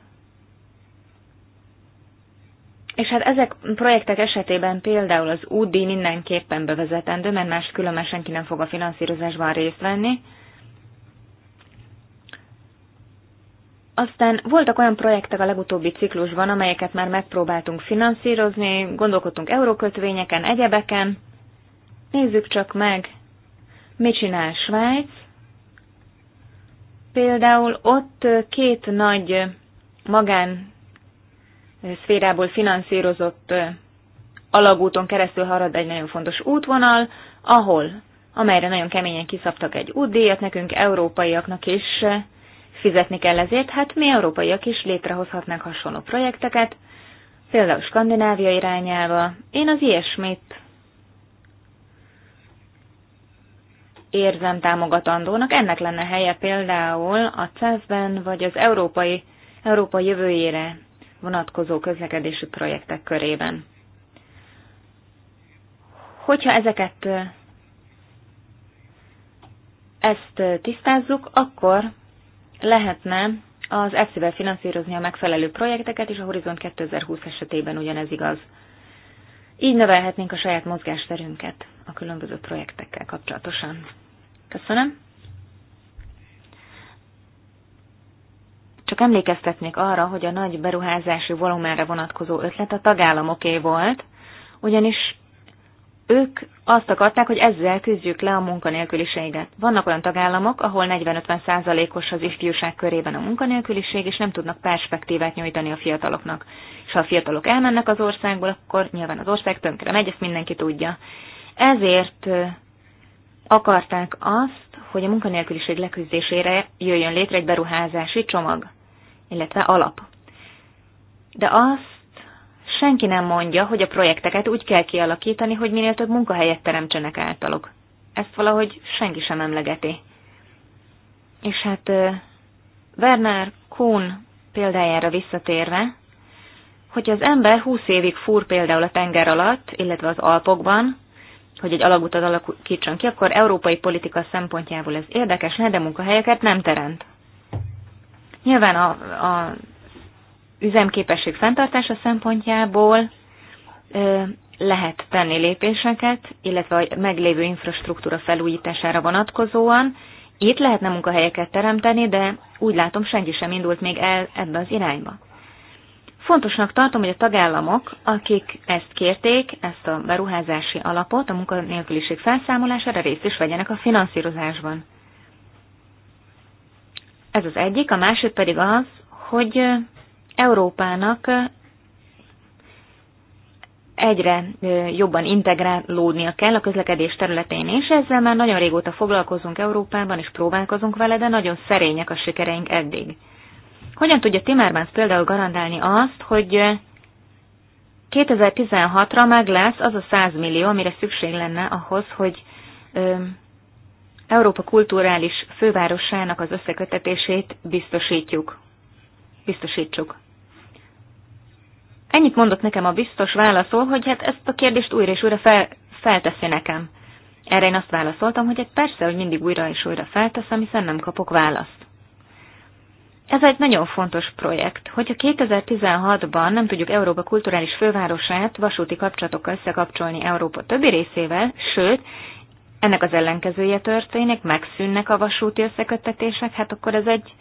és hát ezek projektek esetében például az UDI mindenképpen bevezetendő, mert más különben senki nem fog a finanszírozásban részt venni. Aztán voltak olyan projektek a legutóbbi ciklusban, amelyeket már megpróbáltunk finanszírozni, gondolkodtunk eurókötvényeken, egyebeken. Nézzük csak meg, mit csinál Svájc. Például ott két nagy magán szférából finanszírozott alagúton keresztül harad egy nagyon fontos útvonal, ahol, amelyre nagyon keményen kiszabtak egy útdíjat, nekünk európaiaknak is fizetni kell ezért, hát mi európaiak is létrehozhatnánk hasonló projekteket, például Skandinávia irányába. Én az ilyesmit érzem támogatandónak. Ennek lenne helye például a CEF-ben, vagy az európai, európai jövőjére vonatkozó közlekedési projektek körében. Hogyha ezeket ezt tisztázzuk, akkor lehetne az EFSZ-vel finanszírozni a megfelelő projekteket, és a Horizont 2020 esetében ugyanez igaz. Így növelhetnénk a saját mozgásterünket a különböző projektekkel kapcsolatosan. Köszönöm. Csak emlékeztetnék arra, hogy a nagy beruházási volumenre vonatkozó ötlet a tagállamoké volt, ugyanis ők azt akarták, hogy ezzel küzdjük le a munkanélküliséget. Vannak olyan tagállamok, ahol 40-50 százalékos az ifjúság körében a munkanélküliség, és nem tudnak perspektívát nyújtani a fiataloknak. És ha a fiatalok elmennek az országból, akkor nyilván az ország tönkre megy, ezt mindenki tudja. Ezért akarták azt, hogy a munkanélküliség leküzdésére jöjjön létre egy beruházási csomag, illetve alap. De azt senki nem mondja, hogy a projekteket úgy kell kialakítani, hogy minél több munkahelyet teremtsenek általuk. Ezt valahogy senki sem emlegeti. És hát Werner Kuhn példájára visszatérve, hogy az ember 20 évig fúr például a tenger alatt, illetve az Alpokban, hogy egy alagutat alakítson ki, akkor európai politika szempontjából ez érdekes de munkahelyeket nem teremt. Nyilván a, a üzemképesség fenntartása szempontjából ö, lehet tenni lépéseket, illetve a meglévő infrastruktúra felújítására vonatkozóan. Itt lehetne munkahelyeket teremteni, de úgy látom, senki sem indult még el ebbe az irányba. Fontosnak tartom, hogy a tagállamok, akik ezt kérték, ezt a beruházási alapot, a munkanélküliség felszámolására részt is vegyenek a finanszírozásban. Ez az egyik, a másik pedig az, hogy Európának egyre jobban integrálódnia kell a közlekedés területén, és ezzel már nagyon régóta foglalkozunk Európában, és próbálkozunk vele, de nagyon szerények a sikereink eddig. Hogyan tudja Timmermans például garantálni azt, hogy 2016-ra meg lesz az a 100 millió, amire szükség lenne ahhoz, hogy Európa kulturális fővárosának az összekötetését biztosítjuk. Biztosítsuk. Ennyit mondott nekem a biztos válaszol, hogy hát ezt a kérdést újra és újra fel, felteszi nekem. Erre én azt válaszoltam, hogy hát persze, hogy mindig újra és újra felteszem, hiszen nem kapok választ. Ez egy nagyon fontos projekt. Hogyha 2016-ban nem tudjuk Európa kulturális fővárosát vasúti kapcsolatokkal összekapcsolni Európa többi részével, sőt, ennek az ellenkezője történik, megszűnnek a vasúti összeköttetések, hát akkor ez egy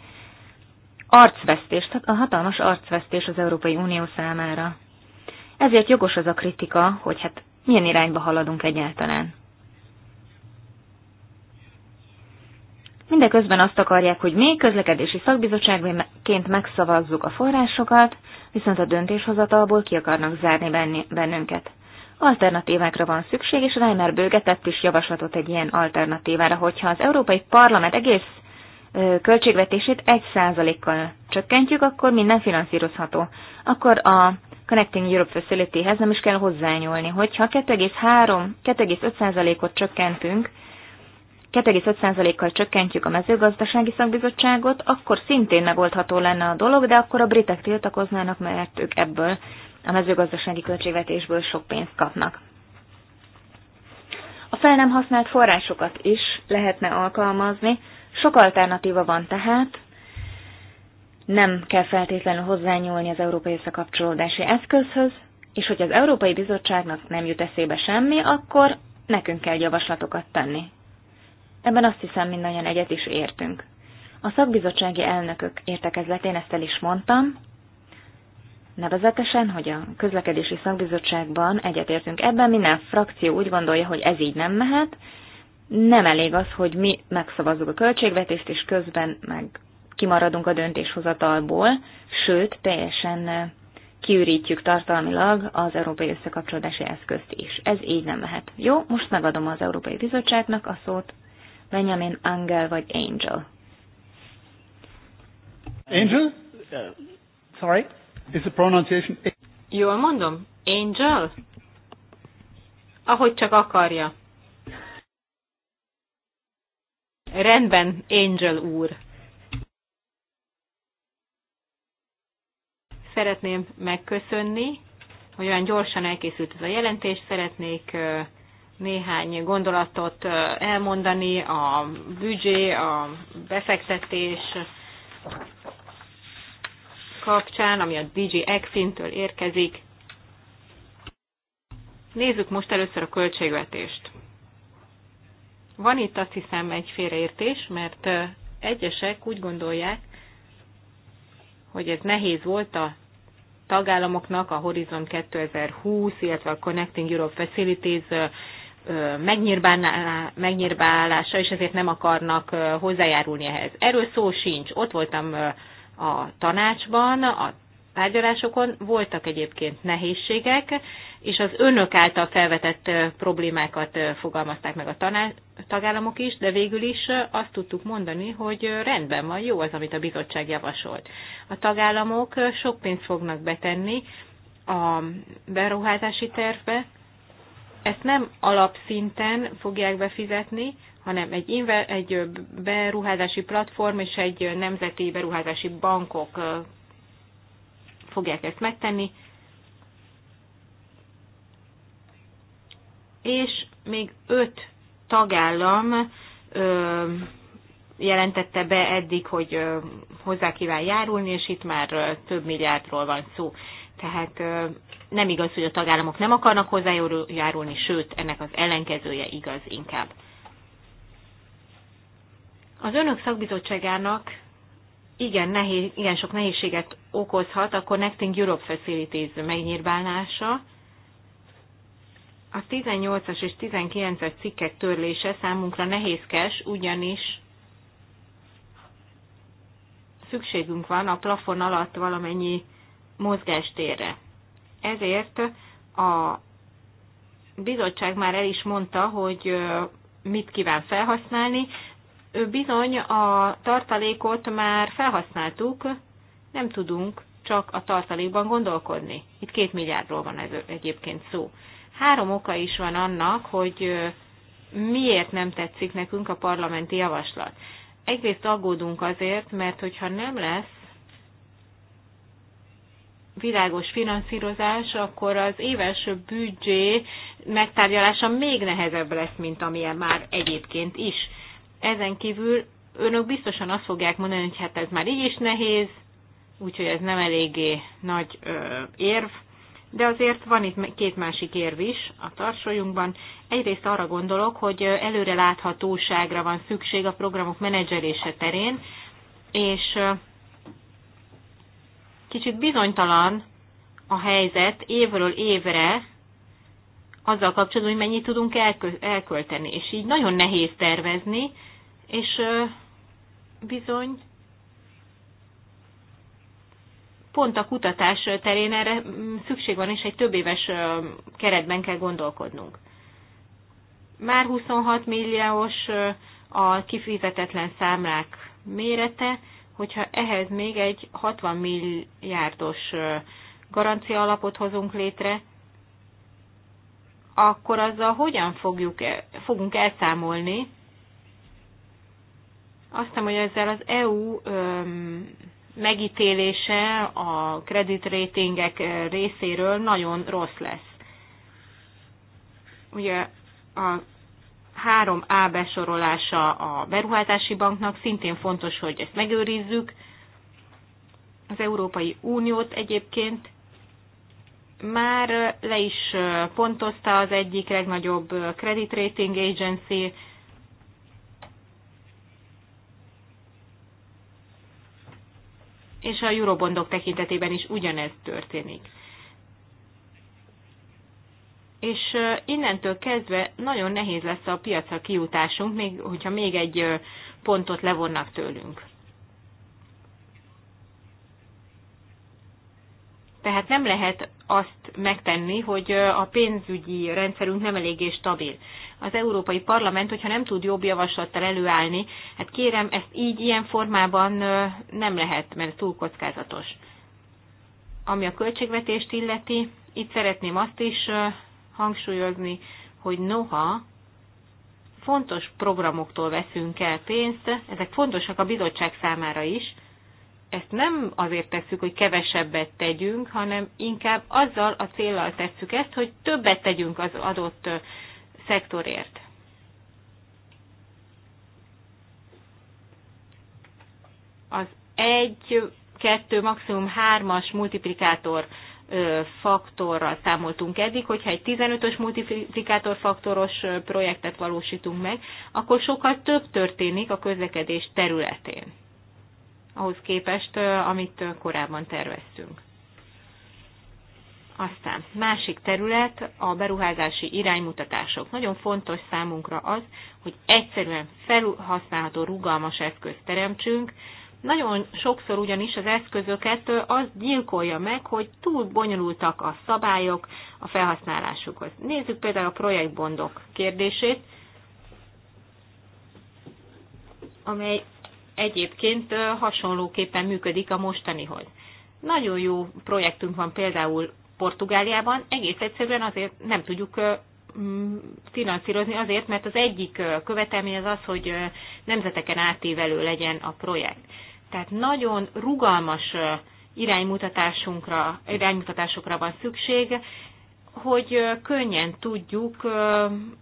arcvesztés, hát a hatalmas arcvesztés az Európai Unió számára. Ezért jogos az a kritika, hogy hát milyen irányba haladunk egyáltalán. Mindeközben azt akarják, hogy mi közlekedési szakbizottságként megszavazzuk a forrásokat, viszont a döntéshozatalból ki akarnak zárni bennünket. Alternatívákra van szükség, és Reimer bőgetett is javaslatot egy ilyen alternatívára, hogyha az Európai Parlament egész költségvetését 1%-kal csökkentjük, akkor minden finanszírozható. Akkor a Connecting Europe Facility-hez nem is kell hozzányúlni. Hogyha 2,3-2,5%-ot csökkentünk 2,5%-kal csökkentjük a mezőgazdasági szakbizottságot, akkor szintén megoldható lenne a dolog, de akkor a britek tiltakoznának, mert ők ebből a mezőgazdasági költségvetésből sok pénzt kapnak. A fel nem használt forrásokat is lehetne alkalmazni, sok alternatíva van tehát, nem kell feltétlenül hozzányúlni az európai összekapcsolódási eszközhöz, és hogy az Európai Bizottságnak nem jut eszébe semmi, akkor nekünk kell javaslatokat tenni. Ebben azt hiszem mindannyian egyet is értünk. A szakbizottsági elnökök értekezletén ezt el is mondtam, nevezetesen, hogy a közlekedési szakbizottságban egyetértünk ebben, minden frakció úgy gondolja, hogy ez így nem mehet, nem elég az, hogy mi megszavazzuk a költségvetést, és közben meg kimaradunk a döntéshozatalból, sőt, teljesen eh, kiürítjük tartalmilag az európai összekapcsolódási eszközt is. Ez így nem mehet. Jó, most megadom az Európai Bizottságnak a szót, Benjamin Angel vagy Angel. Angel? Uh, sorry? Is the pronunciation... Jól mondom? Angel? Ahogy csak akarja. Rendben, Angel úr. Szeretném megköszönni, hogy olyan gyorsan elkészült ez a jelentés. Szeretnék néhány gondolatot elmondani, a büdzsé, a befektetés kapcsán, ami a DJ Exintől érkezik. Nézzük most először a költségvetést. Van itt azt hiszem egy félreértés, mert egyesek úgy gondolják, hogy ez nehéz volt a tagállamoknak a Horizon 2020, illetve a Connecting Europe Facilities megnyírbálása, és ezért nem akarnak hozzájárulni ehhez. Erről szó sincs. Ott voltam a tanácsban, a tárgyalásokon voltak egyébként nehézségek, és az önök által felvetett problémákat fogalmazták meg a tagállamok is, de végül is azt tudtuk mondani, hogy rendben van, jó az, amit a bizottság javasolt. A tagállamok sok pénzt fognak betenni a beruházási tervbe, ezt nem alapszinten fogják befizetni, hanem egy, inve, egy beruházási platform és egy nemzeti beruházási bankok fogják ezt megtenni. És még öt tagállam ö, jelentette be eddig, hogy ö, hozzá kíván járulni, és itt már ö, több milliárdról van szó. Tehát nem igaz, hogy a tagállamok nem akarnak hozzájárulni, sőt, ennek az ellenkezője igaz inkább. Az önök szakbizottságának igen, nehéz, igen sok nehézséget okozhat a Connecting Europe Facilities megnyírbálása. A 18-as és 19-es cikkek törlése számunkra nehézkes, ugyanis szükségünk van a plafon alatt valamennyi mozgástérre. Ezért a bizottság már el is mondta, hogy mit kíván felhasználni. Bizony a tartalékot már felhasználtuk, nem tudunk csak a tartalékban gondolkodni. Itt két milliárdról van ez egyébként szó. Három oka is van annak, hogy miért nem tetszik nekünk a parlamenti javaslat. Egyrészt aggódunk azért, mert hogyha nem lesz világos finanszírozás, akkor az éves büdzsé megtárgyalása még nehezebb lesz, mint amilyen már egyébként is. Ezen kívül önök biztosan azt fogják mondani, hogy hát ez már így is nehéz, úgyhogy ez nem eléggé nagy ö, érv, de azért van itt két másik érv is a tarsolyunkban. Egyrészt arra gondolok, hogy előreláthatóságra van szükség a programok menedzselése terén, és Kicsit bizonytalan a helyzet évről évre azzal kapcsolatban, hogy mennyit tudunk elkölteni. És így nagyon nehéz tervezni, és bizony pont a kutatás terén erre mm, szükség van, és egy több éves keretben kell gondolkodnunk. Már 26 milliós a kifizetetlen számlák mérete, hogyha ehhez még egy 60 milliárdos garancia alapot hozunk létre, akkor azzal hogyan fogjuk, e, fogunk elszámolni? Azt hiszem, hogy ezzel az EU megítélése a kreditratingek részéről nagyon rossz lesz. Ugye a három a besorolása a beruházási banknak, szintén fontos, hogy ezt megőrizzük. Az Európai Uniót egyébként már le is pontozta az egyik legnagyobb credit rating agency, és a eurobondok tekintetében is ugyanez történik és innentől kezdve nagyon nehéz lesz a piacra kijutásunk, még, hogyha még egy pontot levonnak tőlünk. Tehát nem lehet azt megtenni, hogy a pénzügyi rendszerünk nem eléggé stabil. Az Európai Parlament, hogyha nem tud jobb javaslattal előállni, hát kérem, ezt így, ilyen formában nem lehet, mert túl kockázatos. Ami a költségvetést illeti, itt szeretném azt is hangsúlyozni, hogy noha fontos programoktól veszünk el pénzt, ezek fontosak a bizottság számára is, ezt nem azért tesszük, hogy kevesebbet tegyünk, hanem inkább azzal a célral tesszük ezt, hogy többet tegyünk az adott szektorért. Az egy, kettő, maximum hármas multiplikátor faktorral számoltunk eddig, hogyha egy 15-ös faktoros projektet valósítunk meg, akkor sokkal több történik a közlekedés területén, ahhoz képest, amit korábban terveztünk. Aztán másik terület a beruházási iránymutatások. Nagyon fontos számunkra az, hogy egyszerűen felhasználható rugalmas eszközt teremtsünk, nagyon sokszor ugyanis az eszközöket az gyilkolja meg, hogy túl bonyolultak a szabályok a felhasználásukhoz. Nézzük például a projektbondok kérdését, amely egyébként hasonlóképpen működik a mostanihoz. Nagyon jó projektünk van például Portugáliában, egész egyszerűen azért nem tudjuk finanszírozni azért, mert az egyik követelmény az az, hogy nemzeteken átívelő legyen a projekt. Tehát nagyon rugalmas iránymutatásunkra, iránymutatásokra van szükség, hogy könnyen tudjuk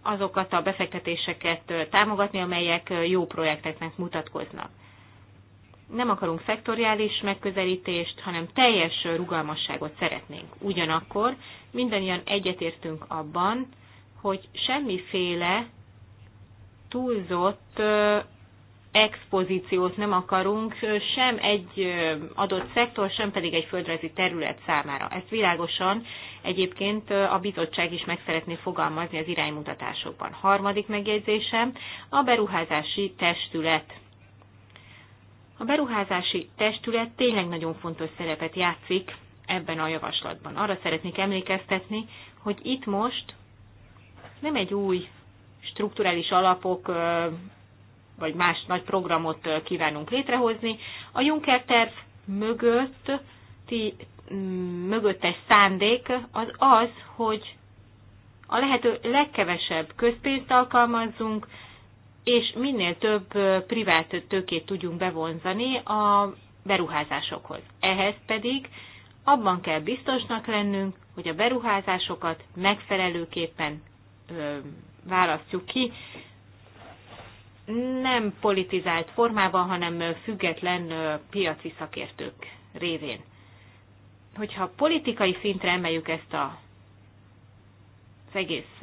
azokat a befektetéseket támogatni, amelyek jó projekteknek mutatkoznak. Nem akarunk szektoriális megközelítést, hanem teljes rugalmasságot szeretnénk. Ugyanakkor mindannyian egyetértünk abban, hogy semmiféle túlzott expozíciót nem akarunk sem egy adott szektor, sem pedig egy földrajzi terület számára. Ezt világosan egyébként a bizottság is meg szeretné fogalmazni az iránymutatásokban. Harmadik megjegyzésem a beruházási testület. A beruházási testület tényleg nagyon fontos szerepet játszik ebben a javaslatban. Arra szeretnék emlékeztetni, hogy itt most nem egy új strukturális alapok vagy más nagy programot kívánunk létrehozni. A Juncker terv mögött, ti, mögöttes szándék az az, hogy a lehető legkevesebb közpénzt alkalmazzunk, és minél több privát tőkét tudjunk bevonzani a beruházásokhoz. Ehhez pedig abban kell biztosnak lennünk, hogy a beruházásokat megfelelőképpen ö, választjuk ki, nem politizált formában, hanem független piaci szakértők révén. Hogyha politikai szintre emeljük ezt a, az egész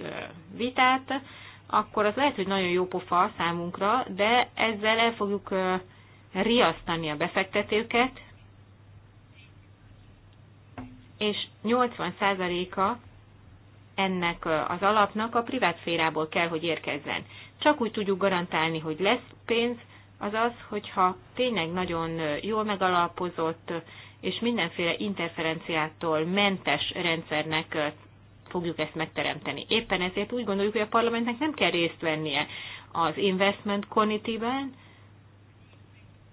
vitát, akkor az lehet, hogy nagyon jó pofa számunkra, de ezzel el fogjuk riasztani a befektetőket, és 80%-a ennek az alapnak a privát kell, hogy érkezzen csak úgy tudjuk garantálni, hogy lesz pénz, az az, hogyha tényleg nagyon jól megalapozott és mindenféle interferenciától mentes rendszernek fogjuk ezt megteremteni. Éppen ezért úgy gondoljuk, hogy a parlamentnek nem kell részt vennie az investment committee-ben,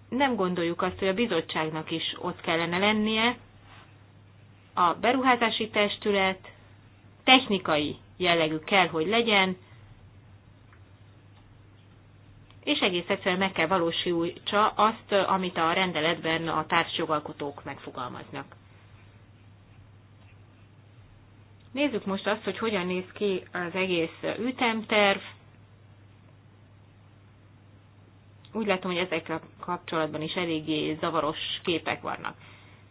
nem gondoljuk azt, hogy a bizottságnak is ott kellene lennie, a beruházási testület technikai jellegű kell, hogy legyen, és egész egyszerűen meg kell valósítsa azt, amit a rendeletben a társjogalkotók megfogalmaznak. Nézzük most azt, hogy hogyan néz ki az egész ütemterv. Úgy látom, hogy ezekkel kapcsolatban is eléggé zavaros képek vannak.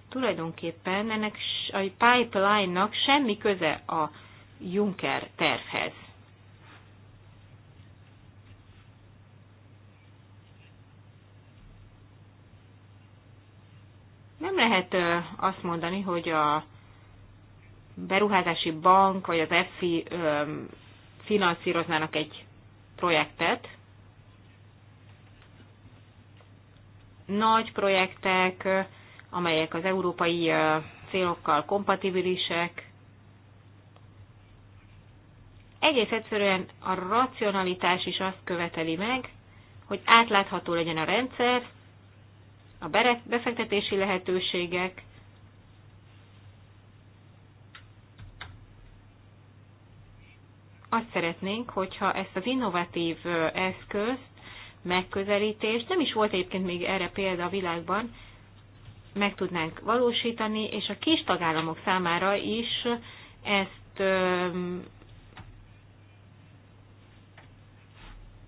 Tulajdonképpen ennek a pipeline-nak semmi köze a Juncker tervhez. Nem lehet azt mondani, hogy a beruházási bank vagy az EFI finanszíroznának egy projektet. Nagy projektek, amelyek az európai célokkal kompatibilisek. Egész egyszerűen a racionalitás is azt követeli meg, hogy átlátható legyen a rendszer, a befektetési lehetőségek, azt szeretnénk, hogyha ezt az innovatív eszközt, megközelítést, nem is volt egyébként még erre példa a világban, meg tudnánk valósítani, és a kis tagállamok számára is ezt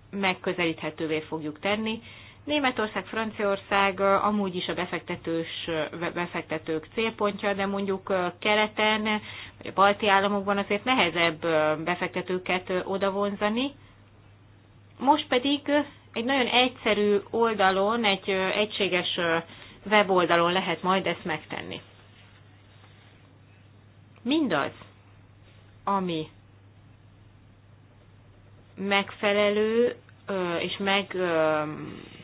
megközelíthetővé fogjuk tenni, Németország, Franciaország amúgy is a befektetős, befektetők célpontja, de mondjuk keleten, vagy a balti államokban azért nehezebb befektetőket odavonzani. Most pedig egy nagyon egyszerű oldalon, egy egységes weboldalon lehet majd ezt megtenni. Mindaz, ami megfelelő és meg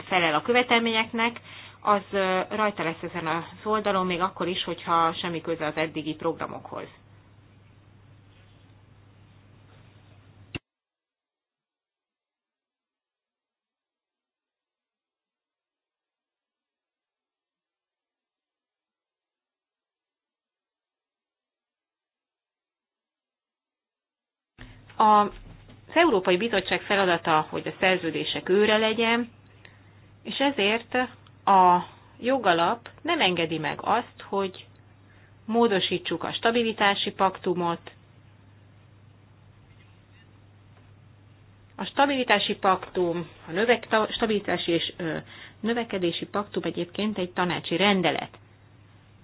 felel a követelményeknek, az rajta lesz ezen az oldalon, még akkor is, hogyha semmi köze az eddigi programokhoz. A, az Európai Bizottság feladata, hogy a szerződések őre legyen, és ezért a jogalap nem engedi meg azt, hogy módosítsuk a stabilitási paktumot, A stabilitási paktum, a növek, stabilitási és ö, növekedési paktum egyébként egy tanácsi rendelet.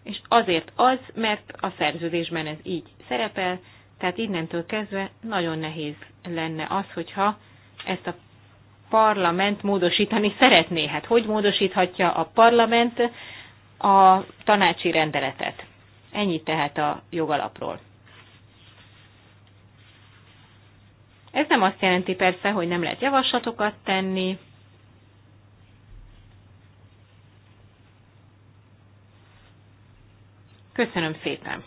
És azért az, mert a szerződésben ez így szerepel, tehát innentől kezdve nagyon nehéz lenne az, hogyha ezt a parlament módosítani szeretné. Hát hogy módosíthatja a parlament a tanácsi rendeletet? Ennyi tehát a jogalapról. Ez nem azt jelenti persze, hogy nem lehet javaslatokat tenni, Köszönöm szépen.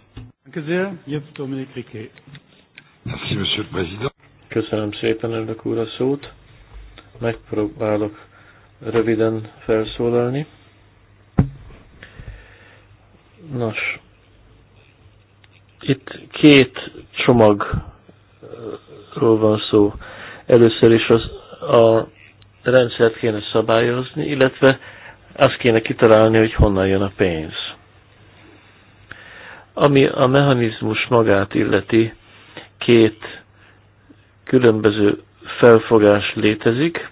Köszönöm szépen, elnök úr, a szót megpróbálok röviden felszólalni. Nos, itt két csomagról van szó. Először is az, a rendszert kéne szabályozni, illetve azt kéne kitalálni, hogy honnan jön a pénz. Ami a mechanizmus magát illeti, két különböző felfogás létezik.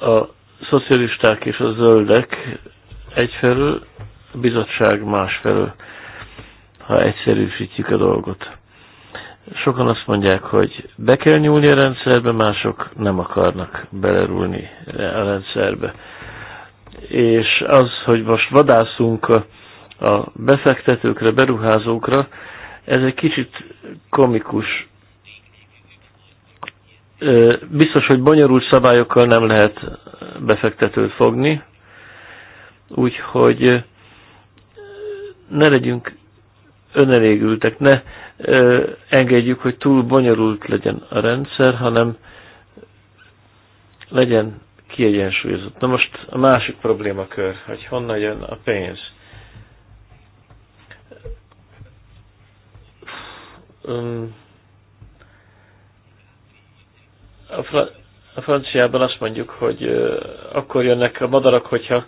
A szocialisták és a zöldek egyfelől, a bizottság másfelől, ha egyszerűsítjük a dolgot. Sokan azt mondják, hogy be kell nyúlni a rendszerbe, mások nem akarnak belerúlni a rendszerbe. És az, hogy most vadászunk a befektetőkre, beruházókra, ez egy kicsit komikus Biztos, hogy bonyolult szabályokkal nem lehet befektetőt fogni, úgyhogy ne legyünk önelégültek, ne engedjük, hogy túl bonyolult legyen a rendszer, hanem legyen kiegyensúlyozott. Na most a másik problémakör, hogy honnan jön a pénz. Um, A, fra, a franciában azt mondjuk, hogy akkor jönnek a madarak, hogyha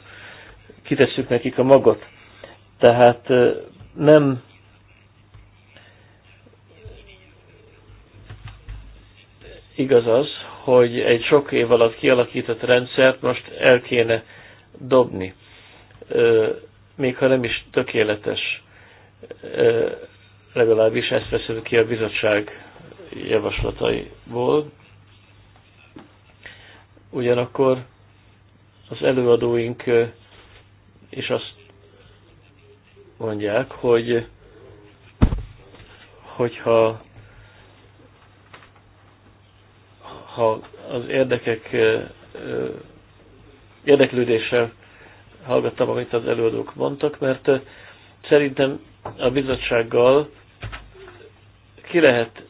kitesszük nekik a magot. Tehát nem igaz az, hogy egy sok év alatt kialakított rendszert most el kéne dobni, még ha nem is tökéletes, legalábbis ezt veszem ki a bizottság javaslataiból. Ugyanakkor az előadóink és azt mondják, hogy hogyha ha az érdekek érdeklődéssel hallgattam, amit az előadók mondtak, mert szerintem a bizottsággal ki lehet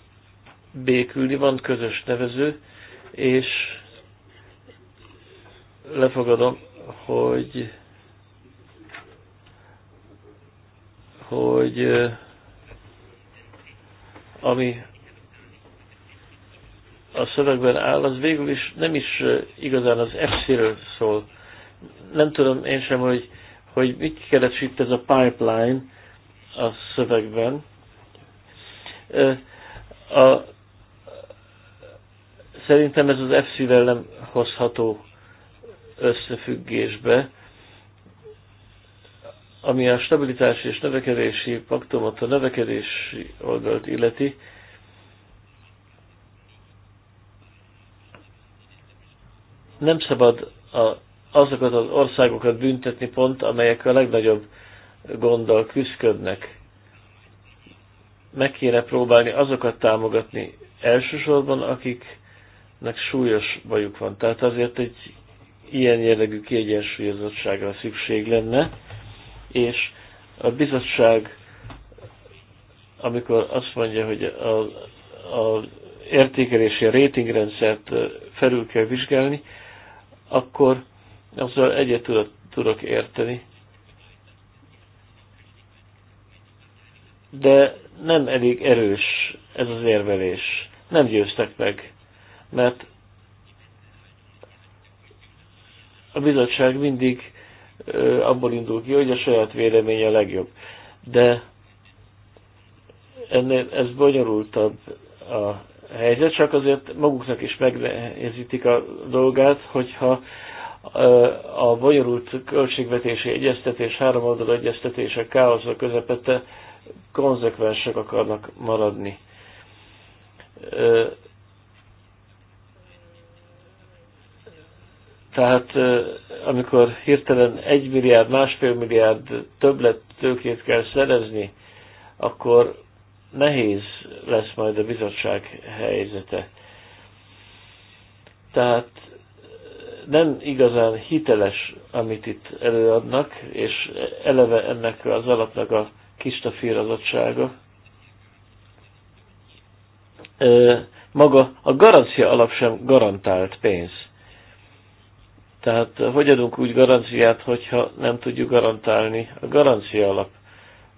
békülni, van közös nevező, és lefogadom, hogy hogy ami a szövegben áll, az végül is nem is igazán az FC-ről szól. Nem tudom én sem, hogy, hogy mit keres itt ez a pipeline a szövegben. A, szerintem ez az FC-vel nem hozható összefüggésbe, ami a stabilitási és növekedési paktumot, a növekedési oldalt illeti, nem szabad a, azokat az országokat büntetni pont, amelyek a legnagyobb gonddal küzdködnek. Meg kéne próbálni azokat támogatni elsősorban, akiknek súlyos bajuk van. Tehát azért egy ilyen jellegű kiegyensúlyozottságra szükség lenne, és a bizottság, amikor azt mondja, hogy a, a értékelési a rétingrendszert felül kell vizsgálni, akkor azzal egyet tudok, tudok érteni. De nem elég erős ez az érvelés. Nem győztek meg, mert a bizottság mindig abból indul ki, hogy a saját véleménye a legjobb. De ennél ez bonyolultabb a helyzet, csak azért maguknak is megnehezítik a dolgát, hogyha a bonyolult költségvetési egyeztetés, háromoldal egyeztetések káoszra közepette konzekvensek akarnak maradni. Tehát amikor hirtelen egy milliárd, másfél milliárd többlet tőkét kell szerezni, akkor nehéz lesz majd a bizottság helyzete. Tehát nem igazán hiteles, amit itt előadnak, és eleve ennek az alapnak a kistafírozottsága. Maga a garancia alap sem garantált pénz. Tehát eh, hogy adunk úgy garanciát, hogyha nem tudjuk garantálni a garancia alap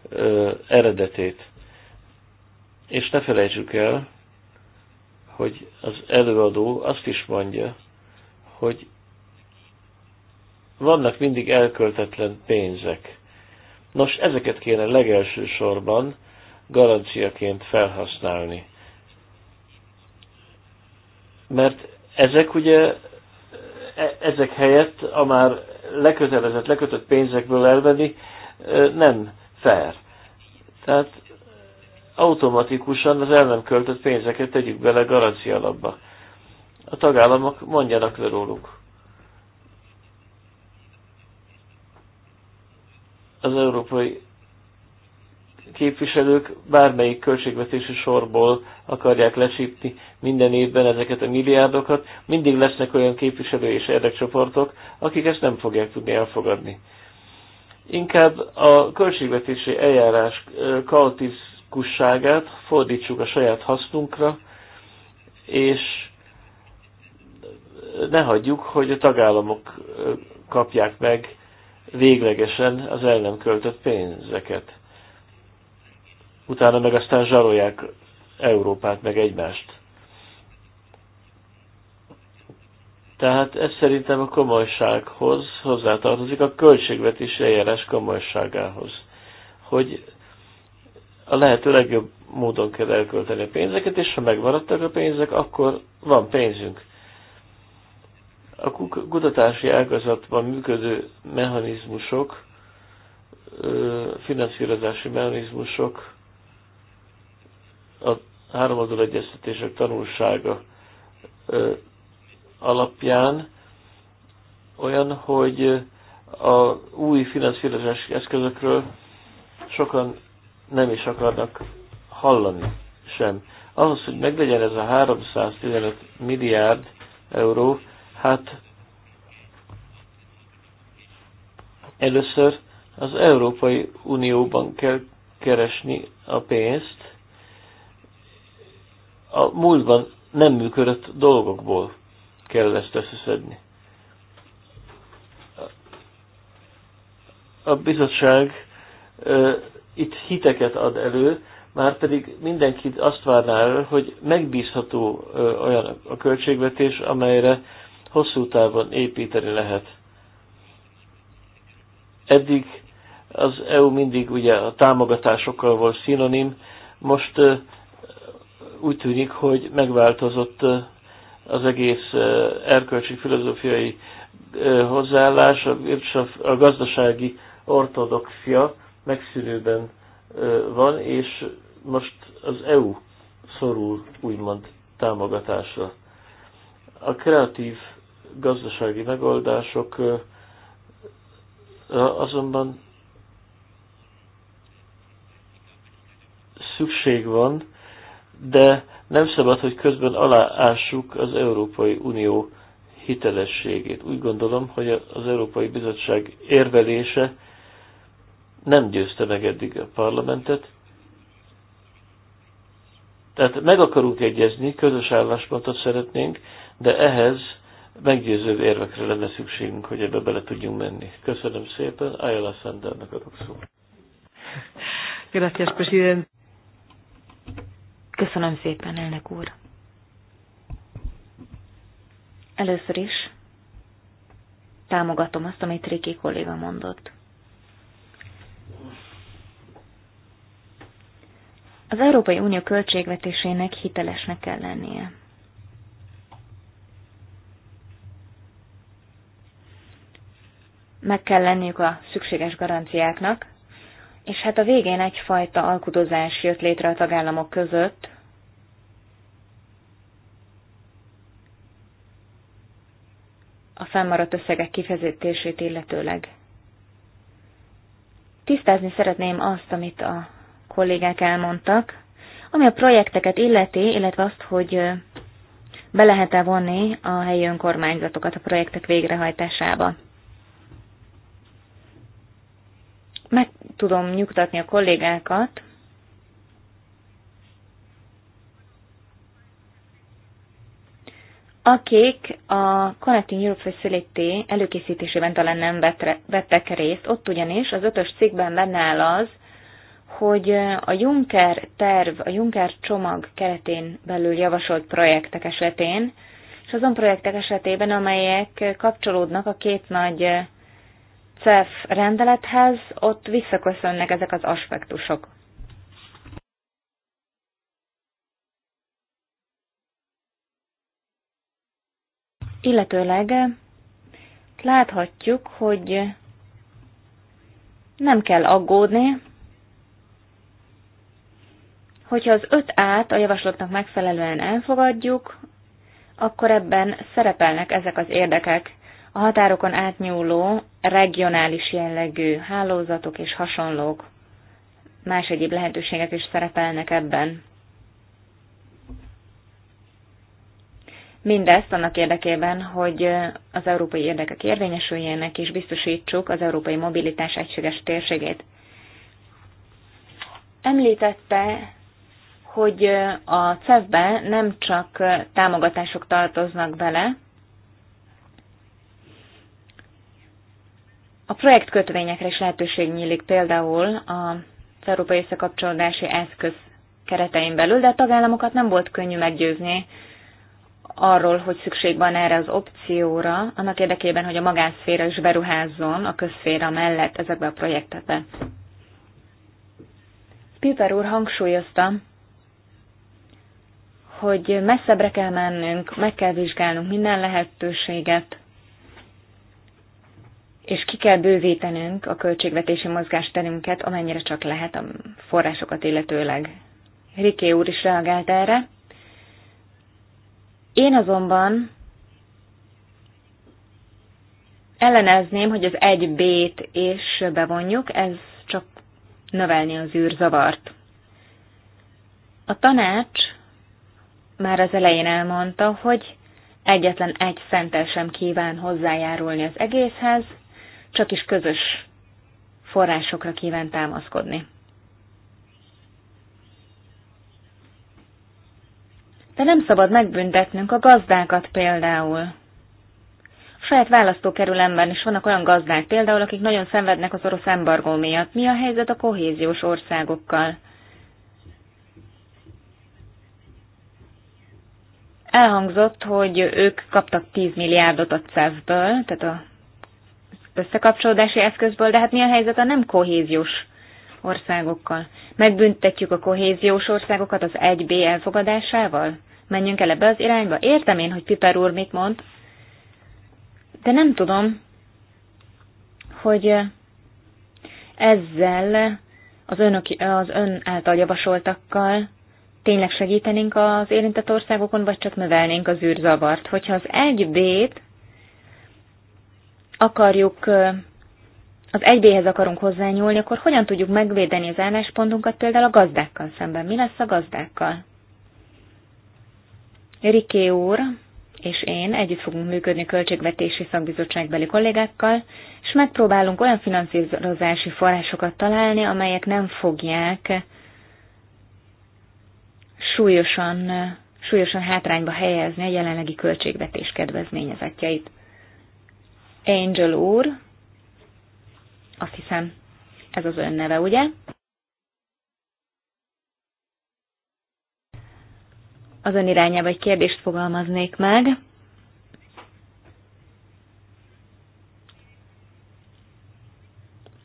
ö, eh, eredetét? És ne felejtsük el, hogy az előadó azt is mondja, hogy vannak mindig elköltetlen pénzek. Nos, ezeket kéne legelső sorban garanciaként felhasználni. Mert ezek ugye E, ezek helyett a már lekötelezett, lekötött pénzekből elvenni e, nem fair. Tehát automatikusan az el nem költött pénzeket tegyük bele garancia alapba. A tagállamok mondjanak le róluk. Az Európai képviselők bármelyik költségvetési sorból akarják lesípni minden évben ezeket a milliárdokat, mindig lesznek olyan képviselő és érdekcsoportok, akik ezt nem fogják tudni elfogadni. Inkább a költségvetési eljárás kaotikusságát fordítsuk a saját hasznunkra, és ne hagyjuk, hogy a tagállamok kapják meg véglegesen az el nem költött pénzeket utána meg aztán zsarolják Európát, meg egymást. Tehát ez szerintem a komolysághoz hozzátartozik, a költségvetés eljárás komolyságához, hogy a lehető legjobb módon kell elkölteni a pénzeket, és ha megmaradtak a pénzek, akkor van pénzünk. A kutatási ágazatban működő mechanizmusok, finanszírozási mechanizmusok a háromoldal egyeztetések tanulsága alapján olyan, hogy a új finanszírozási eszközökről sokan nem is akarnak hallani sem. Ahhoz, hogy meglegyen ez a 315 milliárd euró, hát először az Európai Unióban kell keresni a pénzt, a múltban nem működött dolgokból kell ezt összeszedni. A bizottság ö, itt hiteket ad elő, már pedig mindenki azt várná el, hogy megbízható ö, olyan a költségvetés, amelyre hosszú távon építeni lehet. Eddig az EU mindig ugye a támogatásokkal volt szinonim, most ö, úgy tűnik, hogy megváltozott az egész erkölcsi filozófiai hozzáállás, a gazdasági ortodoxia megszűnőben van, és most az EU szorul úgymond támogatásra. A kreatív gazdasági megoldások azonban szükség van de nem szabad, hogy közben aláássuk az Európai Unió hitelességét. Úgy gondolom, hogy az Európai Bizottság érvelése nem győzte meg eddig a parlamentet. Tehát meg akarunk egyezni, közös álláspontot szeretnénk, de ehhez meggyőző érvekre lenne szükségünk, hogy ebbe bele tudjunk menni. Köszönöm szépen, Ayala Sandernek adok szót. Gracias, presidente. Köszönöm szépen, elnök úr. Először is támogatom azt, amit Riki kolléga mondott. Az Európai Unió költségvetésének hitelesnek kell lennie. Meg kell lenniük a szükséges garanciáknak, és hát a végén egyfajta alkudozás jött létre a tagállamok között, a fennmaradt összegek kifezetését illetőleg. Tisztázni szeretném azt, amit a kollégák elmondtak, ami a projekteket illeti, illetve azt, hogy be lehet-e vonni a helyi önkormányzatokat a projektek végrehajtásába. Meg tudom nyugtatni a kollégákat, akik a Connecting Europe Facility előkészítésében talán nem vettek részt, ott ugyanis az ötös cikkben benne áll az, hogy a Juncker terv, a Juncker csomag keretén belül javasolt projektek esetén, és azon projektek esetében, amelyek kapcsolódnak a két nagy CEF rendelethez, ott visszaköszönnek ezek az aspektusok. Illetőleg láthatjuk, hogy nem kell aggódni, hogyha az öt át a javaslatnak megfelelően elfogadjuk, akkor ebben szerepelnek ezek az érdekek a határokon átnyúló regionális jellegű hálózatok és hasonlók más egyéb lehetőségek is szerepelnek ebben. Mindezt annak érdekében, hogy az európai érdekek érvényesüljenek, és biztosítsuk az európai mobilitás egységes térségét. Említette, hogy a CEF-be nem csak támogatások tartoznak bele, A projektkötvényekre is lehetőség nyílik például az Európai Összekapcsolódási Eszköz keretein belül, de a tagállamokat nem volt könnyű meggyőzni arról, hogy szükség van erre az opcióra, annak érdekében, hogy a magánszféra is beruházzon a közszféra mellett ezekbe a projektekbe. Piper úr hangsúlyozta, hogy messzebbre kell mennünk, meg kell vizsgálnunk minden lehetőséget, és ki kell bővítenünk a költségvetési mozgásterünket, amennyire csak lehet a forrásokat illetőleg. Riké úr is reagált erre. Én azonban ellenezném, hogy az 1B-t is bevonjuk, ez csak növelni az űrzavart. A tanács már az elején elmondta, hogy egyetlen egy szentel sem kíván hozzájárulni az egészhez, csak is közös forrásokra kíván támaszkodni. De nem szabad megbüntetnünk a gazdákat például. A saját választókerülemben is vannak olyan gazdák például, akik nagyon szenvednek az orosz embargó miatt. Mi a helyzet a kohéziós országokkal? Elhangzott, hogy ők kaptak 10 milliárdot a cev ből tehát a összekapcsolódási eszközből, de hát mi a helyzet a nem kohéziós országokkal? Megbüntetjük a kohéziós országokat az 1B elfogadásával? Menjünk el ebbe az irányba? Értem én, hogy Piper úr mit mond, de nem tudom, hogy ezzel az, önök, az ön által javasoltakkal tényleg segítenénk az érintett országokon, vagy csak növelnénk az űrzavart. Hogyha az 1B-t akarjuk, az egybéhez akarunk hozzányúlni, akkor hogyan tudjuk megvédeni az álláspontunkat például a gazdákkal szemben? Mi lesz a gazdákkal? Riké úr és én együtt fogunk működni költségvetési szakbizottságbeli kollégákkal, és megpróbálunk olyan finanszírozási forrásokat találni, amelyek nem fogják súlyosan, súlyosan hátrányba helyezni a jelenlegi költségvetés kedvezményezetjeit. Angel úr, azt hiszem, ez az ön neve, ugye? Az ön irányába egy kérdést fogalmaznék meg.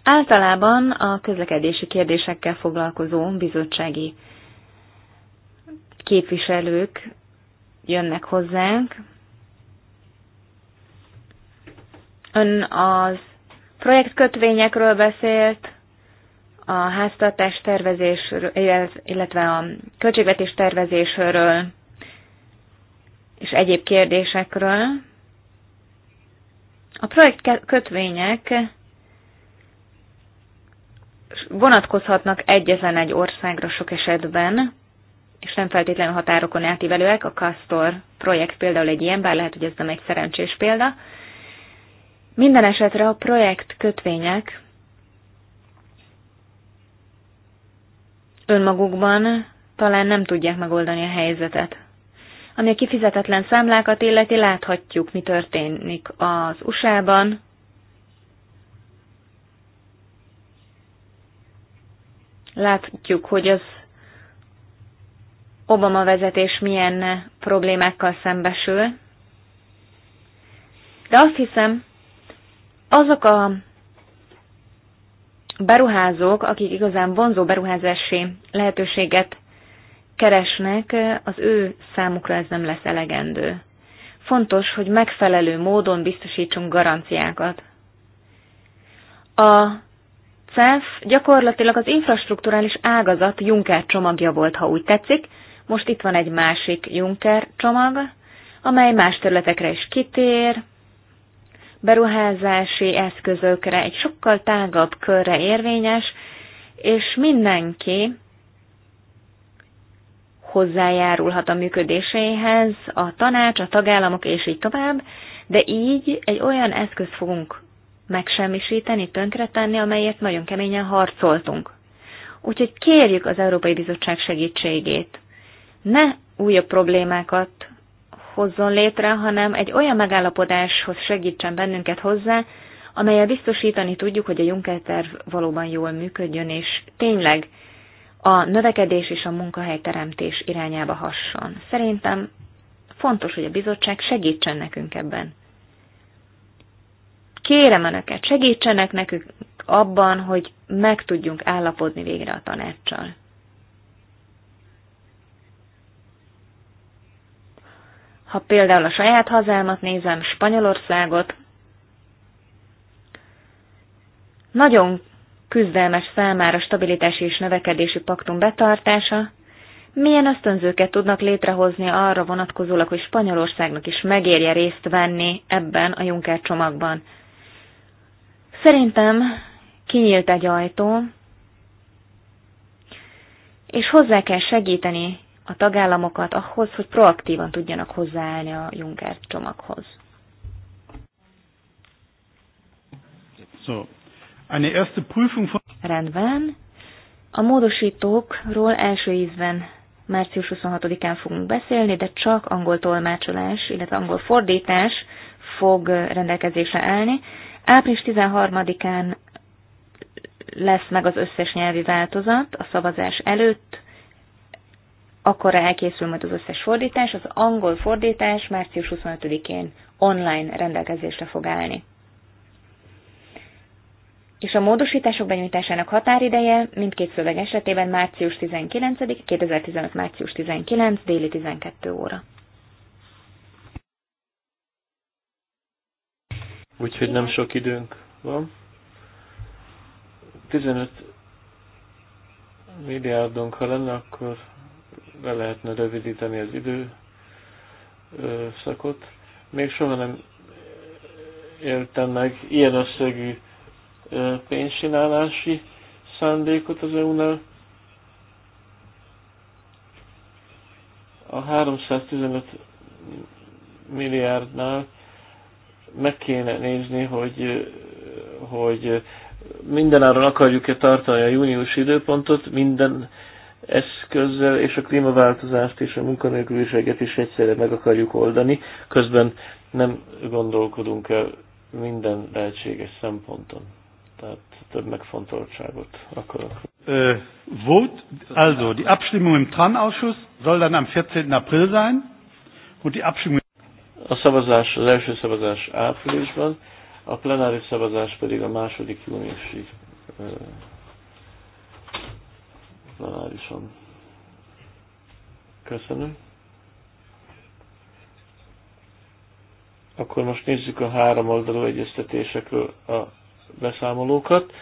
Általában a közlekedési kérdésekkel foglalkozó bizottsági képviselők jönnek hozzánk, Ön az projektkötvényekről beszélt, a háztartás tervezésről, illetve a költségvetés tervezésről és egyéb kérdésekről. A projektkötvények vonatkozhatnak egyetlen egy országra sok esetben, és nem feltétlenül határokon átívelőek. A Castor projekt például egy ilyen, bár lehet, hogy ez nem egy szerencsés példa. Minden esetre a projekt kötvények önmagukban talán nem tudják megoldani a helyzetet. Ami a kifizetetlen számlákat illeti, láthatjuk, mi történik az USA-ban. Látjuk, hogy az Obama vezetés milyen problémákkal szembesül. De azt hiszem, azok a beruházók, akik igazán vonzó beruházási lehetőséget keresnek, az ő számukra ez nem lesz elegendő. Fontos, hogy megfelelő módon biztosítsunk garanciákat. A CEF gyakorlatilag az infrastruktúrális ágazat Juncker csomagja volt, ha úgy tetszik, most itt van egy másik Juncker csomag, amely más területekre is kitér, beruházási eszközökre, egy sokkal tágabb körre érvényes, és mindenki hozzájárulhat a működéséhez, a tanács, a tagállamok és így tovább, de így egy olyan eszközt fogunk megsemmisíteni, tönkretenni, amelyet nagyon keményen harcoltunk. Úgyhogy kérjük az Európai Bizottság segítségét. Ne újabb problémákat hozzon létre, hanem egy olyan megállapodáshoz segítsen bennünket hozzá, amelyel biztosítani tudjuk, hogy a Juncker terv valóban jól működjön, és tényleg a növekedés és a munkahelyteremtés irányába hasson. Szerintem fontos, hogy a bizottság segítsen nekünk ebben. Kérem Önöket, segítsenek nekünk abban, hogy meg tudjunk állapodni végre a tanácssal. Ha például a saját hazámat nézem, Spanyolországot, nagyon küzdelmes számára stabilitási és növekedési paktum betartása, milyen ösztönzőket tudnak létrehozni arra vonatkozólag, hogy Spanyolországnak is megérje részt venni ebben a Juncker csomagban? Szerintem kinyílt egy ajtó, és hozzá kell segíteni a tagállamokat ahhoz, hogy proaktívan tudjanak hozzáállni a Juncker csomaghoz. So, eine erste Prüfung von Rendben. A módosítókról első ízben március 26-án fogunk beszélni, de csak angol tolmácsolás, illetve angol fordítás fog rendelkezésre állni. Április 13-án lesz meg az összes nyelvi változat a szavazás előtt, akkor elkészül majd az összes fordítás, az angol fordítás március 25-én online rendelkezésre fog állni. És a módosítások benyújtásának határideje mindkét szöveg esetében március 19 2015. március 19 déli 12 óra. Úgyhogy nem sok időnk van. 15 milliárdunk, ha lenne, akkor le lehetne rövidíteni az idő szakot, Még soha nem éltem meg ilyen összegű pénzcsinálási szándékot az EU-nál. A 315 milliárdnál meg kéne nézni, hogy, hogy mindenáron akarjuk-e tartani a június időpontot, minden eszközzel, és a klímaváltozást és a munkanélküliséget is egyszerre meg akarjuk oldani, közben nem gondolkodunk el minden lehetséges szemponton. Tehát több megfontoltságot akarok. Uh, vote, also die Abstimmung im TRAN-Ausschuss soll dann am 14. April sein und die Abstimmung a szavazás, az első szavazás áprilisban, a plenáris szavazás pedig a második júniusi plenárison. Köszönöm. Akkor most nézzük a három oldalú egyeztetésekről a beszámolókat.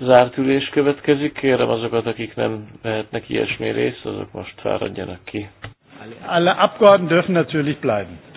Zárt ülés következik, kérem azokat, akik nem vehetnek ilyesmi részt, azok most fáradjanak ki. Alle Abgeordneten dürfen natürlich bleiben.